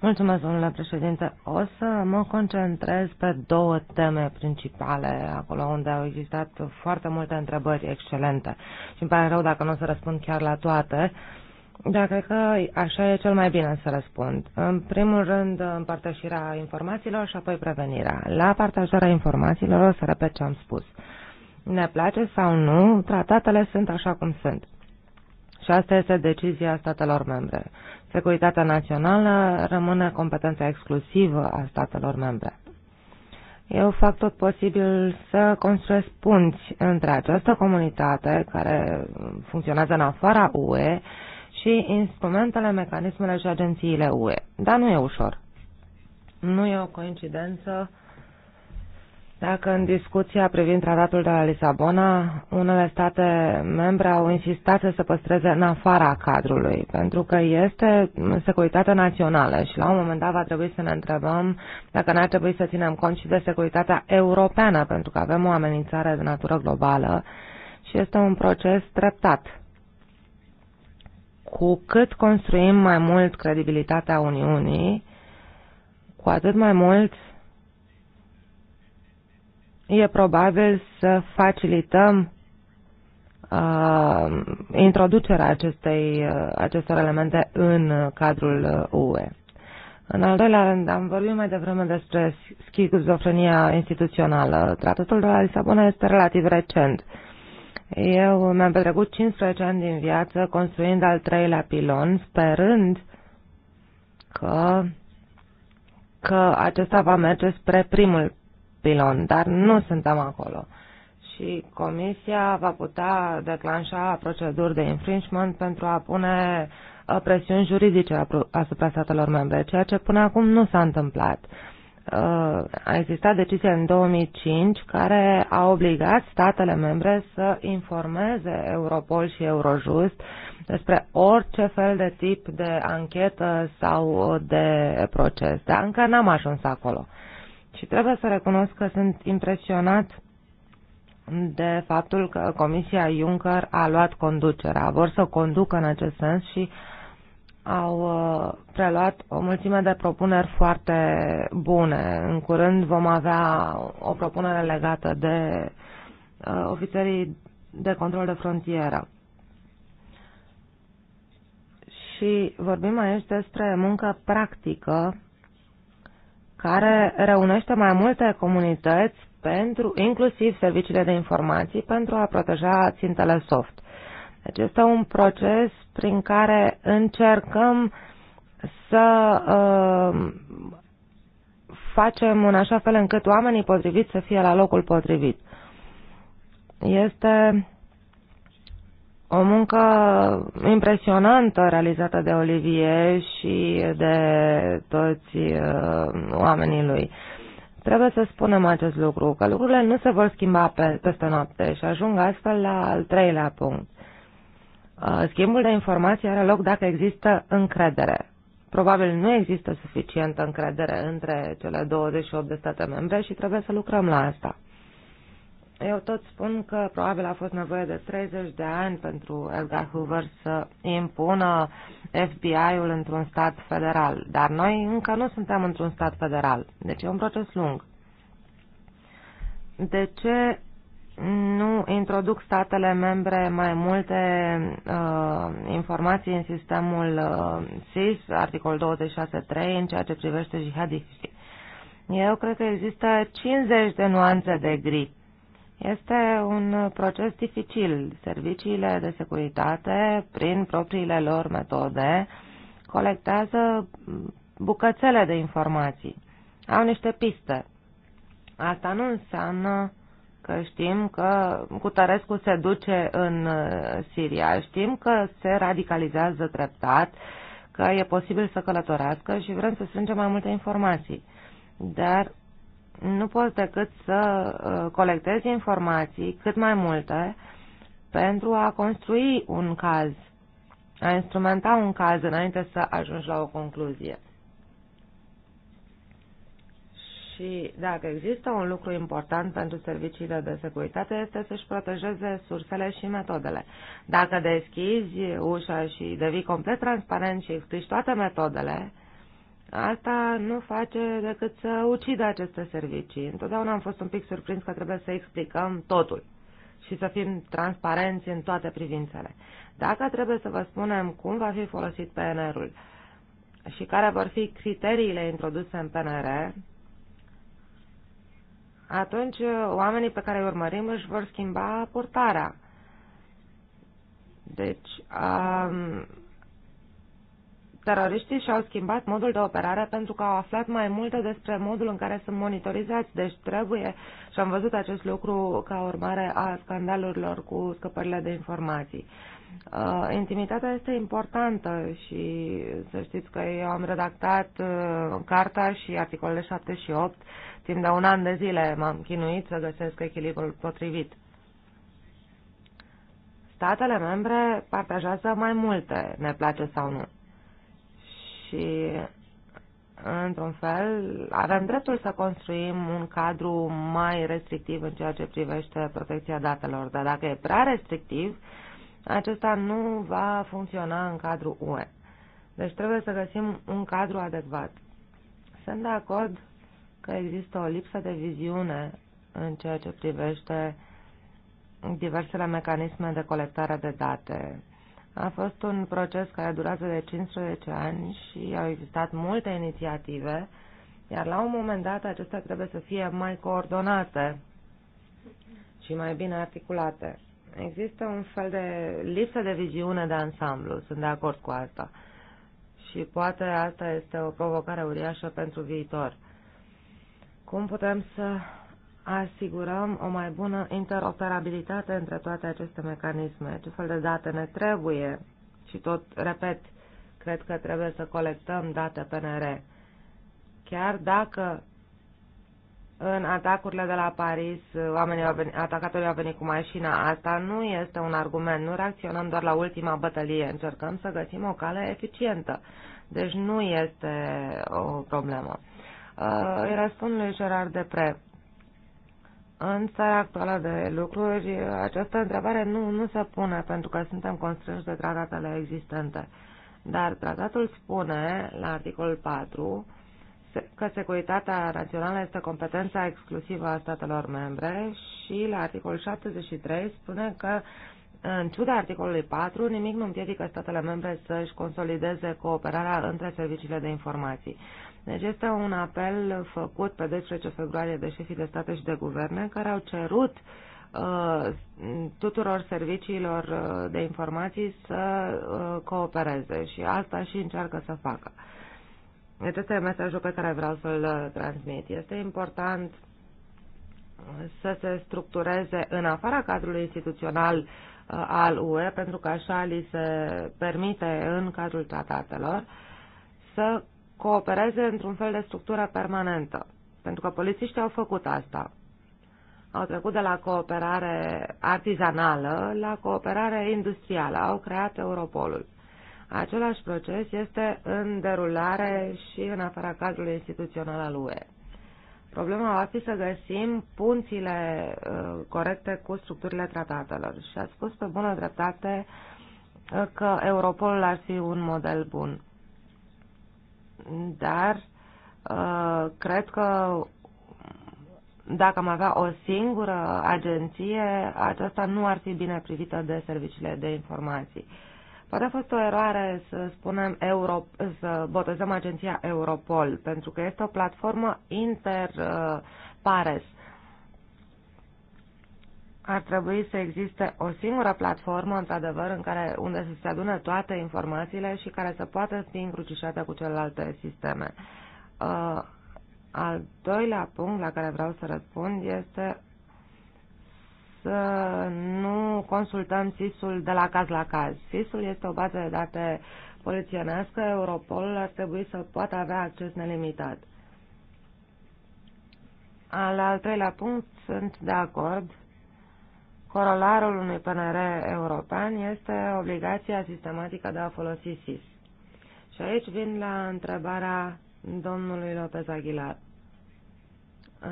Mulțumesc, domnule președinte. O să mă concentrez pe două teme principale, acolo unde au existat foarte multe întrebări excelente. Și îmi pare rău dacă nu o să răspund chiar la toate. Uh, da, cred că așa e cel mai bine să răspund. În primul rând, împărtășirea informațiilor și apoi prevenirea. La partajarea informațiilor o să repet ce am spus. Ne place sau nu, tratatele sunt așa cum sunt. Și asta este decizia statelor membre. Securitatea națională rămâne competența exclusivă a statelor membre. Eu fac tot posibil să construiesc punți între această comunitate care funcționează în afara UE și instrumentele, mecanismele și agențiile UE. Dar nu e ușor. Nu e o coincidență dacă în discuția privind tratatul de la Lisabona, unele state membre au insistat să se păstreze în afara cadrului, pentru că este securitatea națională și la un moment dat va trebui să ne întrebăm dacă n-ar trebui să ținem cont și de securitatea europeană, pentru că avem o amenințare de natură globală și este un proces treptat cu cât construim mai mult credibilitatea Uniunii, cu atât mai mult e probabil să facilităm uh, introducerea acestei, uh, acestor elemente în cadrul UE. Uh, în al doilea rând, am vorbit mai devreme despre schizofrenia instituțională. Tratatul de la Lisabona este relativ recent. Uh, eu mi-am petrecut 15 ani din viață construind al treilea pilon, sperând că, că acesta va merge spre primul pilon, dar nu suntem acolo. Și comisia va putea declanșa proceduri de infringement pentru a pune uh, presiuni juridice asupra statelor membre, ceea ce până acum nu s-a întâmplat. Uh, Uh, a existat decizia în 2005 care a obligat statele membre să informeze Europol și Eurojust despre orice fel de tip de anchetă sau de proces. Dar încă n-am ajuns acolo. Și trebuie să recunosc că sunt impresionat de faptul că Comisia Juncker a luat conducerea, vor să conducă în acest sens și uh, au uh, preluat o mulțime de propuneri foarte bune. În curând vom avea o propunere legată de uh, ofițerii de control de frontieră. Și vorbim aici despre muncă practică care reunește mai multe comunități pentru inclusiv serviciile de informații pentru a proteja țintele soft. Deci este un proces prin care încercăm să uh, facem în așa fel încât oamenii potriviți să fie la locul potrivit. Este o muncă impresionantă realizată de Olivier și de toți uh, oamenii lui. Trebuie să spunem acest lucru, că lucrurile nu se vor schimba pe, peste noapte și ajung astfel la al treilea punct. Uh, schimbul de informații are loc dacă există încredere. Probabil nu există suficientă încredere între cele 28 de state membre și trebuie să lucrăm la asta. Eu tot spun că probabil a fost nevoie de 30 de ani pentru Edgar Hoover să impună FBI-ul într-un stat federal, dar noi încă nu suntem într-un stat federal, deci e un proces lung. De ce nu introduc statele membre mai multe uh, informații în sistemul uh, SIS, articol 26.3, în ceea ce privește jihadiștii. Eu cred că există 50 de nuanțe de gri. Este un proces dificil. Serviciile de securitate, prin propriile lor metode, colectează bucățele de informații. Au niște piste. Asta nu înseamnă uh, că știm că Cutărescu se duce în uh, Siria, știm că se radicalizează treptat, că e posibil să călătorească și vrem să strângem mai multe informații. Dar nu poți decât să uh, colectezi informații cât mai multe pentru a construi un caz, a instrumenta un caz înainte să ajungi la o concluzie. Și dacă există un lucru important pentru serviciile de securitate este să-și protejeze sursele și metodele. Dacă deschizi ușa și devii complet transparent și explici toate metodele, Asta nu face decât să ucidă aceste servicii. Întotdeauna am fost un pic surprins că trebuie să explicăm totul și să fim transparenți în toate privințele. Dacă trebuie să vă spunem cum va fi folosit PNR-ul și care vor fi criteriile introduse în PNR, atunci uh, oamenii pe care îi urmărim își vor schimba portarea. Deci, um, teroriștii și-au schimbat modul de operare pentru că au aflat mai multe despre modul în care sunt monitorizați. Deci trebuie, și am văzut acest lucru ca urmare a scandalurilor cu scăpările de informații. Uh, Uh, intimitatea este importantă și să știți că eu am redactat uh, carta și articolele 7 și 8. Timp de un an de zile m-am chinuit să găsesc echilibrul potrivit. Statele membre partajează mai multe, ne place sau nu. Și, într-un fel, avem dreptul să construim un cadru mai restrictiv în ceea ce privește protecția datelor, dar dacă e prea restrictiv, uh, acesta nu va funcționa în cadrul UE. Deci trebuie să găsim un cadru adecvat. Sunt de acord că există o lipsă de viziune în ceea ce privește diversele mecanisme de colectare de date. A fost un proces care durează de 15 ani și au existat multe inițiative, iar la un moment dat acestea trebuie să fie mai coordonate și mai bine articulate. Există un fel de lipsă de viziune de ansamblu, sunt de acord cu asta. Și poate asta este o provocare uriașă pentru viitor. Cum putem să asigurăm o mai bună interoperabilitate între toate aceste mecanisme? Ce fel de date ne trebuie? Și tot, repet, cred că trebuie să colectăm date PNR. Chiar dacă în atacurile de la Paris, oamenii au venit, atacatorii au venit cu mașina. Asta nu este un argument. Nu reacționăm doar la ultima bătălie. Încercăm să găsim o cale eficientă. Deci nu este o problemă. Uh, îi răspund lui Gerard Depre. În țara actuală de lucruri, această întrebare nu, nu se pune pentru că suntem constrânși de tratatele existente. Dar tratatul spune, la articolul 4, că securitatea națională este competența exclusivă a statelor membre și la articolul 73 spune că în ciuda articolului 4, nimic nu împiedică statele membre să-și consolideze cooperarea între serviciile de informații. Deci este un apel făcut pe 12 februarie de șefii de state și de guverne care au cerut uh, tuturor serviciilor uh, de informații să uh, coopereze și asta și încearcă să facă. Uh, este deci e mesajul pe care vreau să-l uh, transmit. Este important uh, să se structureze în afara cadrului instituțional uh, al UE, pentru că așa li se permite în cadrul tratatelor să coopereze într-un fel de structură permanentă. Pentru că polițiștii au făcut asta. Au trecut de la cooperare artizanală la cooperare industrială. Au creat Europolul. Același proces este în derulare și în afara cadrului instituțional al UE. Problema va fi să găsim punțile uh, corecte cu structurile tratatelor. Și a spus pe bună dreptate uh, că Europolul ar fi un model bun. Dar uh, cred că dacă am avea o singură agenție, aceasta nu ar fi bine privită de serviciile de informații. Uh, Poate a fost o eroare să spunem Euro, să botezăm agenția Europol, pentru că este o platformă interpares. Ar trebui să existe o singură platformă, într-adevăr, în care, unde să se adune toate informațiile și care să poată fi încrucișate cu celelalte sisteme. Uh, al doilea punct la care vreau să răspund este să nu consultăm SIS-ul de la caz la caz. SIS-ul este o bază de date poliționească, Europol ar trebui să poată avea acces nelimitat. Al, al treilea punct, sunt de acord. Corolarul unui PNR european este obligația sistematică de a folosi SIS. Și aici vin la întrebarea domnului Lopez Aguilar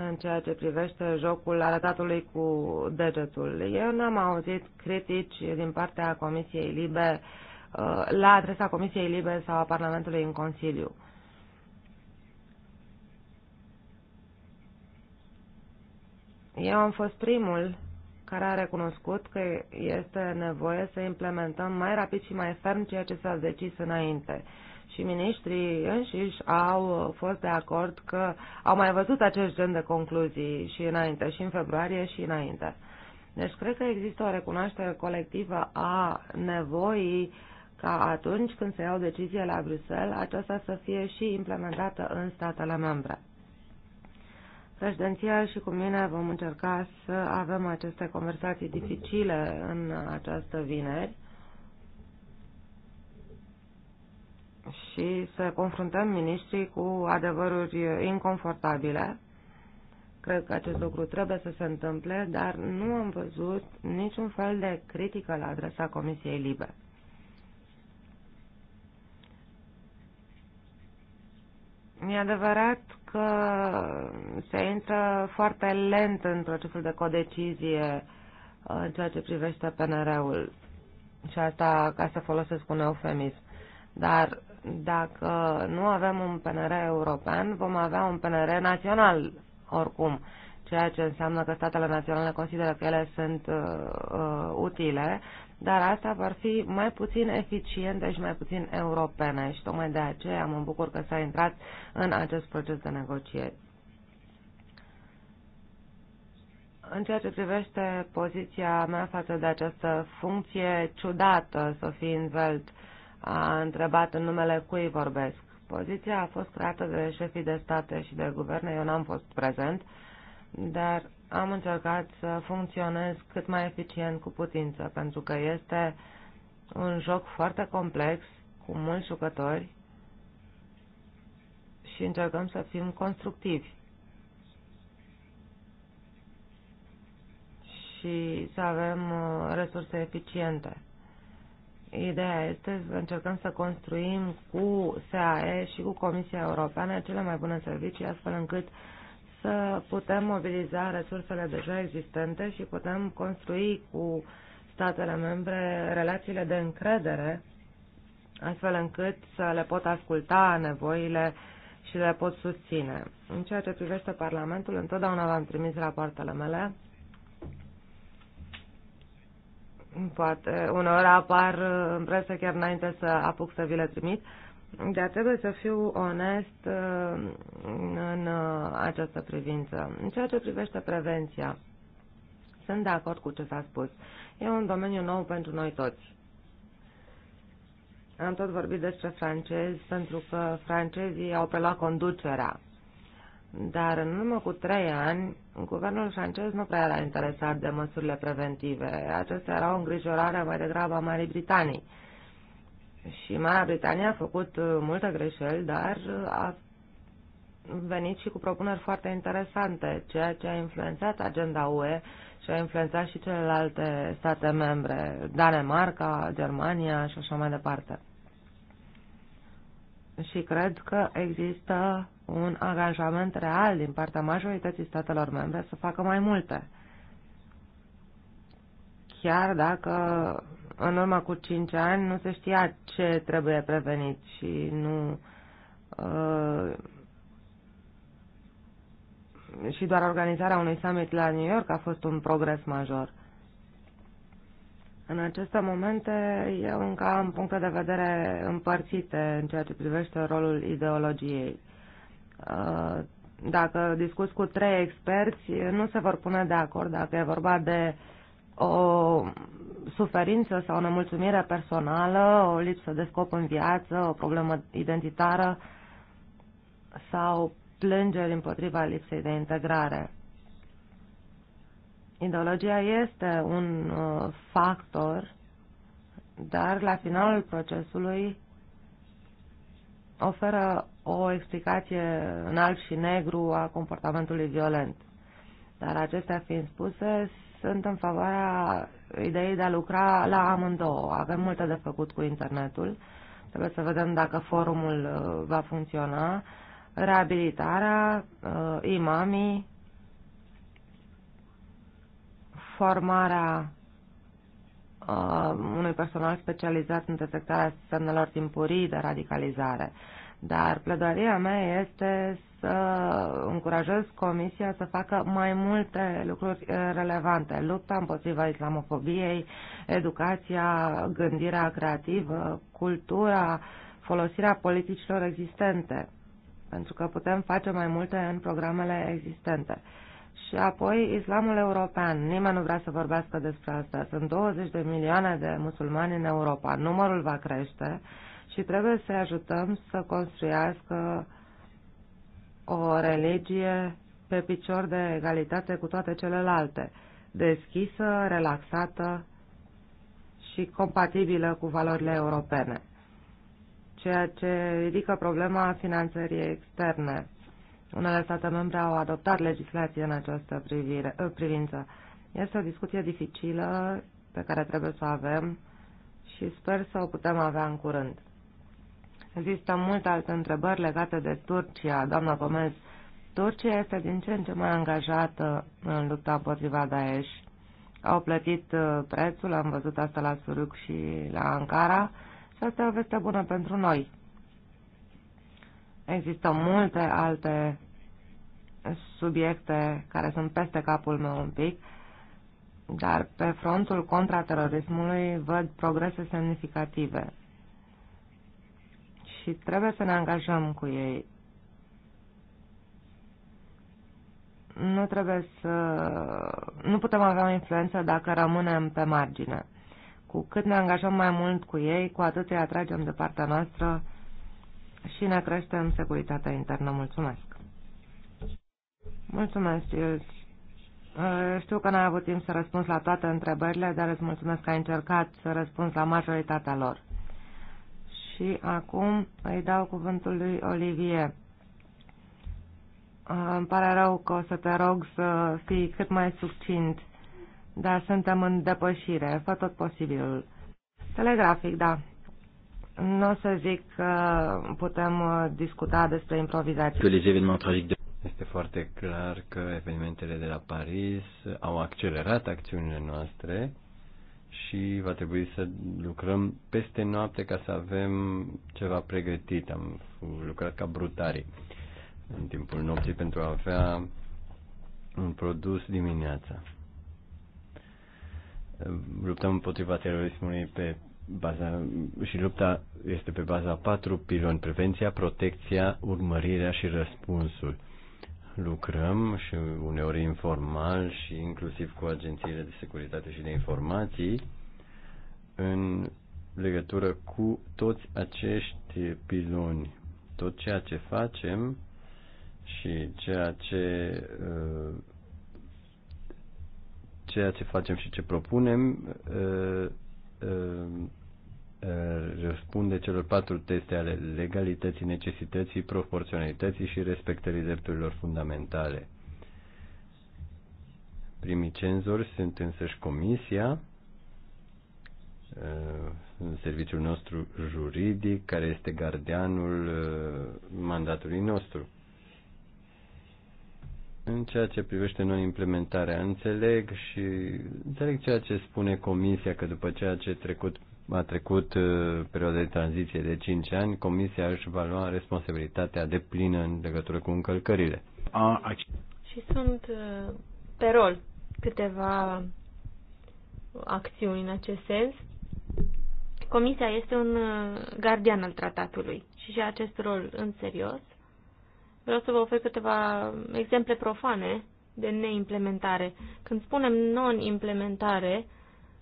în ceea ce privește jocul arătatului cu degetul. Eu n-am auzit critici din partea Comisiei Libe uh, la adresa Comisiei Libe sau a Parlamentului în Consiliu. Eu am fost primul care a recunoscut că este nevoie să implementăm mai rapid și mai ferm ceea ce s-a decis înainte și miniștrii înșiși au fost de acord că au mai văzut acest gen de concluzii și înainte, și în februarie și înainte. Deci cred că există o recunoaștere colectivă a nevoii ca atunci când se iau decizie la Bruxelles, aceasta să fie și implementată în statele membre. Președinția și cu mine vom încerca să avem aceste conversații dificile în această vineri și să confruntăm ministrii cu adevăruri inconfortabile. Cred că acest lucru trebuie să se întâmple, dar nu am văzut niciun fel de critică la adresa Comisiei Libe. E adevărat că se intră foarte lent în procesul de codecizie uh, în ceea ce privește PNR-ul și asta ca să folosesc un eufemism. Dar dacă nu avem un PNR european, vom avea un PNR național oricum, ceea ce înseamnă că statele naționale consideră că ele sunt uh, uh, utile, dar asta vor fi mai puțin eficiente și mai puțin europene și tocmai de aceea mă bucur că s-a intrat în acest proces de negocieri. În ceea ce privește poziția mea față de această funcție ciudată, Sofie Invelt, a întrebat în numele cui vorbesc. Poziția a fost creată de șefii de state și de guverne, eu n-am fost prezent, dar am încercat să funcționez cât mai eficient cu putință, pentru că este un joc foarte complex, cu mulți jucători și încercăm să fim constructivi. și să avem uh, resurse eficiente. Ideea este să încercăm să construim cu SAE și cu Comisia Europeană cele mai bune servicii, astfel încât să putem mobiliza resursele deja existente și putem construi cu statele membre relațiile de încredere, astfel încât să le pot asculta nevoile și le pot susține. În ceea ce privește Parlamentul, întotdeauna v-am trimis rapoartele mele Poate uneori apar uh, în presă chiar înainte să apuc să vi le trimit. Dar trebuie să fiu onest uh, în uh, această privință. În ceea ce privește prevenția, sunt de acord cu ce s-a spus. E un domeniu nou pentru noi toți. Am tot vorbit despre francezi pentru că francezii au preluat conducerea dar în urmă cu trei ani, guvernul francez nu prea era interesat de măsurile preventive. Acestea erau îngrijorarea mai degrabă a Marii Britanii. Și Marea Britanie a făcut uh, multe greșeli, dar uh, a venit și cu propuneri foarte interesante, ceea ce a influențat agenda UE și a influențat și celelalte state membre, Danemarca, Germania și așa mai departe. Și cred că există un angajament real din partea majorității statelor membre să facă mai multe. Chiar dacă în urmă cu 5 ani nu se știa ce trebuie prevenit și nu uh, și doar organizarea unui summit la New York a fost un progres major. În aceste momente eu încă am puncte de vedere împărțite în ceea ce privește rolul ideologiei. Uh, dacă discuți cu trei experți, nu se vor pune de acord dacă e vorba de o suferință sau o nemulțumire personală, o lipsă de scop în viață, o problemă identitară sau plângeri împotriva lipsei de integrare. Ideologia este un uh, factor, dar la finalul procesului oferă o explicație în alb și negru a comportamentului violent. Dar acestea fiind spuse, sunt în favoarea ideii de a lucra la amândouă. Avem multe de făcut cu internetul. Trebuie să vedem dacă forumul uh, va funcționa. Reabilitarea, uh, imamii, formarea uh, unui personal specializat în detectarea semnelor timpurii de radicalizare. Dar pledoaria mea este să încurajez Comisia să facă mai multe lucruri eh, relevante. Lupta împotriva islamofobiei, educația, gândirea creativă, cultura, folosirea politicilor existente. Pentru că putem face mai multe în programele existente. Și apoi islamul european. Nimeni nu vrea să vorbească despre asta. Sunt 20 de milioane de musulmani în Europa. Numărul va crește. Uh, și trebuie să ajutăm să construiască o religie pe picior de egalitate cu toate celelalte, deschisă, relaxată și compatibilă cu valorile europene, ceea ce ridică problema finanțării externe. Unele state membre au adoptat legislație în această privire, privință. Este o discuție dificilă pe care trebuie să o avem și sper să o putem avea în curând. Există multe alte întrebări legate de Turcia. Doamna Gomez, Turcia este din ce în ce mai angajată în lupta împotriva Daesh. Au plătit uh, prețul, am văzut asta la Suruc și la Ankara și asta e o veste bună pentru noi. Există multe alte subiecte care sunt peste capul meu un pic, dar pe frontul contraterorismului văd progrese semnificative și trebuie să ne angajăm cu ei. Nu trebuie să... Nu putem avea o influență dacă rămânem pe margine. Cu cât ne angajăm mai mult cu ei, cu atât îi atragem de partea noastră și ne creștem securitatea internă. Mulțumesc! Mulțumesc, Ius. Eh, știu că n-ai avut timp să răspunzi la toate întrebările, dar îți mulțumesc că ai încercat să răspunzi la majoritatea lor. Și acum îi dau cuvântul lui Olivier. Ah, îmi pare rău că o să te rog să fii cât mai succint, dar suntem în depășire, fă tot posibilul. Telegrafic, da. Nu o să zic că putem uh, discuta despre improvizație. Este foarte clar că evenimentele de la Paris au accelerat acțiunile noastre și va trebui să lucrăm peste noapte ca să avem ceva pregătit. Am lucrat ca brutari în timpul nopții pentru a avea un produs dimineața. Luptăm împotriva terorismului pe baza, și lupta este pe baza patru piloni, prevenția, protecția, urmărirea și răspunsul lucrăm și uneori informal și inclusiv cu agențiile de securitate și de informații în legătură cu toți acești piloni. Tot ceea ce facem și ceea ce uh, ceea ce facem și ce propunem uh, uh, Uh, răspunde celor patru teste ale legalității, necesității, proporționalității și respectării drepturilor fundamentale. Primii cenzori sunt însăși comisia, uh, în serviciul nostru juridic, care este gardianul uh, mandatului nostru. În ceea ce privește noi implementarea, înțeleg și înțeleg ceea ce spune Comisia, că după ceea ce trecut a trecut uh, perioada de tranziție de 5 ani, Comisia își va lua responsabilitatea de plină în legătură cu încălcările. A, a... Și sunt uh, pe rol câteva acțiuni în acest sens. Comisia este un uh, gardian al tratatului și și acest rol în serios. Vreau să vă ofer câteva exemple profane de neimplementare. Când spunem non-implementare, uh,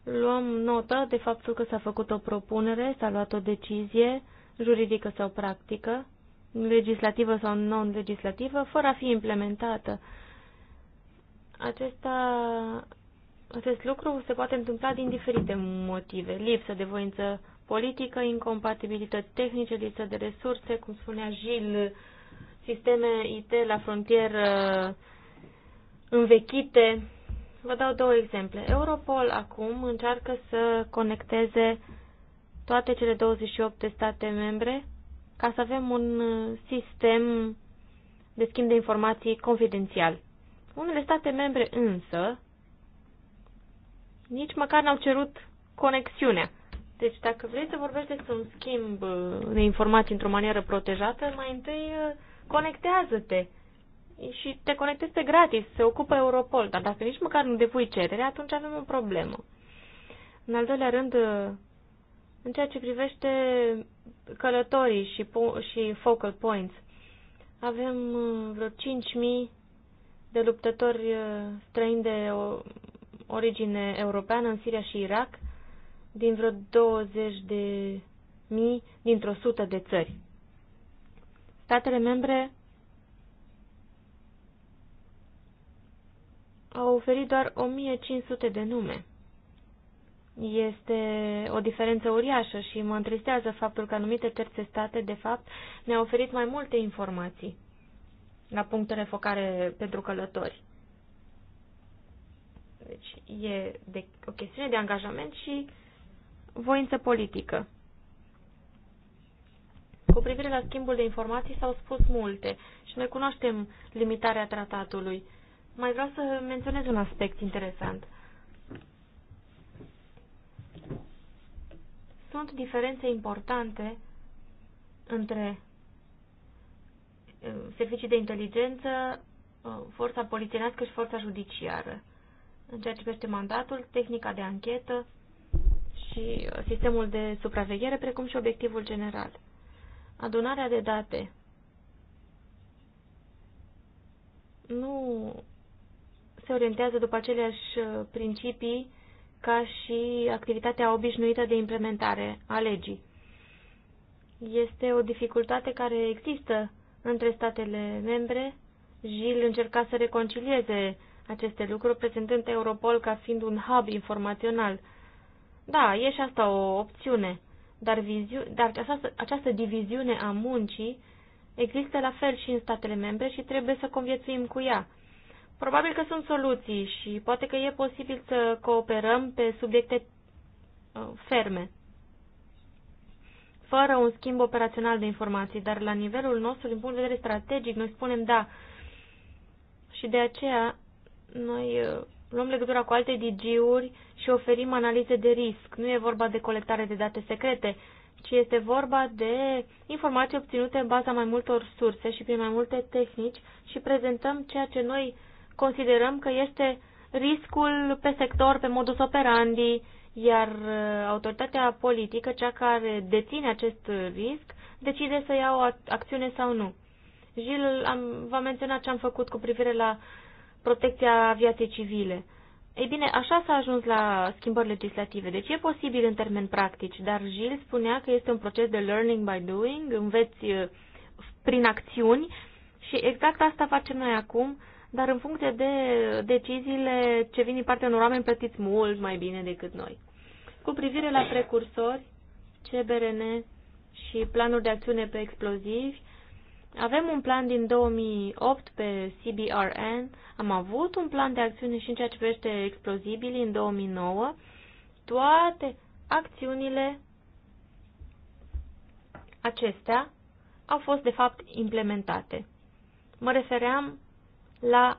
luăm nota de faptul că s-a făcut o propunere, s-a luat o decizie juridică sau practică, legislativă sau non-legislativă, fără a fi implementată. Acesta, acest lucru se poate întâmpla din diferite motive. Lipsă de voință politică, incompatibilități tehnice, lipsă de resurse, cum spunea Gil, sisteme IT la frontieră învechite, Vă dau două exemple. Europol acum încearcă să conecteze toate cele 28 de state membre ca să avem un sistem de schimb de informații confidențial. Unele state membre însă nici măcar n-au cerut conexiunea. Deci dacă vrei să vorbești despre un schimb de informații într-o manieră protejată, mai întâi uh, conectează-te și te conectezi pe gratis, se ocupă Europol, dar dacă nici măcar nu depui cerere, atunci avem o problemă. În al doilea rând, în ceea ce privește călătorii și, și focal points, avem uh, vreo 5.000 de luptători uh, străini de origine europeană în Siria și Irak, din vreo 20 de mii dintr-o sută de țări. Statele membre Au oferit doar 1500 de nume. Este o diferență uriașă și mă întristează faptul că anumite terțe state, de fapt, ne-au oferit mai multe informații la punctele focare pentru călători. Deci e de, o chestiune de angajament și voință politică. Cu privire la schimbul de informații s-au spus multe și noi cunoaștem limitarea tratatului mai vreau să menționez un aspect interesant. Sunt diferențe importante între uh, servicii de inteligență, uh, forța polițienească și forța judiciară. În ceea ce privește mandatul, tehnica de anchetă și uh, sistemul de supraveghere, precum și obiectivul general. Adunarea de date nu se orientează după aceleași uh, principii ca și activitatea obișnuită de implementare a legii. Este o dificultate care există între statele membre. Gil încerca să reconcilieze aceste lucruri, prezentând Europol ca fiind un hub informațional. Da, e și asta o opțiune, dar, viziu, dar această, această diviziune a muncii există la fel și în statele membre și trebuie să conviețuim cu ea. Probabil că sunt soluții și poate că e posibil să cooperăm pe subiecte uh, ferme, fără un schimb operațional de informații, dar la nivelul nostru, din punct de vedere strategic, noi spunem da. Și de aceea noi uh, luăm legătura cu alte DG-uri și oferim analize de risc. Nu e vorba de colectare de date secrete, ci este vorba de informații obținute în baza mai multor surse și prin mai multe tehnici și prezentăm ceea ce noi considerăm că este riscul pe sector, pe modus operandi, iar uh, autoritatea politică, cea care deține acest risc, decide să ia o acțiune sau nu. Gil am, va menționa ce am făcut cu privire la protecția aviației civile. Ei bine, așa s-a ajuns la schimbări legislative. Deci e posibil în termeni practici, dar Jil spunea că este un proces de learning by doing, înveți uh, prin acțiuni și exact asta facem noi acum dar în funcție de deciziile ce vin din partea unor oameni plătiți mult mai bine decât noi. Cu privire la precursori, CBRN și planuri de acțiune pe explozivi, avem un plan din 2008 pe CBRN, am avut un plan de acțiune și în ceea ce privește explozibili în 2009. Toate acțiunile acestea au fost de fapt implementate. Mă refeream la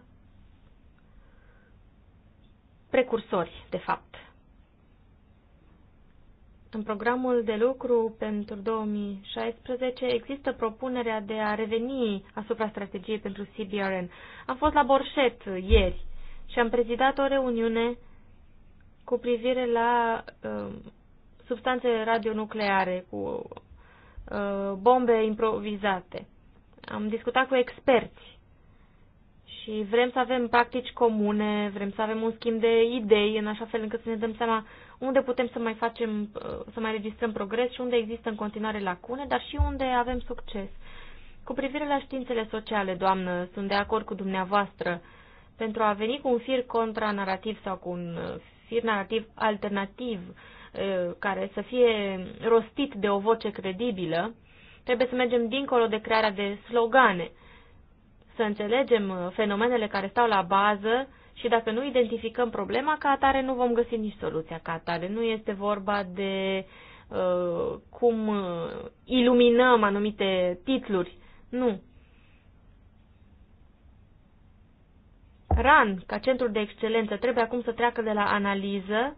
precursori, de fapt. În programul de lucru pentru 2016 există propunerea de a reveni asupra strategiei pentru CBRN. Am fost la Borșet ieri și am prezidat o reuniune cu privire la uh, substanțe radionucleare, cu uh, bombe improvizate. Am discutat cu experți și vrem să avem practici comune, vrem să avem un schimb de idei în așa fel încât să ne dăm seama unde putem să mai facem, uh, să mai registrăm progres și unde există în continuare lacune, dar și unde avem succes. Cu privire la științele sociale, doamnă, sunt de acord cu dumneavoastră. Pentru a veni cu un fir contranarativ sau cu un uh, fir narativ alternativ uh, care să fie rostit de o voce credibilă, trebuie să mergem dincolo de crearea de slogane – să înțelegem uh, fenomenele care stau la bază și dacă nu identificăm problema ca atare, nu vom găsi nici soluția ca atare. Nu este vorba de uh, cum uh, iluminăm anumite titluri. Nu. RAN, ca centru de excelență, trebuie acum să treacă de la analiză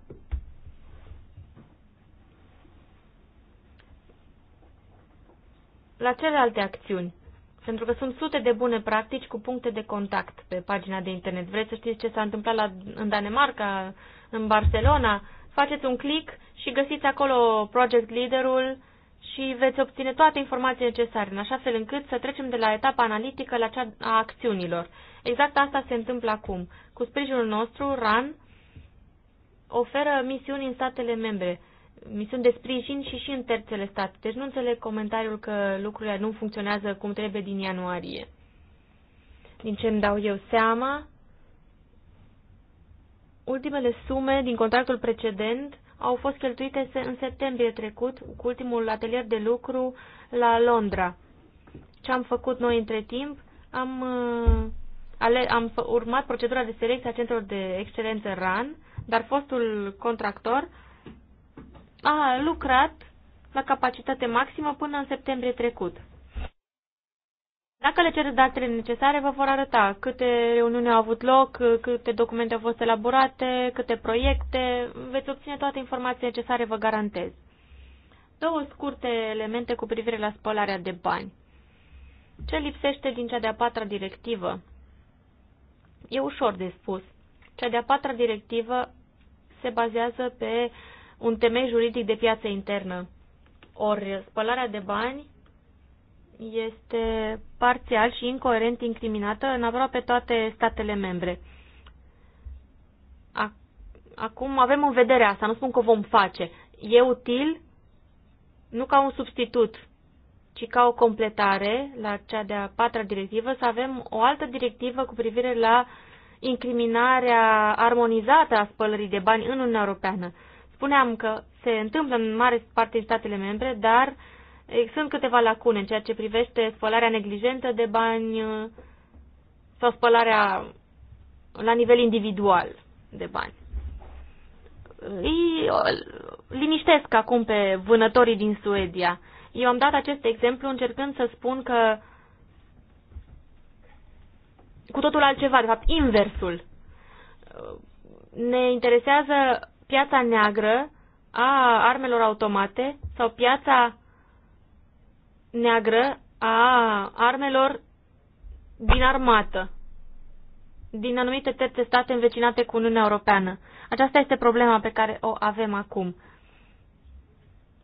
la celelalte acțiuni pentru că sunt sute de bune practici cu puncte de contact pe pagina de internet. Vreți să știți ce s-a întâmplat la, în Danemarca, în Barcelona? Faceți un click și găsiți acolo project leader-ul și veți obține toate informațiile necesare, în așa fel încât să trecem de la etapa analitică la cea a acțiunilor. Exact asta se întâmplă acum. Cu sprijinul nostru, RAN oferă misiuni în statele membre sunt de sprijin și și în terțele state. Deci nu înțeleg comentariul că lucrurile nu funcționează cum trebuie din ianuarie. Din ce îmi dau eu seama, ultimele sume din contractul precedent au fost cheltuite în septembrie trecut cu ultimul atelier de lucru la Londra. Ce am făcut noi între timp? Am, uh, ale, am urmat procedura de selecție a centrului de excelență RAN, dar fostul contractor a lucrat la capacitate maximă până în septembrie trecut. Dacă le cere datele necesare, vă vor arăta câte reuniuni au avut loc, câte documente au fost elaborate, câte proiecte. Veți obține toate informațiile necesare, vă garantez. Două scurte elemente cu privire la spălarea de bani. Ce lipsește din cea de-a patra directivă? E ușor de spus. Cea de-a patra directivă se bazează pe uh, un temei juridic de piață internă. Ori spălarea de bani este parțial și incoerent incriminată în aproape toate statele membre. Acum avem în vedere asta, nu spun că vom face. E util nu ca un substitut, ci ca o completare la cea de-a patra directivă, să avem o altă directivă cu privire la incriminarea armonizată a spălării de bani în Uniunea Europeană. Spuneam că se întâmplă în mare parte în statele membre, dar eh, sunt câteva lacune în ceea ce privește spălarea neglijentă de bani eh, sau spălarea la nivel individual de bani. Îi liniștesc acum pe vânătorii din Suedia. Eu am dat acest exemplu încercând să spun că cu totul altceva, de fapt inversul. Eh, ne interesează piața neagră a armelor automate sau piața neagră a armelor din armată, din anumite terțe state învecinate cu Uniunea Europeană. Aceasta este problema pe care o avem acum.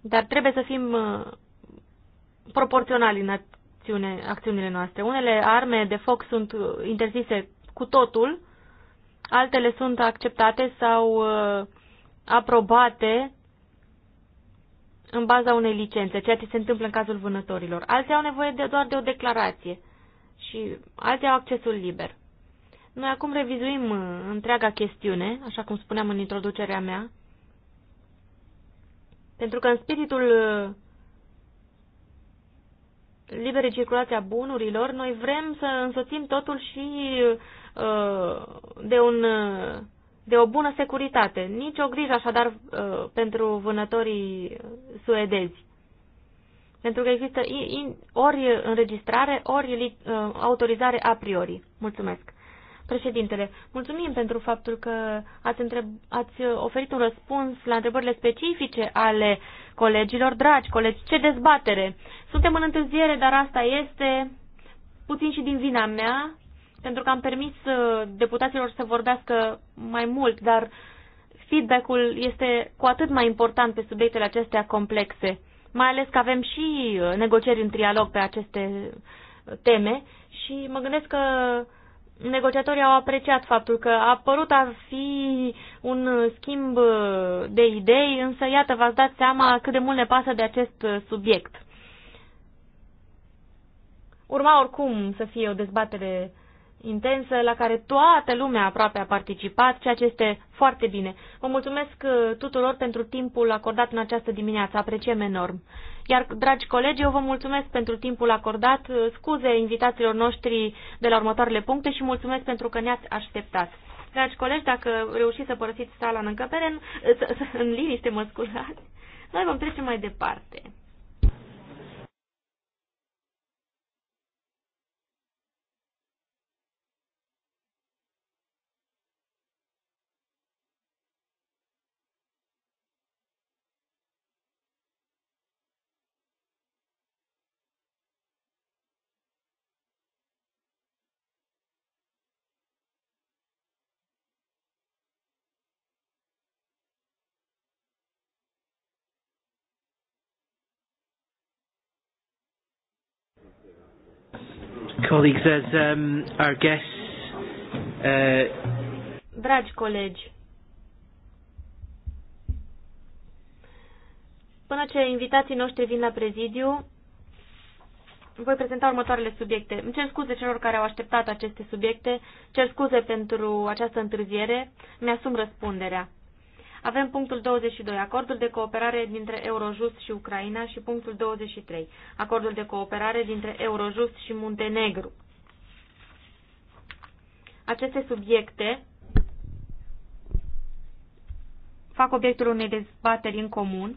Dar trebuie să fim uh, proporționali în acțiune, acțiunile noastre. Unele arme de foc sunt uh, interzise cu totul, altele sunt acceptate sau uh, aprobate în baza unei licențe, ceea ce se întâmplă în cazul vânătorilor. Alții au nevoie de, doar de o declarație și alții au accesul liber. Noi acum revizuim uh, întreaga chestiune, așa cum spuneam în introducerea mea, pentru că în spiritul uh, libere circulația bunurilor, noi vrem să însoțim totul și uh, de un uh, de o bună securitate. Nici o grijă așadar uh, pentru vânătorii suedezi. Pentru că există ori înregistrare, ori uh, autorizare a priori. Mulțumesc. Președintele, mulțumim pentru faptul că ați, întreb, ați oferit un răspuns la întrebările specifice ale colegilor. Dragi colegi, ce dezbatere! Suntem în întârziere, dar asta este puțin și din vina mea pentru că am permis uh, deputaților să vorbească mai mult, dar feedback-ul este cu atât mai important pe subiectele acestea complexe, mai ales că avem și uh, negocieri în trialog pe aceste uh, teme și mă gândesc că negociatorii au apreciat faptul că a apărut a fi un schimb de idei, însă iată, v-ați dat seama cât de mult ne pasă de acest subiect. Urma oricum să fie o dezbatere intensă la care toată lumea aproape a participat, ceea ce este foarte bine. Vă mulțumesc uh, tuturor pentru timpul acordat în această dimineață, apreciem enorm. Iar, dragi colegi, eu vă mulțumesc pentru timpul acordat, uh, scuze invitațiilor noștri de la următoarele puncte și mulțumesc pentru că ne-ați așteptat. Dragi colegi, dacă reușiți să părăsiți sala în încăpere, în, în liniște, mă scuzați, noi vom trece mai departe. Colleagues, as um, our guests, uh... Dragi colegi, până ce invitații noștri vin la prezidiu, voi prezenta următoarele subiecte. Îmi cer scuze celor care au așteptat aceste subiecte, cer scuze pentru această întârziere, mi-asum răspunderea. Avem punctul 22, acordul de cooperare dintre Eurojust și Ucraina și punctul 23, acordul de cooperare dintre Eurojust și Muntenegru. Aceste subiecte fac obiectul unei dezbateri în comun.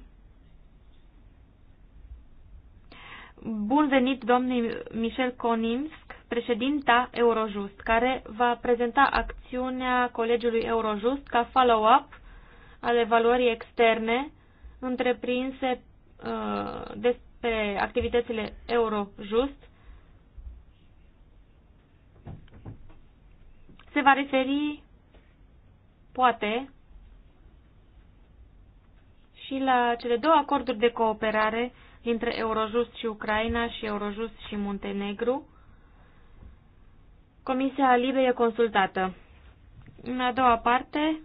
Bun venit domnul Michel Konimsk, președinta Eurojust, care va prezenta acțiunea Colegiului Eurojust ca follow-up ale evaluării externe întreprinse uh, despre activitățile Eurojust se va referi poate și la cele două acorduri de cooperare dintre Eurojust și Ucraina și Eurojust și Muntenegru. Comisia Libe e consultată. În a doua parte,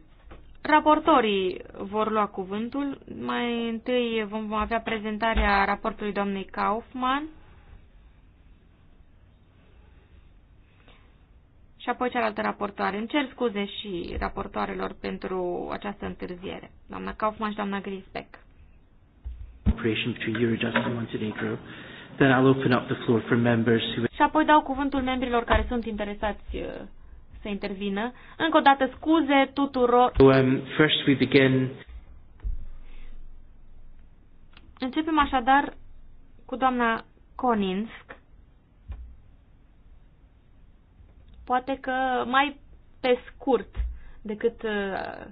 Raportorii vor lua cuvântul. Mai întâi vom avea prezentarea raportului doamnei Kaufman. și apoi cealaltă raportoare. Îmi cer scuze și raportoarelor pentru această întârziere. Doamna Kaufman și doamna Grisbeck. Și apoi dau cuvântul membrilor care sunt interesați uh, să intervină. Încă o dată scuze tuturor. Um, first we begin. Începem așadar cu doamna Koninsk. Poate că mai pe scurt decât uh,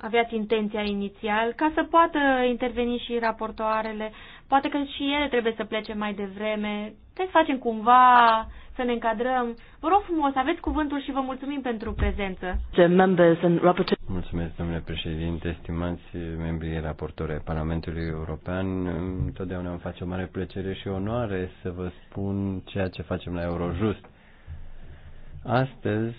aveați intenția inițial, ca să poată interveni și raportoarele. Poate că și ele trebuie să plece mai devreme. Trebuie să facem cumva să ne încadrăm. Vă rog frumos, aveți cuvântul și vă mulțumim pentru prezență. Mulțumesc, domnule președinte, estimați membrii raportori ai Parlamentului European. Întotdeauna îmi face o mare plăcere și onoare să vă spun ceea ce facem la Eurojust. Astăzi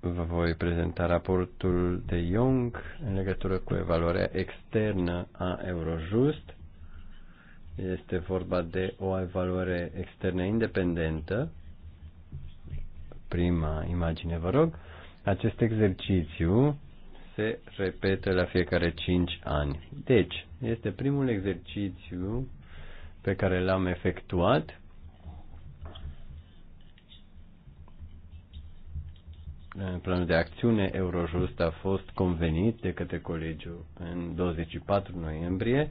vă voi prezenta raportul de Young în legătură cu evaluarea externă a Eurojust este vorba de o evaluare externă independentă. Prima imagine, vă rog. Acest exercițiu se repetă la fiecare 5 ani. Deci, este primul exercițiu pe care l-am efectuat Planul de acțiune Eurojust a fost convenit de către colegiu în 24 noiembrie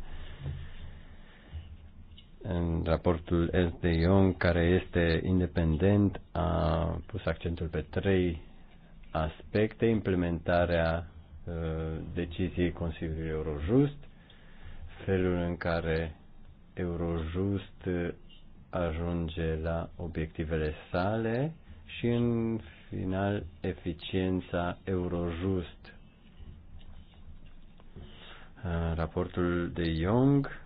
în raportul S. de Young, care este independent, a pus accentul pe trei aspecte, implementarea uh, deciziei Consiliului Eurojust, felul în care Eurojust uh, ajunge la obiectivele sale și în final eficiența Eurojust. Uh, raportul de Young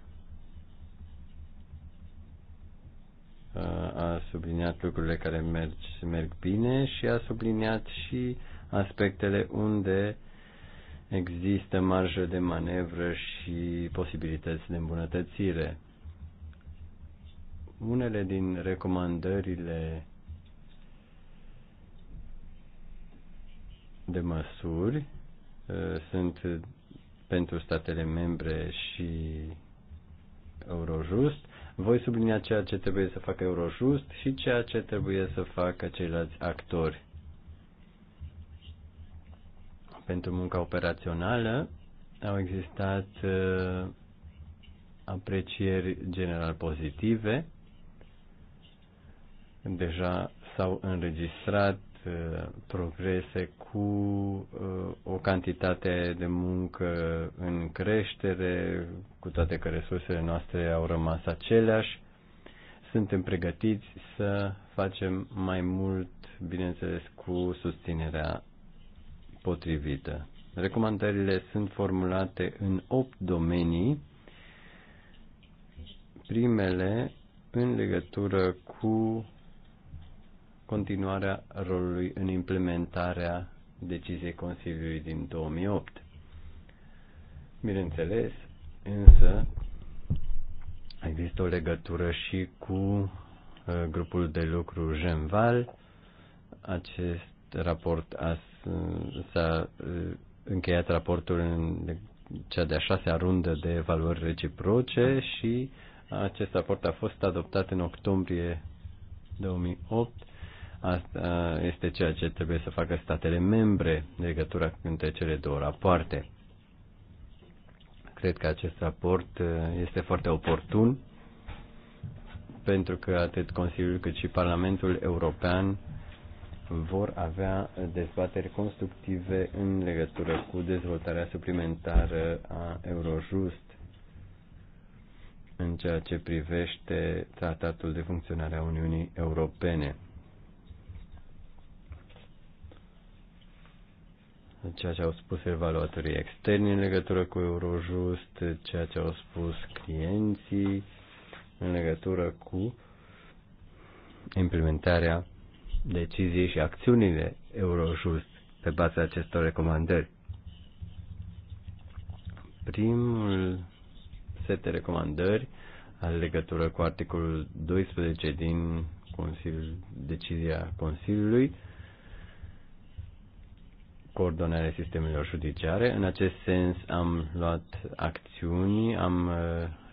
a subliniat lucrurile care merg, merg bine și a subliniat și aspectele unde există marjă de manevră și posibilități de îmbunătățire. Unele din recomandările de măsuri sunt pentru statele membre și Eurojust voi sublinia ceea ce trebuie să facă Eurojust și ceea ce trebuie să facă ceilalți actori. Pentru munca operațională au existat uh, aprecieri general pozitive. Deja s-au înregistrat Uh, progrese cu uh, o cantitate de muncă în creștere, cu toate că resursele noastre au rămas aceleași. Suntem pregătiți să facem mai mult, bineînțeles, cu susținerea potrivită. Recomandările sunt formulate în 8 domenii. Primele în legătură cu continuarea rolului în implementarea deciziei Consiliului din 2008. Bineînțeles, însă există o legătură și cu uh, grupul de lucru Genval. Acest raport a, s-a uh, încheiat raportul în cea de-a șasea rundă de evaluări reciproce și acest raport a fost adoptat în octombrie 2008 Asta este ceea ce trebuie să facă statele membre, legătura între cele două rapoarte. Cred că acest raport uh, este foarte oportun pentru că atât Consiliul cât și Parlamentul European vor avea dezbateri constructive în legătură cu dezvoltarea suplimentară a Eurojust în ceea ce privește tratatul de funcționare a Uniunii Europene. ceea ce au spus evaluatorii externi în legătură cu Eurojust, ceea ce au spus clienții în legătură cu implementarea deciziei și acțiunile Eurojust pe baza acestor recomandări. Primul set de recomandări are legătură cu articolul 12 din Consiliul, decizia Consiliului, coordonarea sistemelor judiciare. În acest sens am luat acțiuni, am uh,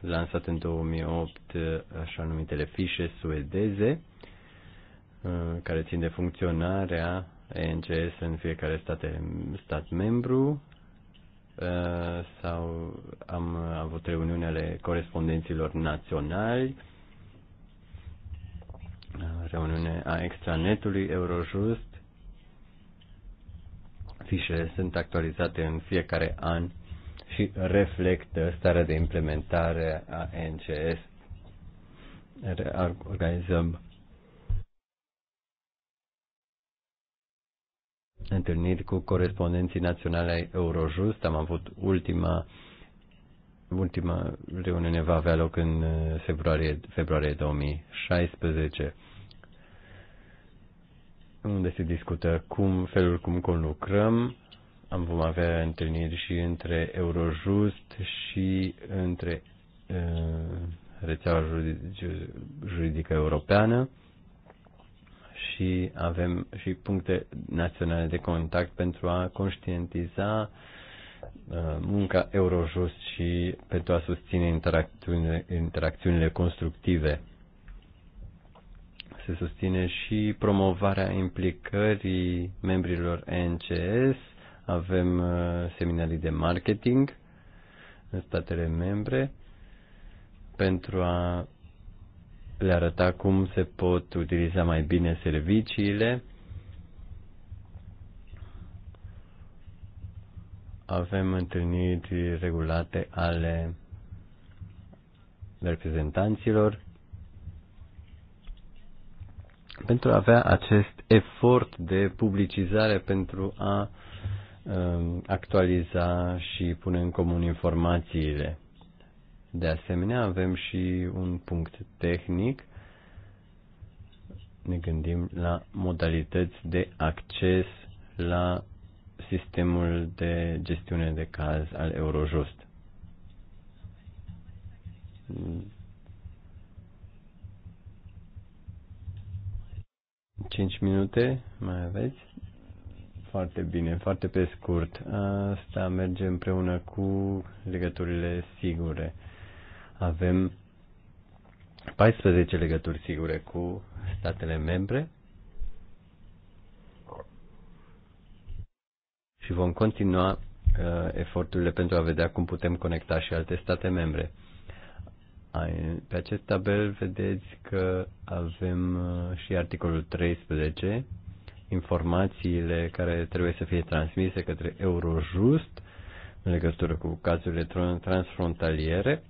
lansat în 2008 uh, așa numitele fișe suedeze, uh, care țin de funcționarea ENCS în fiecare state, stat membru sau am avut reuniuni ale corespondenților naționali, reuniune a extranetului Eurojust Fișele sunt actualizate în fiecare an și reflectă starea de implementare a NCS. Organizăm întâlniri cu corespondenții naționale ai Eurojust. Am avut ultima ultima reuniune va avea loc în uh, februarie, februarie 2016 unde se discută cum, felul cum conlucrăm. Am vom avea întâlniri și între Eurojust și între uh, rețeaua juridică europeană și avem și puncte naționale de contact pentru a conștientiza munca Eurojust și pentru a susține interacțiunile, interacțiunile constructive se susține și promovarea implicării membrilor NCS, avem uh, seminarii de marketing în statele membre pentru a le arăta cum se pot utiliza mai bine serviciile. Avem întâlniri regulate ale reprezentanților pentru a avea acest efort de publicizare pentru a um, actualiza și pune în comun informațiile. De asemenea, avem și un punct tehnic. Ne gândim la modalități de acces la sistemul de gestiune de caz al Eurojust. 5 minute mai aveți? Foarte bine, foarte pe scurt. Asta merge împreună cu legăturile sigure. Avem 14 legături sigure cu statele membre și vom continua uh, eforturile pentru a vedea cum putem conecta și alte state membre. Pe acest tabel vedeți că avem uh, și articolul 13, informațiile care trebuie să fie transmise către Eurojust în legătură cu cazurile transfrontaliere.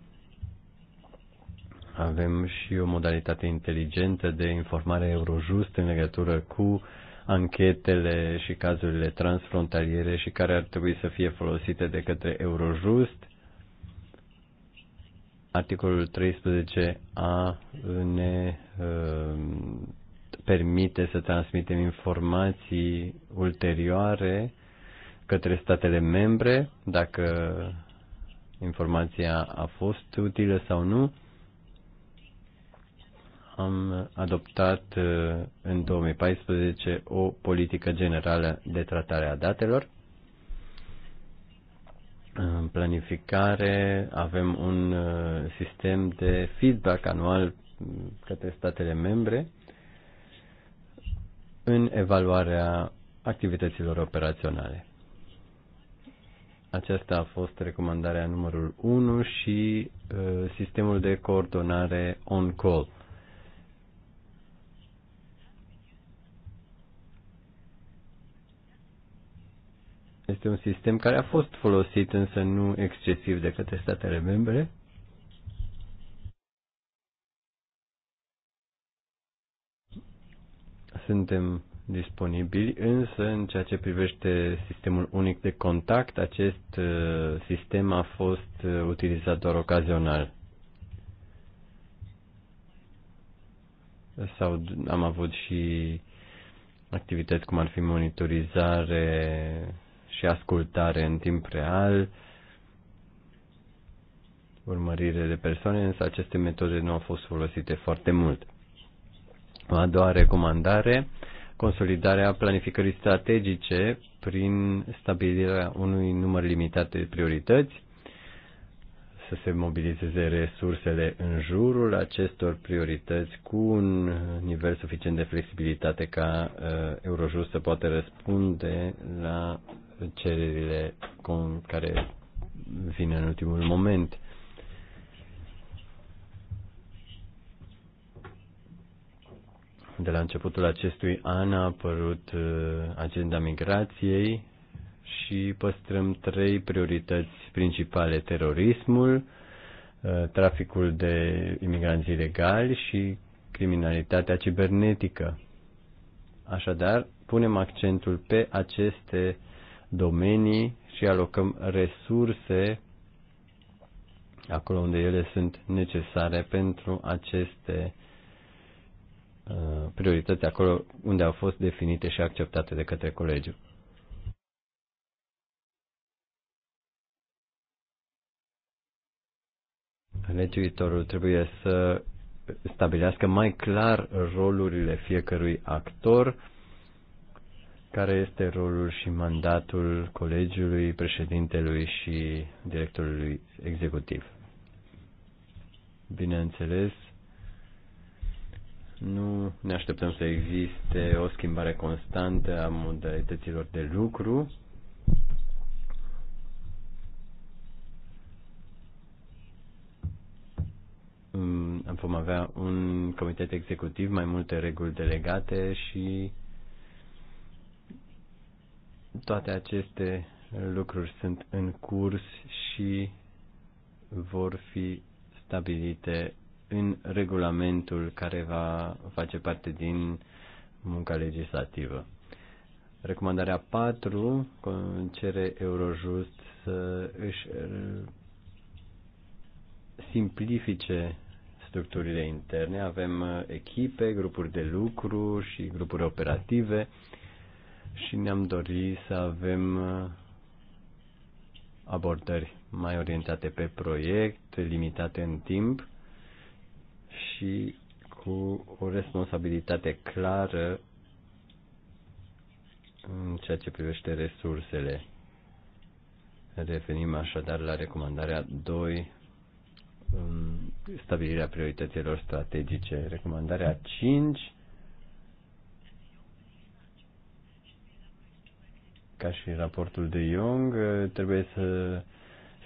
Avem și o modalitate inteligentă de informare Eurojust în legătură cu anchetele și cazurile transfrontaliere și care ar trebui să fie folosite de către Eurojust Articolul 13a ne uh, permite să transmitem informații ulterioare către statele membre dacă informația a fost utilă sau nu. Am adoptat uh, în 2014 o politică generală de tratare a datelor în planificare avem un uh, sistem de feedback anual către statele membre în evaluarea activităților operaționale. Aceasta a fost recomandarea numărul 1 și uh, sistemul de coordonare on-call. Este un sistem care a fost folosit, însă nu excesiv de către statele membre. Suntem disponibili, însă în ceea ce privește sistemul unic de contact, acest uh, sistem a fost uh, utilizat doar ocazional. Sau am avut și activități cum ar fi monitorizare și ascultare în timp real, urmărire de persoane, însă aceste metode nu au fost folosite foarte mult. a doua recomandare, consolidarea planificării strategice prin stabilirea unui număr limitat de priorități, să se mobilizeze resursele în jurul acestor priorități cu un nivel suficient de flexibilitate ca uh, Eurojust să poată răspunde la cererile care vin în ultimul moment. De la începutul acestui an a apărut uh, agenda migrației și păstrăm trei priorități principale, terorismul, uh, traficul de imigranți ilegali și criminalitatea cibernetică. Așadar, punem accentul pe aceste uh, domenii și alocăm resurse acolo unde ele sunt necesare pentru aceste uh, priorități, acolo unde au fost definite și acceptate de către colegiu. Legiuitorul trebuie să stabilească mai clar rolurile fiecărui actor care este rolul și mandatul colegiului, președintelui și directorului executiv. Bineînțeles, nu ne așteptăm să existe o schimbare constantă a modalităților de lucru. Vom avea un comitet executiv, mai multe reguli delegate și toate aceste lucruri sunt în curs și vor fi stabilite în regulamentul care va face parte din munca legislativă. Recomandarea 4 cere Eurojust să își uh, simplifice structurile interne. Avem uh, echipe, grupuri de lucru și grupuri operative și ne-am dorit să avem uh, abordări mai orientate pe proiect, limitate în timp și cu o responsabilitate clară în ceea ce privește resursele. Revenim așadar la recomandarea 2, um, stabilirea priorităților strategice. Recomandarea 5 ca și raportul de Young, eh, trebuie să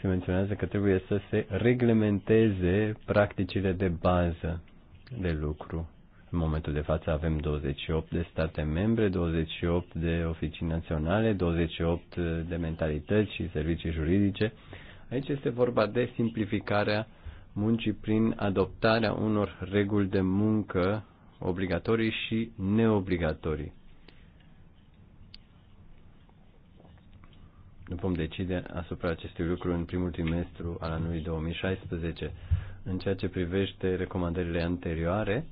se menționează că trebuie să se reglementeze practicile de bază de lucru. În momentul de față avem 28 de state membre, 28 de oficii naționale, 28 de mentalități și servicii juridice. Aici este vorba de simplificarea muncii prin adoptarea unor reguli de muncă obligatorii și neobligatorii. vom decide asupra acestui lucru în primul trimestru al anului 2016. În ceea ce privește recomandările anterioare,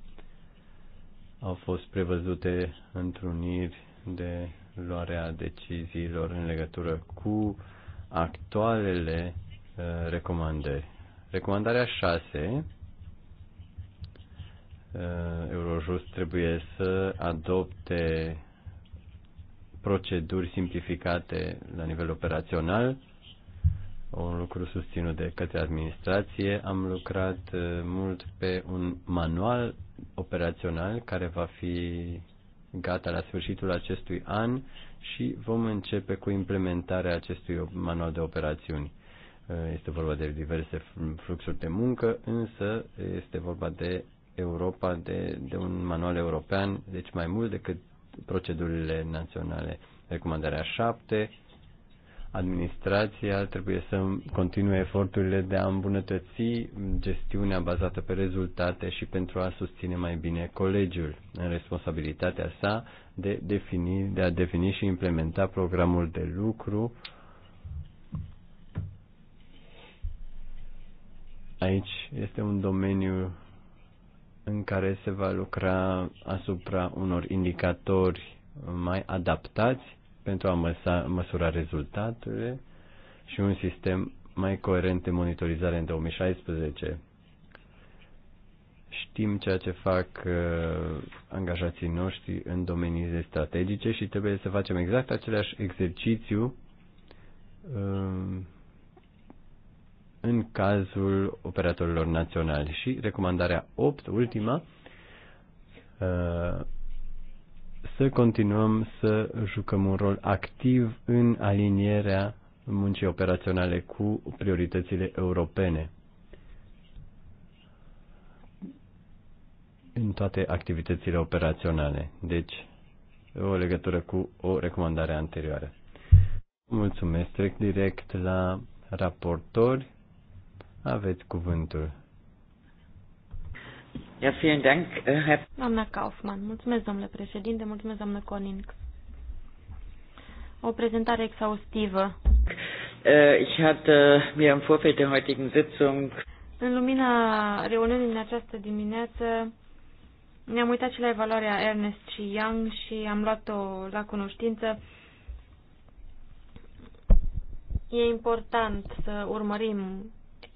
au fost prevăzute întruniri de luarea deciziilor în legătură cu actualele uh, recomandări. Recomandarea 6 uh, Eurojust trebuie să adopte proceduri simplificate la nivel operațional, un lucru susținut de către administrație. Am lucrat uh, mult pe un manual operațional care va fi gata la sfârșitul acestui an și vom începe cu implementarea acestui manual de operațiuni. Uh, este vorba de diverse fluxuri de muncă, însă este vorba de Europa, de, de un manual european, deci mai mult decât procedurile naționale. Recomandarea 7. Administrația trebuie să continue eforturile de a îmbunătăți gestiunea bazată pe rezultate și pentru a susține mai bine colegiul în responsabilitatea sa de, defini, de a defini și implementa programul de lucru aici este un domeniu în care se va lucra asupra unor indicatori mai adaptați pentru a măsa, măsura rezultatele și un sistem mai coerent de monitorizare în 2016. Știm ceea ce fac uh, angajații noștri în domeniile strategice și trebuie să facem exact același exercițiu uh, în cazul operatorilor naționali. Și recomandarea 8, ultima, uh, să continuăm să jucăm un rol activ în alinierea muncii operaționale cu prioritățile europene în toate activitățile operaționale. Deci, o legătură cu o recomandare anterioară. Mulțumesc, trec direct la raportori aveți cuvântul. Ja, vielen Dank, äh, Herr... Doamna Kaufmann, mulțumesc, domnule președinte, mulțumesc, doamnă Koning. O prezentare exhaustivă. Äh, ich hatte mir im Vorfeld der heutigen Sitzung în lumina reuniunii din această dimineață ne-am uitat și la evaluarea Ernest și Young și am luat-o la cunoștință. E important să urmărim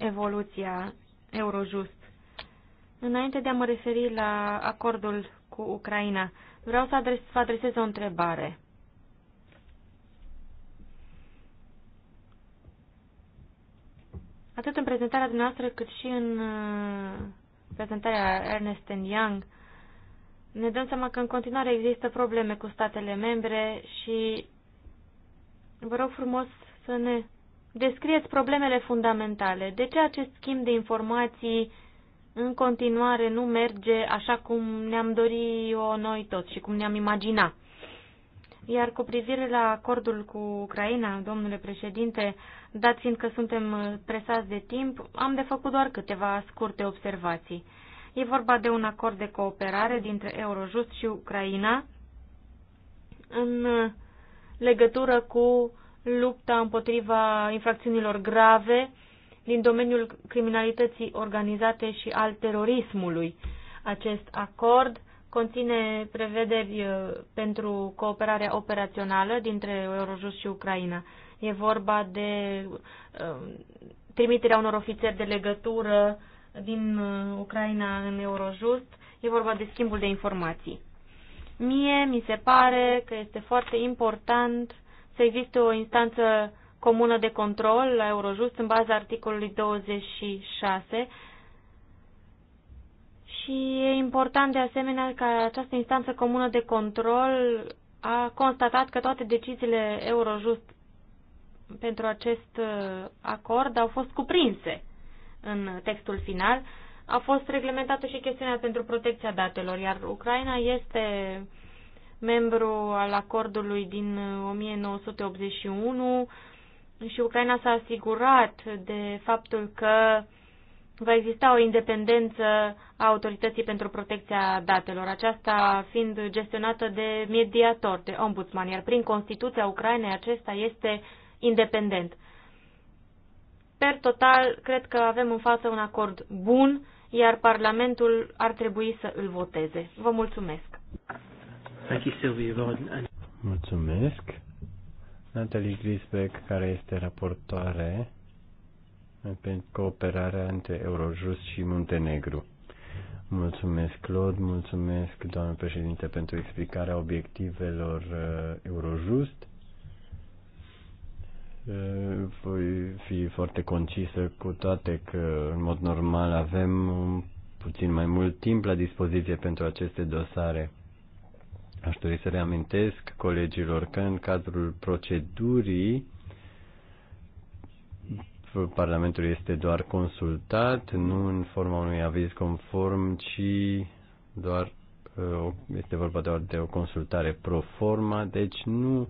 evoluția Eurojust. Înainte de a mă referi la acordul cu Ucraina, vreau să adres, vă adresez o întrebare. Atât în prezentarea dumneavoastră cât și în uh, prezentarea Ernest Young, ne dăm seama că în continuare există probleme cu statele membre și vă rog frumos să ne descrieți problemele fundamentale. De ce acest schimb de informații în continuare nu merge așa cum ne-am dorit o noi toți și cum ne-am imaginat? Iar cu privire la acordul cu Ucraina, domnule președinte, dat fiind că suntem presați de timp, am de făcut doar câteva scurte observații. E vorba de un acord de cooperare dintre Eurojust și Ucraina în legătură cu lupta împotriva infracțiunilor grave din domeniul criminalității organizate și al terorismului. Acest acord conține prevederi uh, pentru cooperarea operațională dintre Eurojust și Ucraina. E vorba de uh, trimiterea unor ofițeri de legătură din uh, Ucraina în Eurojust, e vorba de schimbul de informații. Mie mi se pare că este foarte important să existe o instanță comună de control la Eurojust în baza articolului 26 și e important de asemenea că această instanță comună de control a constatat că toate deciziile Eurojust pentru acest uh, acord au fost cuprinse în textul final. A fost reglementată și chestiunea pentru protecția datelor, iar Ucraina este membru al acordului din 1981 uh, și Ucraina s-a asigurat de faptul că va exista o independență a autorității pentru protecția datelor, aceasta fiind gestionată de mediator, de ombudsman, iar prin Constituția Ucrainei acesta este independent. Per total, cred că avem în față un acord bun, iar Parlamentul ar trebui să îl voteze. Vă mulțumesc! Mulțumesc. Natalie Grisbeck, care este raportoare pentru cooperarea între Eurojust și Muntenegru. Mulțumesc, Claude, mulțumesc, doamnă președinte, pentru explicarea obiectivelor uh, Eurojust. Uh, voi fi foarte concisă, cu toate că, în mod normal, avem puțin mai mult timp la dispoziție pentru aceste dosare Aș dori să reamintesc colegilor că în cadrul procedurii Parlamentul este doar consultat, nu în forma unui aviz conform, ci doar uh, este vorba doar de o consultare pro forma, deci nu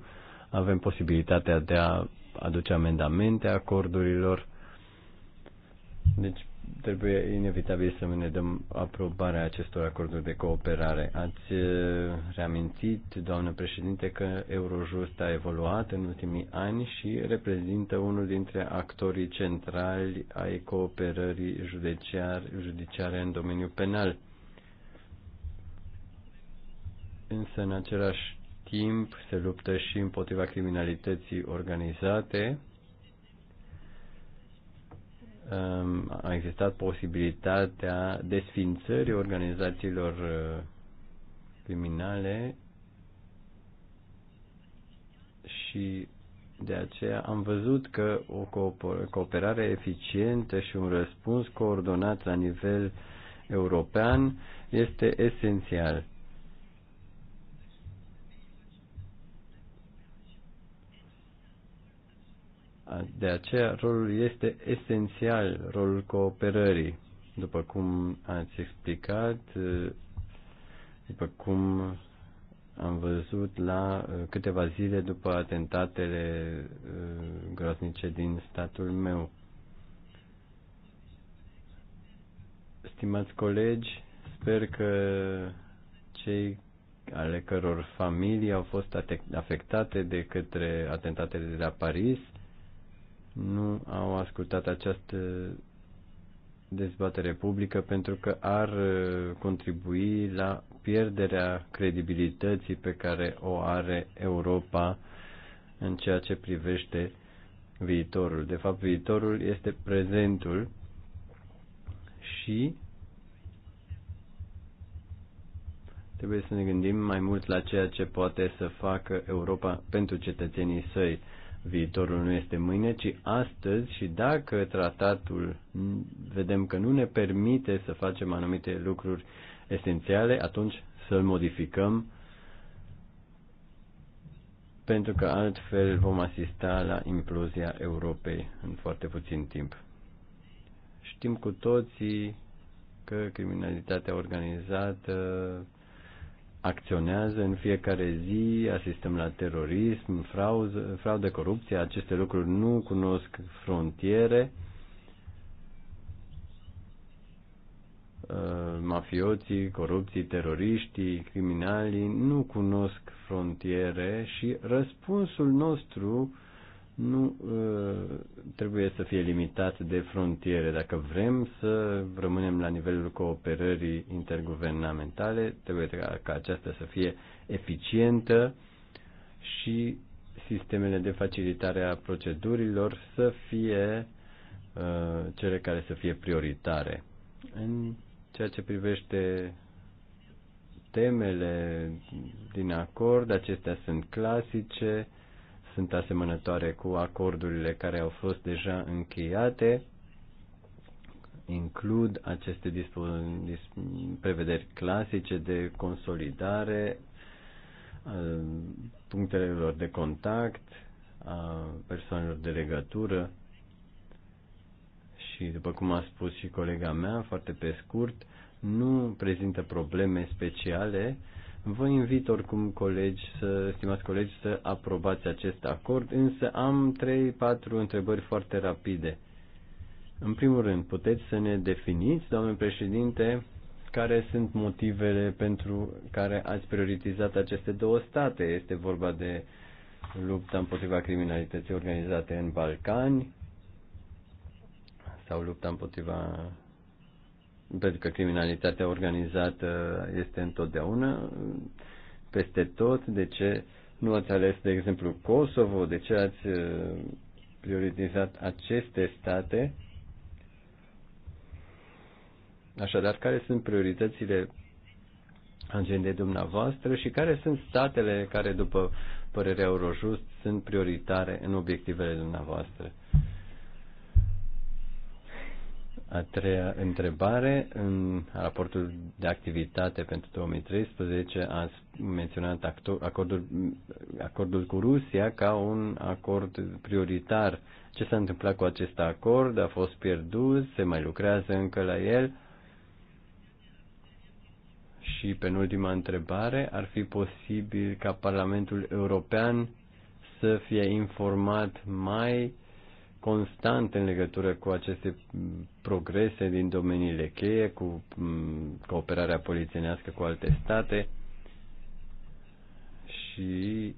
avem posibilitatea de a aduce amendamente acordurilor. Deci trebuie inevitabil să ne dăm aprobarea acestor acorduri de cooperare. Ați eh, reamintit, doamnă președinte, că Eurojust a evoluat în ultimii ani și reprezintă unul dintre actorii centrali ai cooperării judiciar, judiciare în domeniul penal. Însă, în același timp, se luptă și împotriva criminalității organizate, a existat posibilitatea desfințării organizațiilor uh, criminale și de aceea am văzut că o cooperare eficientă și un răspuns coordonat la nivel european este esențial. De aceea, rolul este esențial, rolul cooperării. După cum ați explicat, după cum am văzut la uh, câteva zile după atentatele uh, groaznice din statul meu. Stimați colegi, sper că cei ale căror familii au fost afectate de către atentatele de la Paris nu au ascultat această dezbatere publică pentru că ar uh, contribui la pierderea credibilității pe care o are Europa în ceea ce privește viitorul. De fapt, viitorul este prezentul și trebuie să ne gândim mai mult la ceea ce poate să facă Europa pentru cetățenii săi Viitorul nu este mâine, ci astăzi și dacă tratatul vedem că nu ne permite să facem anumite lucruri esențiale, atunci să-l modificăm pentru că altfel vom asista la implozia Europei în foarte puțin timp. Știm cu toții că criminalitatea organizată acționează în fiecare zi, asistăm la terorism, frauză, fraudă, corupție, aceste lucruri nu cunosc frontiere. Uh, mafioții, corupții, teroriștii, criminalii nu cunosc frontiere și răspunsul nostru nu uh, trebuie să fie limitat de frontiere. Dacă vrem să rămânem la nivelul cooperării interguvernamentale, trebuie ca aceasta să fie eficientă și sistemele de facilitare a procedurilor să fie uh, cele care să fie prioritare. În ceea ce privește temele din acord, acestea sunt clasice, sunt asemănătoare cu acordurile care au fost deja încheiate, includ aceste prevederi clasice de consolidare a uh, punctelor de contact, a persoanelor de legătură și, după cum a spus și colega mea, foarte pe scurt, nu prezintă probleme speciale uh, Vă invit oricum, colegi, să, stimați colegi, să aprobați acest acord, însă am 3-4 întrebări foarte rapide. În primul rând, puteți să ne definiți, domnule președinte, care sunt motivele pentru care ați prioritizat aceste două state? Este vorba de lupta împotriva criminalității organizate în Balcani sau lupta împotriva pentru că criminalitatea organizată este întotdeauna peste tot. De ce nu ați ales, de exemplu, Kosovo? De ce ați uh, prioritizat aceste state? Așadar, care sunt prioritățile agendei dumneavoastră și care sunt statele care, după părerea Eurojust, sunt prioritare în obiectivele dumneavoastră? A treia întrebare, în raportul de activitate pentru 2013 ați menționat acordul, acordul cu Rusia ca un acord prioritar. Ce s-a întâmplat cu acest acord? A fost pierdut? Se mai lucrează încă la el? Și penultima întrebare, ar fi posibil ca Parlamentul European să fie informat mai constant în legătură cu aceste progrese din domeniile cheie, cu mm, cooperarea polițienească cu alte state și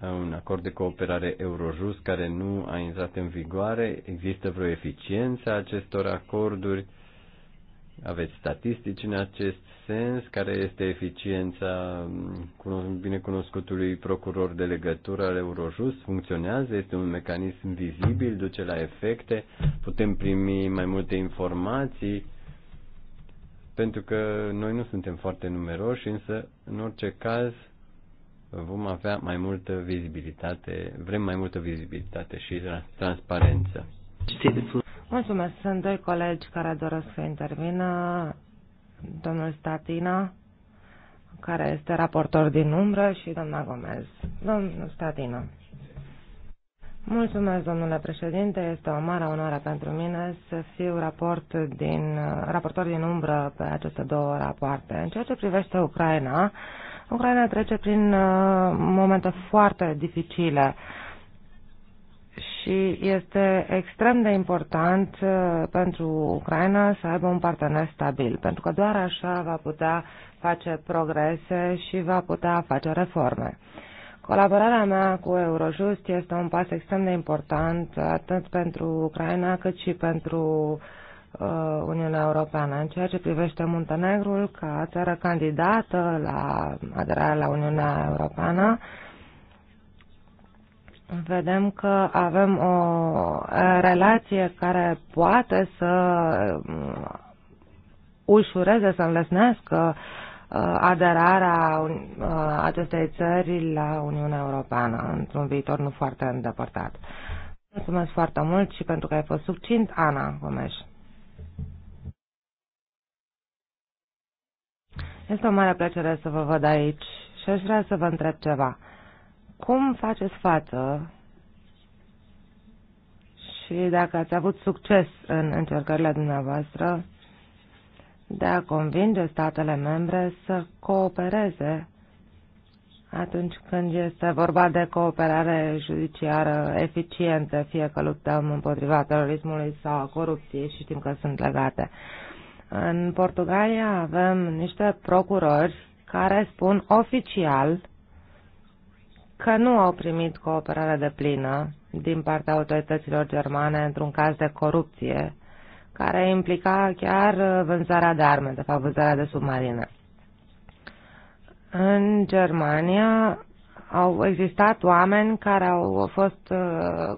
un acord de cooperare Eurojust care nu a intrat în vigoare. Există vreo eficiență a acestor acorduri? Aveți statistici în acest sens? Care este eficiența mm, binecunoscutului procuror de legătură al Eurojust? Funcționează? Este un mecanism vizibil? Duce la efecte? Putem primi mai multe informații? Pentru că noi nu suntem foarte numeroși, însă, în orice caz, vom avea mai multă vizibilitate, vrem mai multă vizibilitate și transparență. Mulțumesc. Sunt doi colegi care doresc să intervină. Domnul Statina, care este raportor din umbră, și doamna Gomez. Domnul Statina. Mulțumesc, domnule președinte. Este o mare onoare pentru mine să fiu raport din, raportor din umbră pe aceste două rapoarte. În ceea ce privește Ucraina, Ucraina trece prin uh, momente foarte dificile și este extrem de important uh, pentru Ucraina să aibă un partener stabil, pentru că doar așa va putea face progrese și va putea face reforme. Colaborarea mea cu Eurojust este un pas extrem de important atât pentru Ucraina cât și pentru uh, Uniunea Europeană. În ceea ce privește Muntenegrul ca țară candidată la aderarea la Uniunea Europeană, uh, vedem că avem o relație care poate să ușureze, să înlesnească aderarea acestei țări la Uniunea Europeană într-un viitor nu foarte îndepărtat. Mulțumesc foarte mult și pentru că ai fost succint, Ana Gomes. Este o mare plăcere să vă văd aici și aș vrea să vă întreb ceva. Cum faceți față și dacă ați avut succes în încercările dumneavoastră de a convinge statele membre să coopereze atunci când este vorba de cooperare judiciară eficientă, fie că luptăm împotriva terorismului sau a corupției și știm că sunt legate. În Portugalia avem niște procurori care spun oficial că nu au primit cooperare de plină din partea autorităților germane într-un caz de corupție, care implica chiar vânzarea de arme, de fapt vânzarea de submarine. În Germania au existat oameni care au fost uh,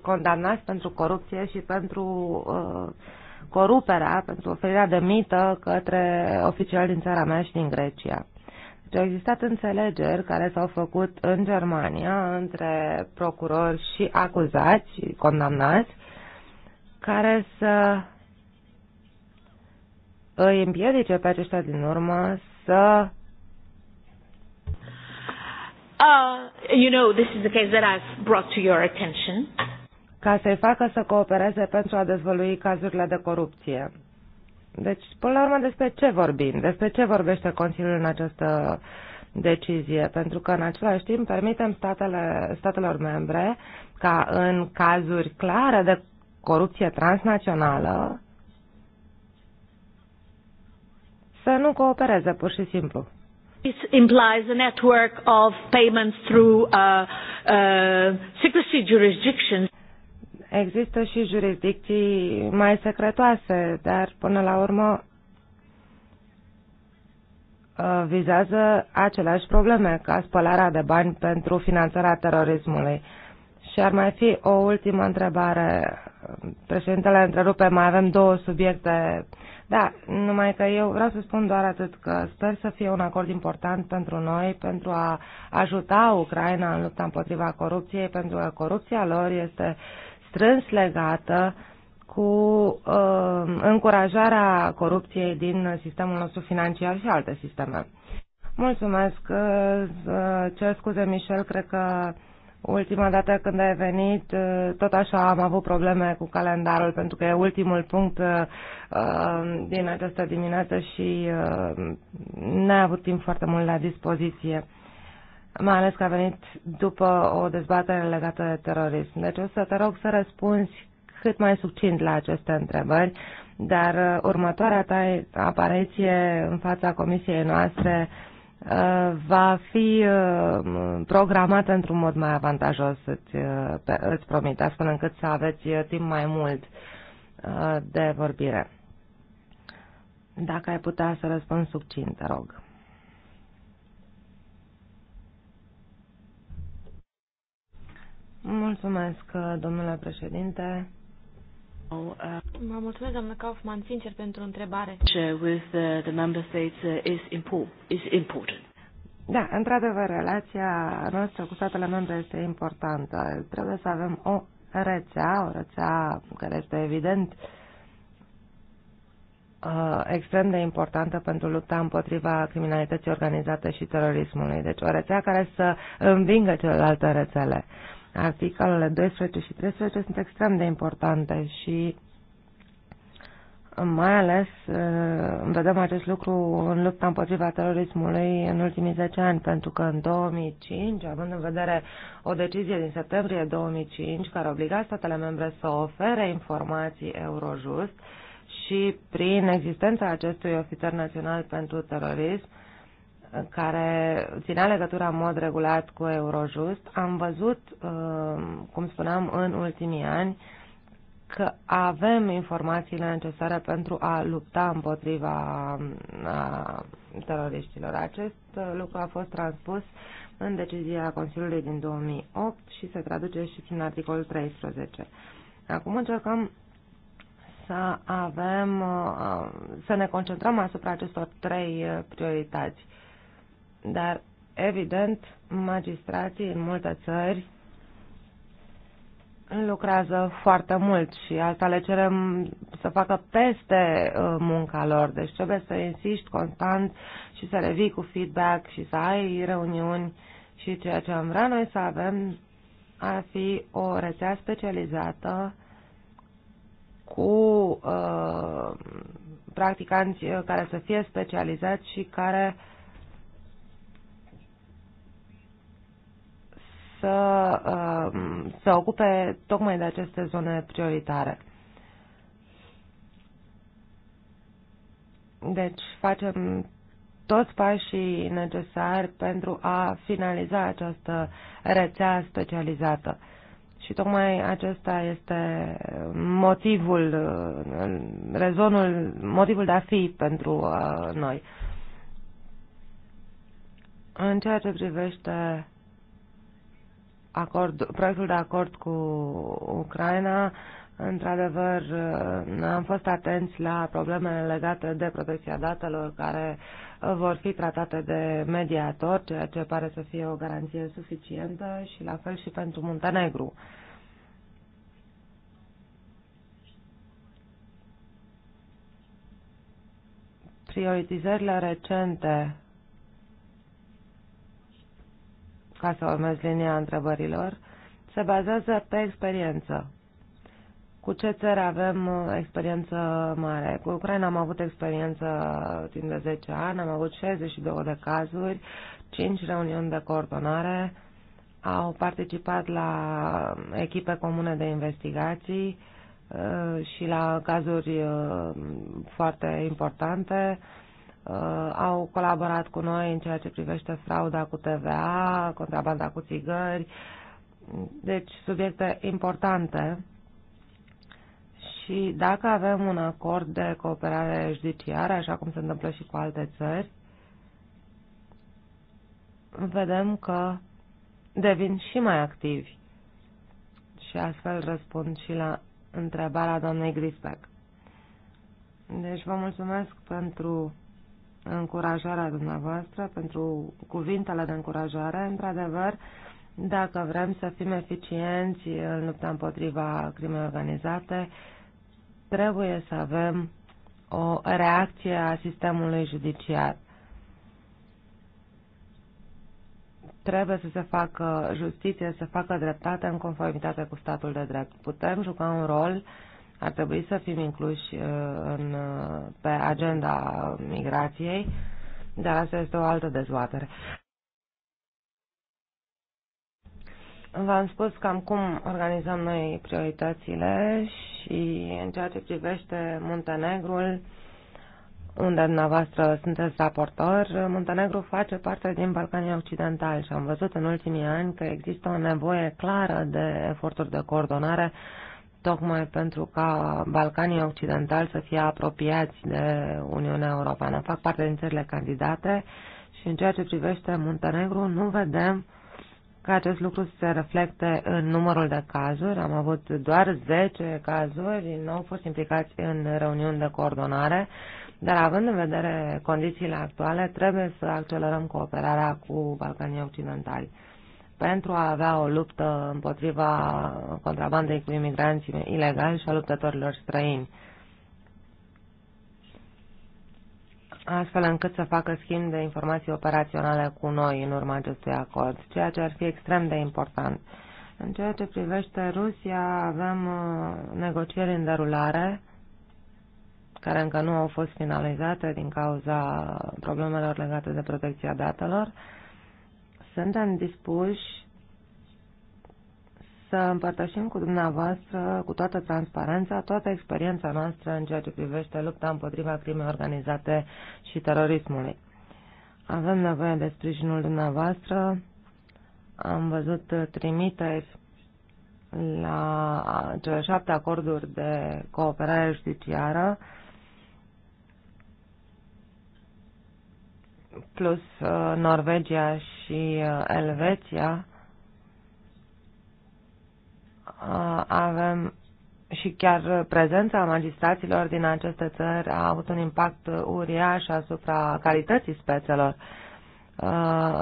condamnați pentru corupție și pentru uh, coruperea, pentru oferirea de mită către oficiali din țara mea și din Grecia. Și deci au existat înțelegeri care s-au făcut în Germania între procurori și acuzați, condamnați, care să îi împiedice pe aceștia din urmă să Uh, you know, this is the case that I've brought to your attention. Ca să-i facă să coopereze pentru a dezvălui cazurile de corupție. Deci, până la urmă, despre ce vorbim? Despre ce vorbește Consiliul în această decizie? Pentru că, în același timp, permitem statele, statelor membre ca în cazuri clare de corupție transnațională să nu coopereze, pur și simplu. This implies a network of payments through uh, uh, secrecy jurisdictions. Există și jurisdicții mai secretoase, dar până la urmă uh, vizează aceleași probleme ca spălarea de bani pentru finanțarea terorismului. Și ar mai fi o ultimă întrebare. Președintele întrerupe, mai avem două subiecte. Da, numai că eu vreau să spun doar atât că sper să fie un acord important pentru noi, pentru a ajuta Ucraina în lupta împotriva corupției, pentru că corupția lor este uh, strâns legată cu uh, încurajarea corupției din sistemul nostru financiar și alte sisteme. Mulțumesc, uh, uh, cer scuze, Michel, cred că ultima dată când ai venit, uh, tot așa am avut probleme cu calendarul, pentru că e ultimul punct uh, uh din această dimineață și uh, n-ai avut timp foarte mult la dispoziție mai ales că a venit după o dezbatere legată de terorism. Deci o să te rog să răspunzi cât mai succint la aceste întrebări, dar uh, următoarea ta apariție în fața comisiei noastre uh, va fi uh, programată într-un mod mai avantajos, îți, îți promit, astfel încât să aveți timp mai mult de vorbire. Dacă ai putea să răspunzi subțin, te rog. Mulțumesc, domnule președinte. Mă mulțumesc, doamnă Kaufman, sincer, pentru întrebare. With uh, the member states uh, is important. Da, într-adevăr, relația noastră cu statele membre este importantă. Trebuie să avem o rețea, o rețea care este evident uh, extrem de importantă pentru lupta împotriva criminalității organizate și terorismului. Deci o rețea care să învingă celelalte rețele. Articolele 12 și 13 sunt extrem de importante și uh, mai ales uh, vedem acest lucru în lupta împotriva terorismului în ultimii 10 ani, pentru că în 2005, având în vedere o decizie din septembrie 2005 care obliga statele membre să ofere informații Eurojust și prin existența acestui ofițer național pentru terorism, care ținea legătura în mod regulat cu Eurojust, am văzut, uh, cum spuneam, în ultimii ani că avem informațiile necesare pentru a lupta împotriva teroriștilor. Acest uh, lucru a fost transpus în decizia Consiliului din 2008 și se traduce și prin articolul 13. Acum încercăm să avem, uh, să ne concentrăm asupra acestor trei priorități dar, evident, magistrații în multe țări lucrează foarte mult și asta le cerem să facă peste uh, munca lor. Deci trebuie să insiști constant și să revii cu feedback și să ai reuniuni și ceea ce am vrea noi să avem ar fi o rețea specializată cu uh, practicanți uh, care să fie specializați și care uh, să uh, se ocupe tocmai de aceste zone prioritare. Deci facem toți pașii necesari pentru a finaliza această rețea specializată. Și tocmai acesta este motivul, uh, rezonul, motivul de a fi pentru uh, noi. În ceea ce privește acord, proiectul de acord cu Ucraina, într-adevăr, am fost atenți la problemele legate de protecția datelor care vor fi tratate de mediator, ceea ce pare să fie o garanție suficientă și la fel și pentru Muntenegru. Prioritizările recente ca să urmezi linia întrebărilor, se bazează pe experiență. Cu ce țări avem uh, experiență mare? Cu Ucraina am avut experiență timp de 10 ani, am avut 62 de cazuri, 5 reuniuni de coordonare, au participat la echipe comune de investigații uh, și la cazuri uh, foarte importante, Uh, au colaborat cu noi în ceea ce privește frauda cu TVA, contrabanda cu țigări, deci subiecte importante. Și dacă avem un acord de cooperare judiciară, așa cum se întâmplă și cu alte țări, vedem că devin și mai activi. Și astfel răspund și la întrebarea doamnei Grispec. Deci vă mulțumesc pentru încurajarea dumneavoastră, pentru cuvintele de încurajare. Într-adevăr, dacă vrem să fim eficienți în lupta împotriva crimei organizate, trebuie să avem o reacție a sistemului judiciar. Trebuie să se facă justiție, să se facă dreptate în conformitate cu statul de drept. Putem juca un rol uh, ar trebui să fim incluși uh, în, uh, pe agenda migrației, dar asta este o altă dezbatere. V-am spus cam cum organizăm noi prioritățile și în ceea ce privește Muntenegrul, unde dumneavoastră sunteți raportor, Muntenegru face parte din Balcanii Occidentali și am văzut în ultimii ani că există o nevoie clară de eforturi de coordonare tocmai pentru ca Balcanii Occidentali să fie apropiați de Uniunea Europeană. Fac parte din țările candidate și în ceea ce privește Muntenegru nu vedem că acest lucru se reflecte în numărul de cazuri. Am avut doar 10 cazuri, nu au fost implicați în reuniuni de coordonare, dar având în vedere condițiile actuale, trebuie să accelerăm cooperarea cu Balcanii Occidentali pentru a avea o luptă împotriva contrabandei cu imigranți ilegali și a luptătorilor străini. astfel încât să facă schimb de informații operaționale cu noi în urma acestui acord, ceea ce ar fi extrem de important. În ceea ce privește Rusia, avem uh, negocieri în derulare, care încă nu au fost finalizate din cauza problemelor legate de protecția datelor, suntem dispuși să împărtășim cu dumneavoastră, cu toată transparența, toată experiența noastră în ceea ce privește lupta împotriva crimei organizate și terorismului. Avem nevoie de sprijinul dumneavoastră. Am văzut trimiteri la cele șapte acorduri de cooperare judiciară plus uh, Norvegia și uh, Elveția, uh, avem și chiar prezența magistraților din aceste țări a avut un impact uriaș asupra calității spețelor.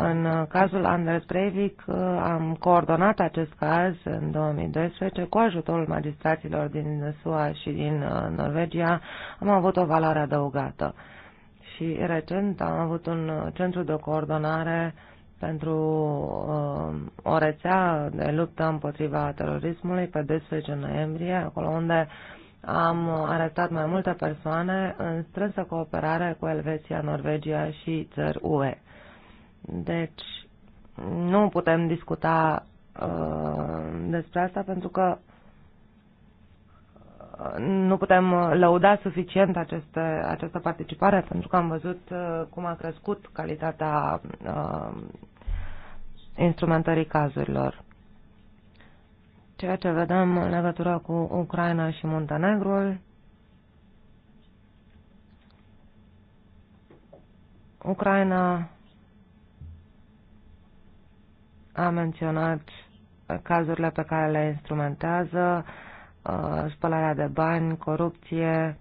În cazul Andres Breivik am coordonat acest caz în 2012 cu ajutorul magistraților din SUA și din Norvegia. Am avut o valoare adăugată și recent am avut un centru de coordonare pentru uh, o rețea de luptă împotriva terorismului pe 12 noiembrie, acolo unde am arestat mai multe persoane în strânsă cooperare cu Elveția, Norvegia și țări UE. Deci, nu putem discuta uh, despre asta pentru că nu putem uh, lăuda suficient aceste, această participare pentru că am văzut uh, cum a crescut calitatea uh, instrumentării cazurilor. Ceea ce vedem în legătură cu Ucraina și Muntenegrul, Ucraina a menționat cazurile pe care le instrumentează, uh, spălarea de bani, corupție.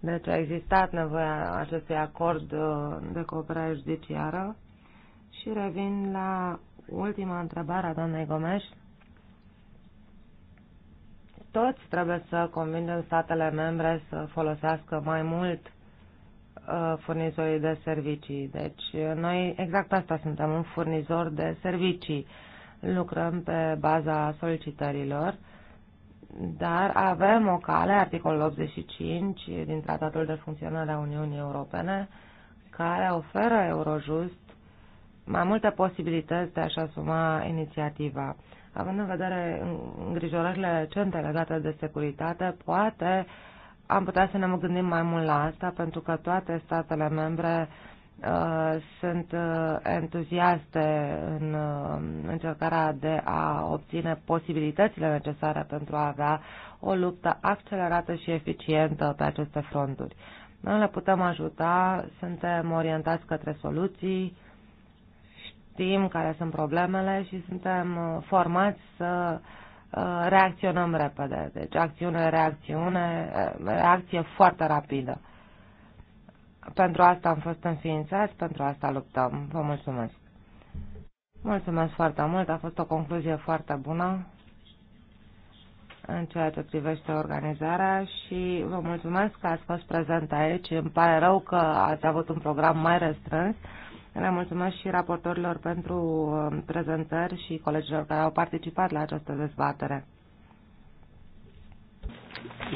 Deci a existat nevoia acestui acord uh, de cooperare judiciară și revin la ultima întrebare a doamnei Gomes. Toți trebuie să convingem statele membre să folosească mai mult uh, furnizorii de servicii. Deci uh, noi exact asta suntem, un furnizor de servicii lucrăm pe baza solicitărilor, dar avem o cale, articolul 85 din Tratatul de Funcționare a Uniunii Europene, care oferă Eurojust mai multe posibilități de a-și asuma inițiativa. Având în vedere îngrijorările recente legate de securitate, poate am putea să ne gândim mai mult la asta, pentru că toate statele membre uh, Uh, sunt uh, entuziaste în uh, încercarea de a obține posibilitățile necesare pentru a avea o luptă accelerată și eficientă pe aceste fronturi. Noi le putem ajuta, suntem orientați către soluții, știm care sunt problemele și suntem formați să reacționăm repede. Deci acțiune-reacțiune, reacție foarte rapidă. Pentru asta am fost înființați, pentru asta luptăm. Vă mulțumesc! Mulțumesc foarte mult, a fost o concluzie foarte bună în ceea ce privește organizarea și vă mulțumesc că ați fost prezent aici. Îmi pare rău că ați avut un program mai restrâns. Le mulțumesc și raportorilor pentru um, prezentări și colegilor care au participat la această dezbatere.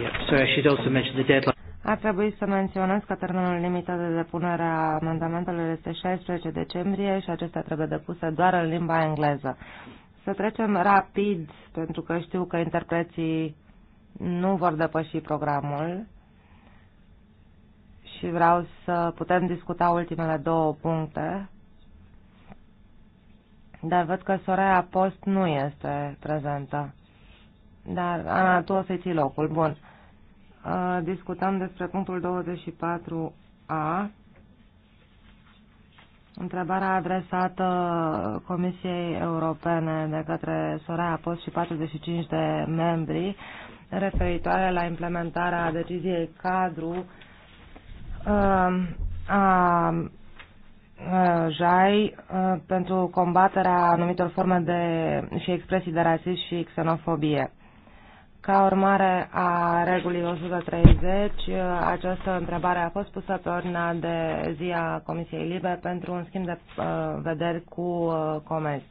Yeah, Sorry, also the deadline. Ar trebui să menționez că termenul limită de depunere a amendamentelor este 16 decembrie și acestea trebuie depuse doar în limba engleză. Să trecem rapid, pentru că știu că interpreții nu vor depăși programul și vreau să putem discuta ultimele două puncte. Dar văd că Soraya Post nu este prezentă. Dar, Ana, tu o să ții locul. Bun discutăm despre punctul 24a, Întrebarea adresată Comisiei Europene de către Soraya Post și 45 de membri referitoare la implementarea deciziei cadru a JAI pentru combaterea anumitor forme de, și expresii de rasism și xenofobie. Ca urmare a regulii 130, această întrebare a fost pusă pe ordinea de zi a Comisiei Libe pentru un schimb de uh, vederi cu, uh, comes,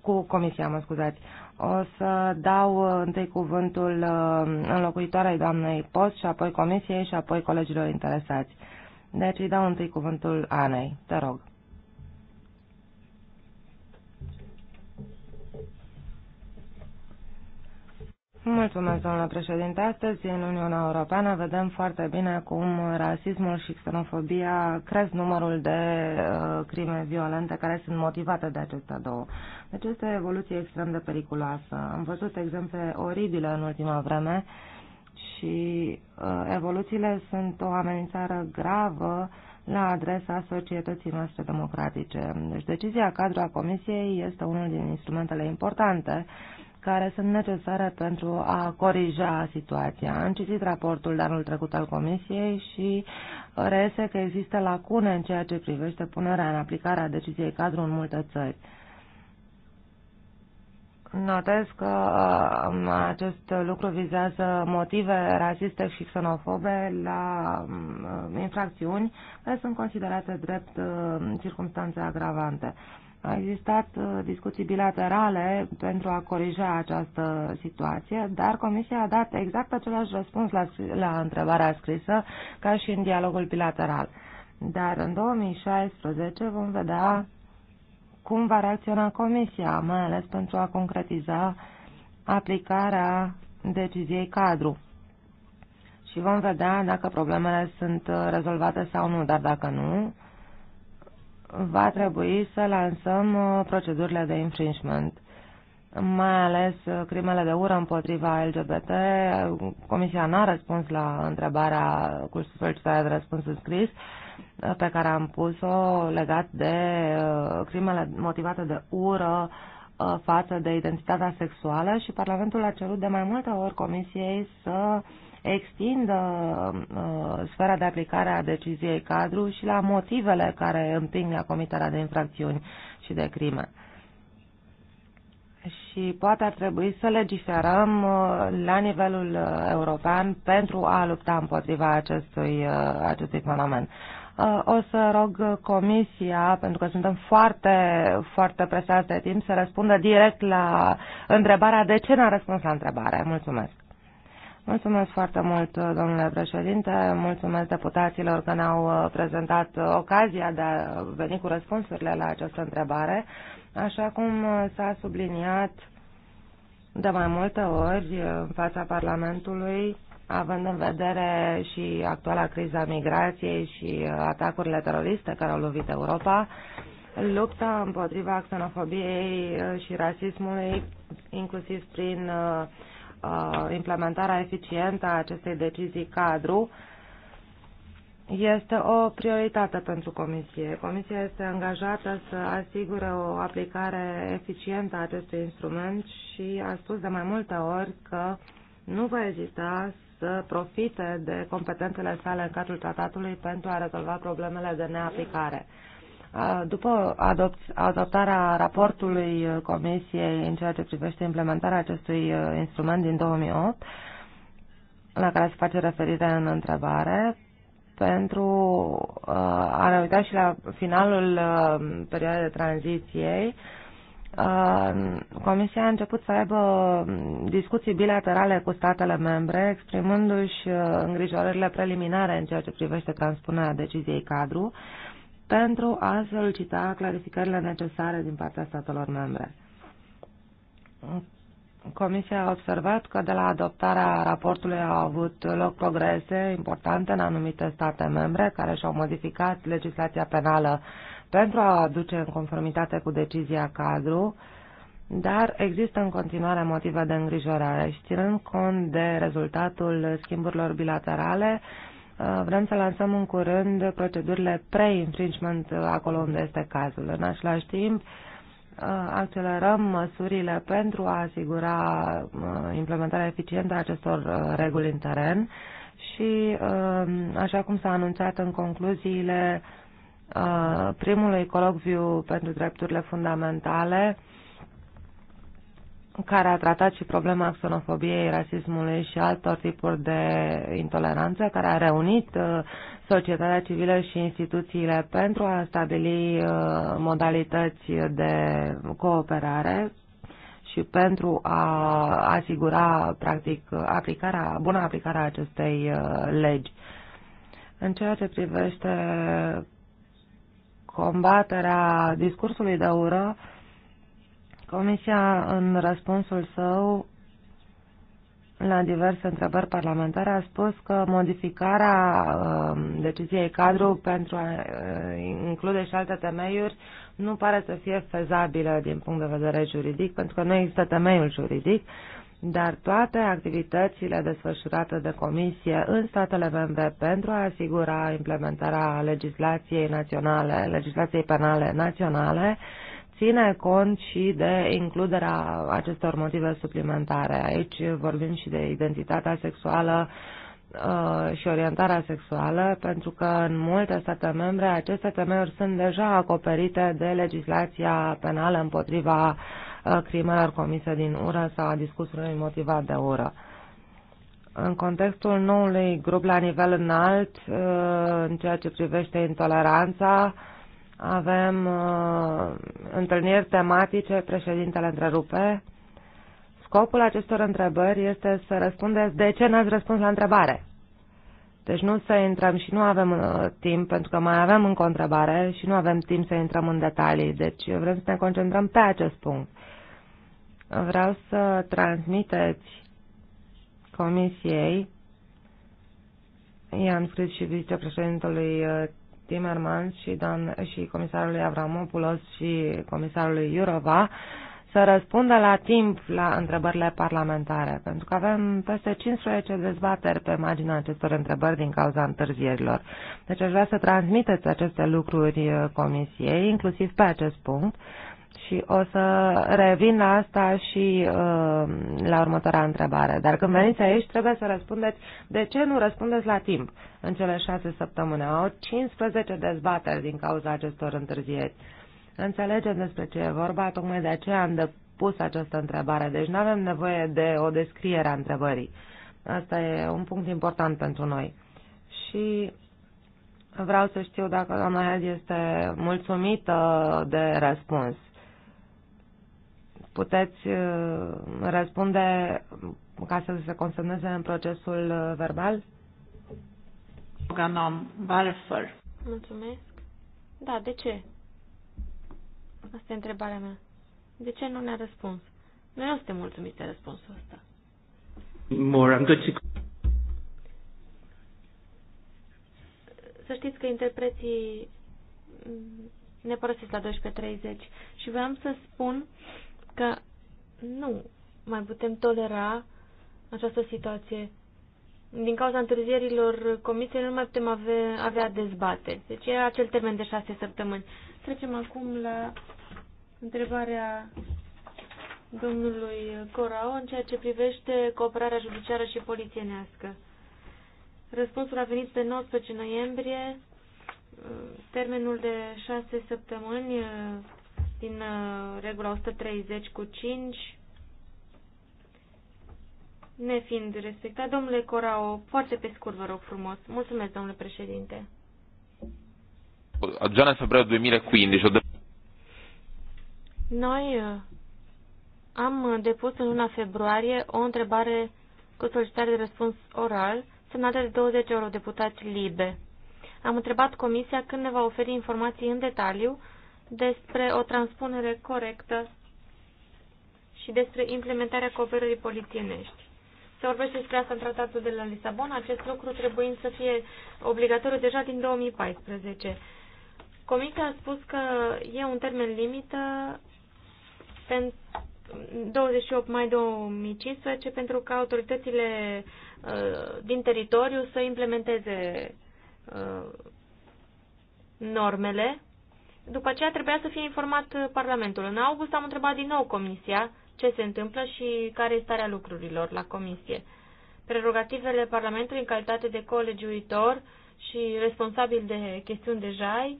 cu Comisia. Mă scuzați. O să dau uh, întâi cuvântul uh, înlocuitoarei doamnei Post și apoi Comisiei și apoi colegilor interesați. Deci îi dau întâi cuvântul Anei. Te rog. Mulțumesc, domnule președinte. Astăzi, în Uniunea Europeană, vedem foarte bine cum rasismul și xenofobia cresc numărul de uh, crime violente care sunt motivate de acestea două. Deci este o evoluție extrem de periculoasă. Am văzut exemple oribile în ultima vreme și uh, evoluțiile sunt o amenințare gravă la adresa societății noastre democratice. Deci decizia cadru a Comisiei este unul din instrumentele importante care sunt necesare pentru a corija situația. Am citit raportul de anul trecut al Comisiei și reiese că există lacune în ceea ce privește punerea în aplicare a deciziei cadru în multe țări. Notez că um, acest lucru vizează motive rasiste și xenofobe la um, infracțiuni care sunt considerate drept uh, circumstanțe agravante. A existat uh, discuții bilaterale pentru a corija această situație, dar Comisia a dat exact același răspuns la, la întrebarea scrisă ca și în dialogul bilateral. Dar în 2016 vom vedea cum va reacționa Comisia, mai ales pentru a concretiza aplicarea deciziei cadru. Și vom vedea dacă problemele sunt uh, rezolvate sau nu, dar dacă nu, va trebui să lansăm uh, procedurile de infringement mai ales uh, crimele de ură împotriva LGBT. Comisia n-a răspuns la întrebarea cu solicitarea de răspuns scris uh, pe care am pus-o legat de crimele motivate de ură față de identitatea sexuală și Parlamentul a cerut de mai multe ori Comisiei să uh, extindă uh, uh, sfera de aplicare a deciziei cadru și la motivele care împing la comiterea de infracțiuni și de crime. Și poate ar trebui să legiferăm uh, la nivelul uh, european pentru a lupta împotriva acestui, uh, acestui fenomen. Uh, o să rog Comisia, pentru că suntem foarte, foarte presați de timp, să răspundă direct la întrebarea de ce n-a răspuns la întrebare. Mulțumesc. Mulțumesc foarte mult, domnule președinte. Mulțumesc deputaților că ne-au uh, prezentat uh, ocazia de a veni cu răspunsurile la această întrebare. Așa cum uh, s-a subliniat de mai multe ori în fața Parlamentului, având în vedere și actuala criza migrației și atacurile teroriste care au lovit Europa, lupta împotriva xenofobiei și rasismului, inclusiv prin Uh, implementarea eficientă a acestei decizii cadru este o prioritate pentru Comisie. Comisia este angajată să asigure o aplicare eficientă a acestui instrument și a spus de mai multe ori că nu va ezita să profite de competențele sale în cadrul tratatului pentru a rezolva problemele de neaplicare. După adoptarea raportului uh, Comisiei în ceea ce privește implementarea acestui uh, instrument din 2008, la care se face referire în întrebare, pentru uh, a ne uita și la finalul perioadei de tranziției, Comisia a început să aibă um, discuții bilaterale cu statele membre, exprimându-și îngrijorările preliminare în ceea ce privește transpunerea deciziei cadru, pentru a solicita clarificările necesare din partea statelor membre. Comisia a observat că de la adoptarea raportului au avut loc progrese importante în anumite state membre care și-au modificat legislația penală pentru a aduce în conformitate cu decizia cadru, dar există în continuare motive de îngrijorare și ținând cont de rezultatul schimburilor bilaterale, Uh, vrem să lansăm în curând procedurile pre-infringement acolo unde este cazul. În același timp, uh, accelerăm măsurile pentru a asigura uh, implementarea eficientă a acestor reguli în teren și, așa cum s-a anunțat în concluziile primului colocviu pentru drepturile fundamentale, care a tratat și problema xenofobiei, rasismului și altor tipuri de intoleranță, care a reunit uh, societatea civilă și instituțiile pentru a stabili uh, modalități de cooperare și pentru a asigura, practic, aplicarea, buna aplicarea acestei uh, legi. În ceea ce privește combaterea discursului de ură, Comisia, în răspunsul său la diverse întrebări parlamentare, a spus că modificarea um, deciziei cadru pentru a uh, include și alte temeiuri nu pare să fie fezabilă din punct de vedere juridic, pentru că nu există temeiul juridic, dar toate activitățile desfășurate de Comisie în statele membre pentru a asigura implementarea legislației naționale, legislației penale naționale, uh, ține cont și de includerea acestor motive suplimentare. Aici vorbim și de identitatea sexuală uh, și orientarea sexuală, pentru că în multe state membre aceste temeiuri sunt deja acoperite de legislația penală împotriva uh, crimelor comise din ură sau a discursului motivat de ură. În contextul noului grup la nivel înalt, uh, în ceea ce privește intoleranța, avem uh, întâlniri tematice, președintele întrerupe. Scopul acestor întrebări este să răspundeți de ce n-ați răspuns la întrebare. Deci nu să intrăm și nu avem uh, timp, pentru că mai avem încă o întrebare și nu avem timp să intrăm în detalii. Deci vrem să ne concentrăm pe acest punct. Vreau să transmiteți Comisiei, i-am scris și vicepreședintelui uh, Timmermans și, Dan, și comisarului Avramopoulos și comisarului Iurova să răspundă la timp la întrebările parlamentare, pentru că avem peste 15 dezbateri pe marginea acestor întrebări din cauza întârzierilor. Deci aș vrea să transmiteți aceste lucruri uh, Comisiei, inclusiv pe acest punct, și o să revin la asta și uh, la următoarea întrebare. Dar când veniți aici, trebuie să răspundeți de ce nu răspundeți la timp în cele șase săptămâni. Au 15 dezbateri din cauza acestor întârzieri. Înțelegem despre ce e vorba, tocmai de aceea am depus această întrebare. Deci nu avem nevoie de o descriere a întrebării. Asta e un punct important pentru noi. Și Vreau să știu dacă doamna Hedi este mulțumită de răspuns puteți uh, răspunde ca să se consemneze în procesul uh, verbal? Ganom, varför? Mulțumesc. Da, de ce? Asta e întrebarea mea. De ce nu ne-a răspuns? Noi nu suntem mulțumiți de răspunsul ăsta. More, I'm going to... Să știți că interpreții mm, ne părăsesc la 12.30 și vreau să spun că nu mai putem tolera această situație. Din cauza întârzierilor comisiei nu mai putem avea, avea dezbateri. Deci e acel termen de șase săptămâni. Trecem acum la întrebarea domnului Corao în ceea ce privește cooperarea judiciară și polițienească. Răspunsul a venit pe 19 noiembrie. Termenul de șase săptămâni din uh, regula 130 cu 5 nefiind respectat. Domnule Corao, foarte pe scurt, vă rog frumos. Mulțumesc, domnule președinte. Già februarie 2015 Noi uh, am depus în luna februarie o întrebare cu solicitare de răspuns oral semnată de 20 deputați libe. Am întrebat Comisia când ne va oferi informații în detaliu despre o transpunere corectă și despre implementarea cooperării polițienești. Se vorbește despre asta în tratatul de la Lisabona, acest lucru trebuie să fie obligatoriu deja din 2014. Comisia a spus că e un termen limită pentru 28 mai 2015 pentru ca autoritățile uh, din teritoriu să implementeze uh, normele după aceea trebuia să fie informat Parlamentul. În august am întrebat din nou Comisia ce se întâmplă și care este starea lucrurilor la Comisie. Prerogativele Parlamentului în calitate de colegiuitor și responsabil de chestiuni de jai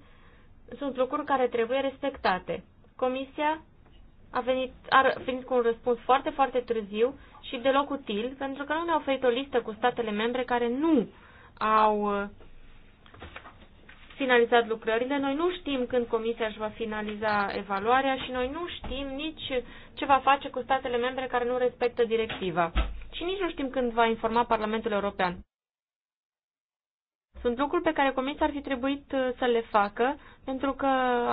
sunt lucruri care trebuie respectate. Comisia a venit, a venit cu un răspuns foarte, foarte târziu și deloc util, pentru că nu ne-a oferit o listă cu statele membre care nu au finalizat lucrările. Noi nu știm când Comisia își va finaliza evaluarea și noi nu știm nici ce va face cu statele membre care nu respectă directiva. Și nici nu știm când va informa Parlamentul European. Sunt lucruri pe care Comisia ar fi trebuit uh, să le facă, pentru că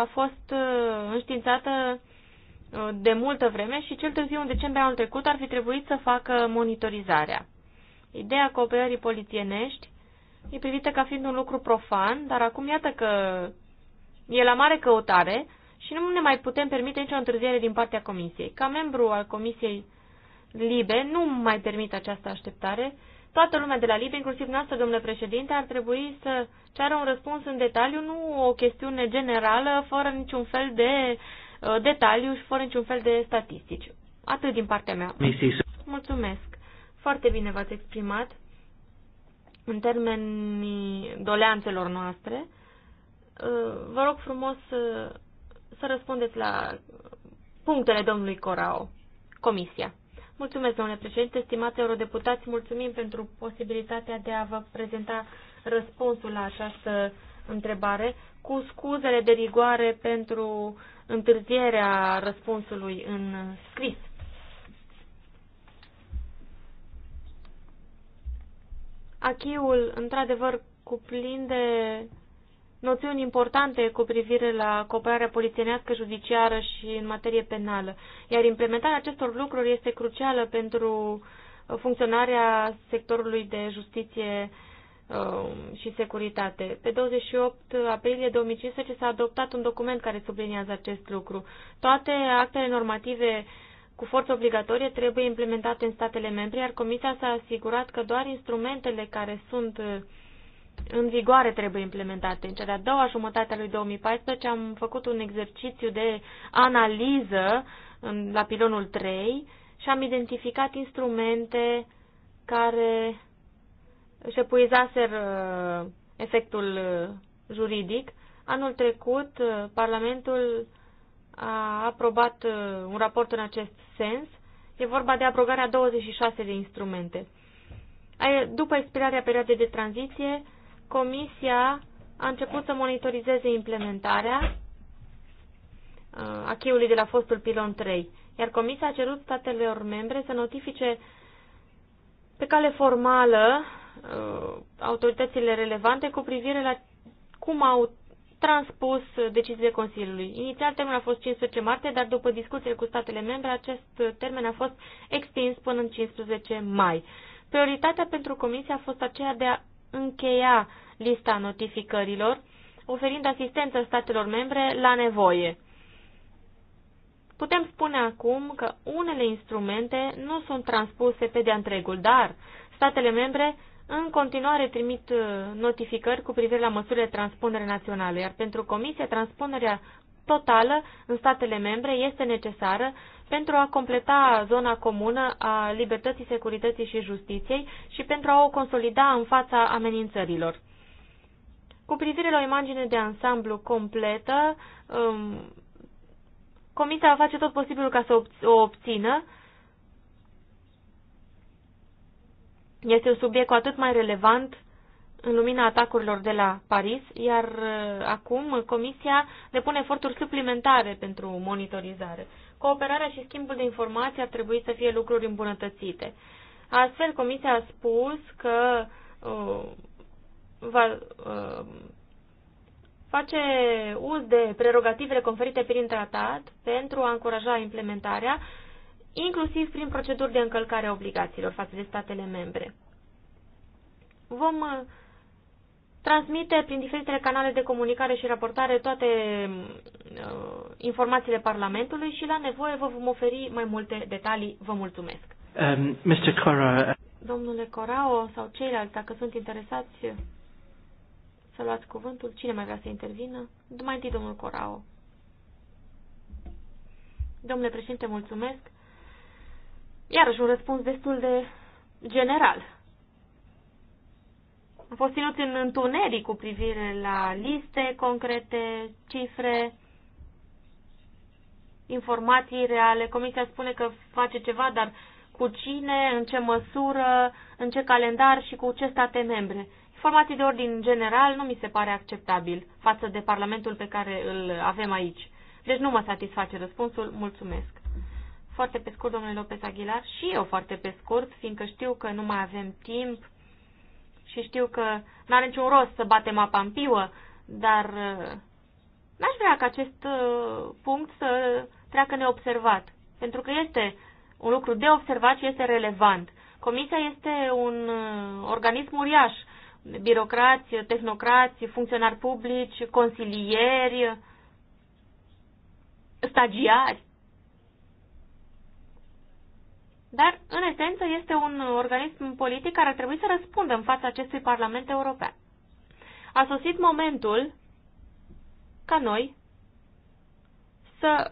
a fost uh, înștiințată uh, de multă vreme și cel târziu în decembrie anul trecut ar fi trebuit să facă monitorizarea. Ideea cooperării polițienești e privită ca fiind un lucru profan, dar acum iată că e la mare căutare și nu ne mai putem permite nicio întârziere din partea comisiei. Ca membru al comisiei LIBE nu mai permit această așteptare. Toată lumea de la LIBE, inclusiv noastră, domnule președinte, ar trebui să ceară un răspuns în detaliu, nu o chestiune generală, fără niciun fel de uh, detaliu și fără niciun fel de statistici. Atât din partea mea. Mulțumesc. Foarte bine v-ați exprimat în termenii doleanțelor noastre, ă, vă rog frumos să răspundeți la punctele domnului Corao, Comisia. Mulțumesc, domnule președinte, stimați eurodeputați, mulțumim pentru posibilitatea de a vă prezenta răspunsul la această întrebare, cu scuzele de rigoare pentru întârzierea răspunsului în scris. Achiul, într-adevăr, cuprinde noțiuni importante cu privire la cooperarea polițienească, judiciară și în materie penală. Iar implementarea acestor lucruri este crucială pentru uh, funcționarea sectorului de justiție uh, și securitate. Pe 28 aprilie 2015 s-a adoptat un document care subliniază acest lucru. Toate actele normative uh, cu forță obligatorie trebuie implementate în statele membre, iar Comisia s-a asigurat că doar instrumentele care sunt uh, în vigoare trebuie implementate. În cea de-a doua jumătate a lui 2014 am făcut un exercițiu de analiză în, la pilonul 3 și am identificat instrumente care își epuizaser uh, efectul uh, juridic. Anul trecut, Parlamentul a aprobat uh, un raport în acest sens. E vorba de aprobarea 26 de instrumente. După expirarea perioadei de tranziție, Comisia a început să monitorizeze implementarea uh, cheiului de la fostul pilon 3, iar Comisia a cerut statelor membre să notifice pe cale formală uh, autoritățile relevante cu privire la cum au transpus deciziile Consiliului. Inițial termenul a fost 15 martie, dar după discuțiile cu statele membre, acest termen a fost extins până în 15 mai. Prioritatea pentru Comisie a fost aceea de a încheia lista notificărilor, oferind asistență statelor membre la nevoie. Putem spune acum că unele instrumente nu sunt transpuse pe de-a întregul, dar statele membre în continuare trimit uh, notificări cu privire la măsurile de transpunere naționale, iar pentru Comisie transpunerea totală în statele membre este necesară pentru a completa zona comună a libertății, securității și justiției și pentru a o consolida în fața amenințărilor. Cu privire la o imagine de ansamblu completă, um, Comisia face tot posibilul ca să o obțină, Este un subiect cu atât mai relevant în lumina atacurilor de la Paris, iar uh, acum Comisia depune eforturi suplimentare pentru monitorizare. Cooperarea și schimbul de informații ar trebui să fie lucruri îmbunătățite. Astfel, Comisia a spus că uh, va uh, face uz de prerogativele conferite prin tratat pentru a încuraja implementarea inclusiv prin proceduri de încălcare a obligațiilor față de statele membre. Vom uh, transmite prin diferitele canale de comunicare și raportare toate uh, informațiile Parlamentului și la nevoie vă vom oferi mai multe detalii. Vă mulțumesc. Um, Mr. Cora... Uh, Domnule Corao sau ceilalți, dacă sunt interesați să luați cuvântul, cine mai vrea să intervină? Mai întâi domnul Corao. Domnule președinte, mulțumesc. Iarăși un răspuns destul de general. Am fost ținut în întuneric cu privire la liste concrete, cifre, informații reale. Comisia spune că face ceva, dar cu cine, în ce măsură, în ce calendar și cu ce state membre. Informații de ordin general nu mi se pare acceptabil față de Parlamentul pe care îl avem aici. Deci nu mă satisface răspunsul. Mulțumesc. Foarte pe scurt, domnule Lopez Aguilar, și eu foarte pe scurt, fiindcă știu că nu mai avem timp și știu că nu are niciun rost să batem apa în piuă, dar uh, n-aș vrea ca acest uh, punct să treacă neobservat, pentru că este un lucru de observat și este relevant. Comisia este un uh, organism uriaș, birocrați, tehnocrați, funcționari publici, consilieri, stagiari, dar, în esență, este un organism politic care ar trebui să răspundă în fața acestui Parlament European. A sosit momentul ca noi să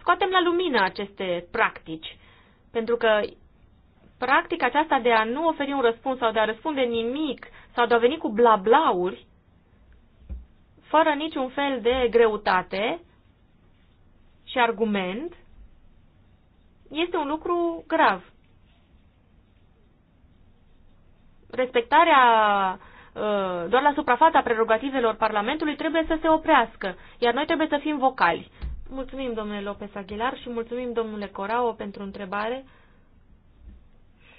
scoatem la lumină aceste practici, pentru că practica aceasta de a nu oferi un răspuns sau de a răspunde nimic sau de a veni cu blablauri, fără niciun fel de greutate și argument, este un lucru grav. Respectarea uh, doar la suprafața prerogativelor Parlamentului trebuie să se oprească, iar noi trebuie să fim vocali. Mulțumim, domnule Lopez Aguilar, și mulțumim, domnule Corao, pentru întrebare.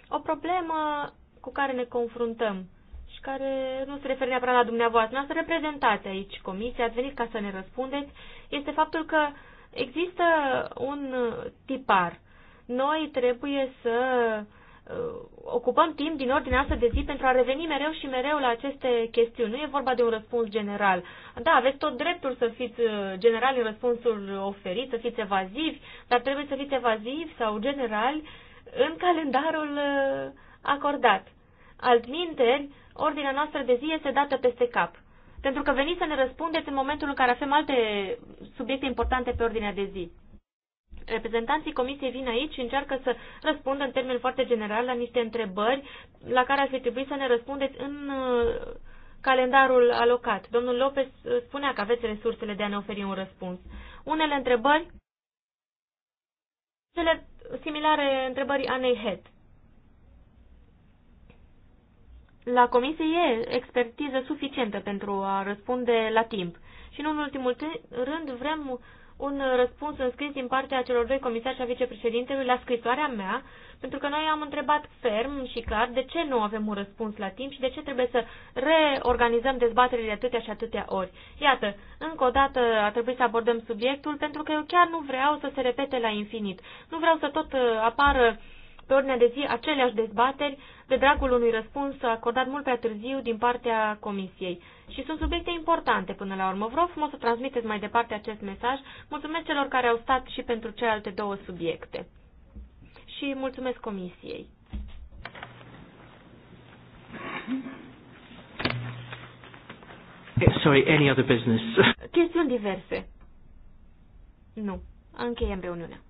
O problemă cu care ne confruntăm și care nu se referă neapărat la dumneavoastră, noastră reprezentate aici, comisia, ați venit ca să ne răspundeți, este faptul că există un tipar noi trebuie să uh, ocupăm timp din ordinea asta de zi pentru a reveni mereu și mereu la aceste chestiuni. Nu e vorba de un răspuns general. Da, aveți tot dreptul să fiți uh, general în răspunsul oferit, să fiți evazivi, dar trebuie să fiți evazivi sau generali în calendarul uh, acordat. Altminteri, ordinea noastră de zi este dată peste cap. Pentru că veniți să ne răspundeți în momentul în care avem alte subiecte importante pe ordinea de zi reprezentanții comisiei vin aici și încearcă să răspundă în termeni foarte general la niște întrebări la care ar fi trebuit să ne răspundeți în uh, calendarul alocat. Domnul Lopez uh, spunea că aveți resursele de a ne oferi un răspuns. Unele întrebări cele similare întrebării Anei Head. La comisie e expertiză suficientă pentru a răspunde la timp. Și în ultimul rând vrem un răspuns în scris din partea celor doi comisari și a vicepreședintelui la scrisoarea mea, pentru că noi am întrebat ferm și clar de ce nu avem un răspuns la timp și de ce trebuie să reorganizăm dezbaterile atâtea și atâtea ori. Iată, încă o dată a trebuit să abordăm subiectul pentru că eu chiar nu vreau să se repete la infinit. Nu vreau să tot uh, apară uh, pe ordinea de zi aceleași dezbateri de dragul unui răspuns acordat mult prea târziu din partea Comisiei. Și sunt subiecte importante până la urmă. Vreau frumos să transmiteți mai departe acest mesaj. Mulțumesc celor care au stat și pentru celelalte două subiecte. Și mulțumesc Comisiei. Eh, sorry, any other business? Chestiuni diverse. Nu. Încheiem reuniunea.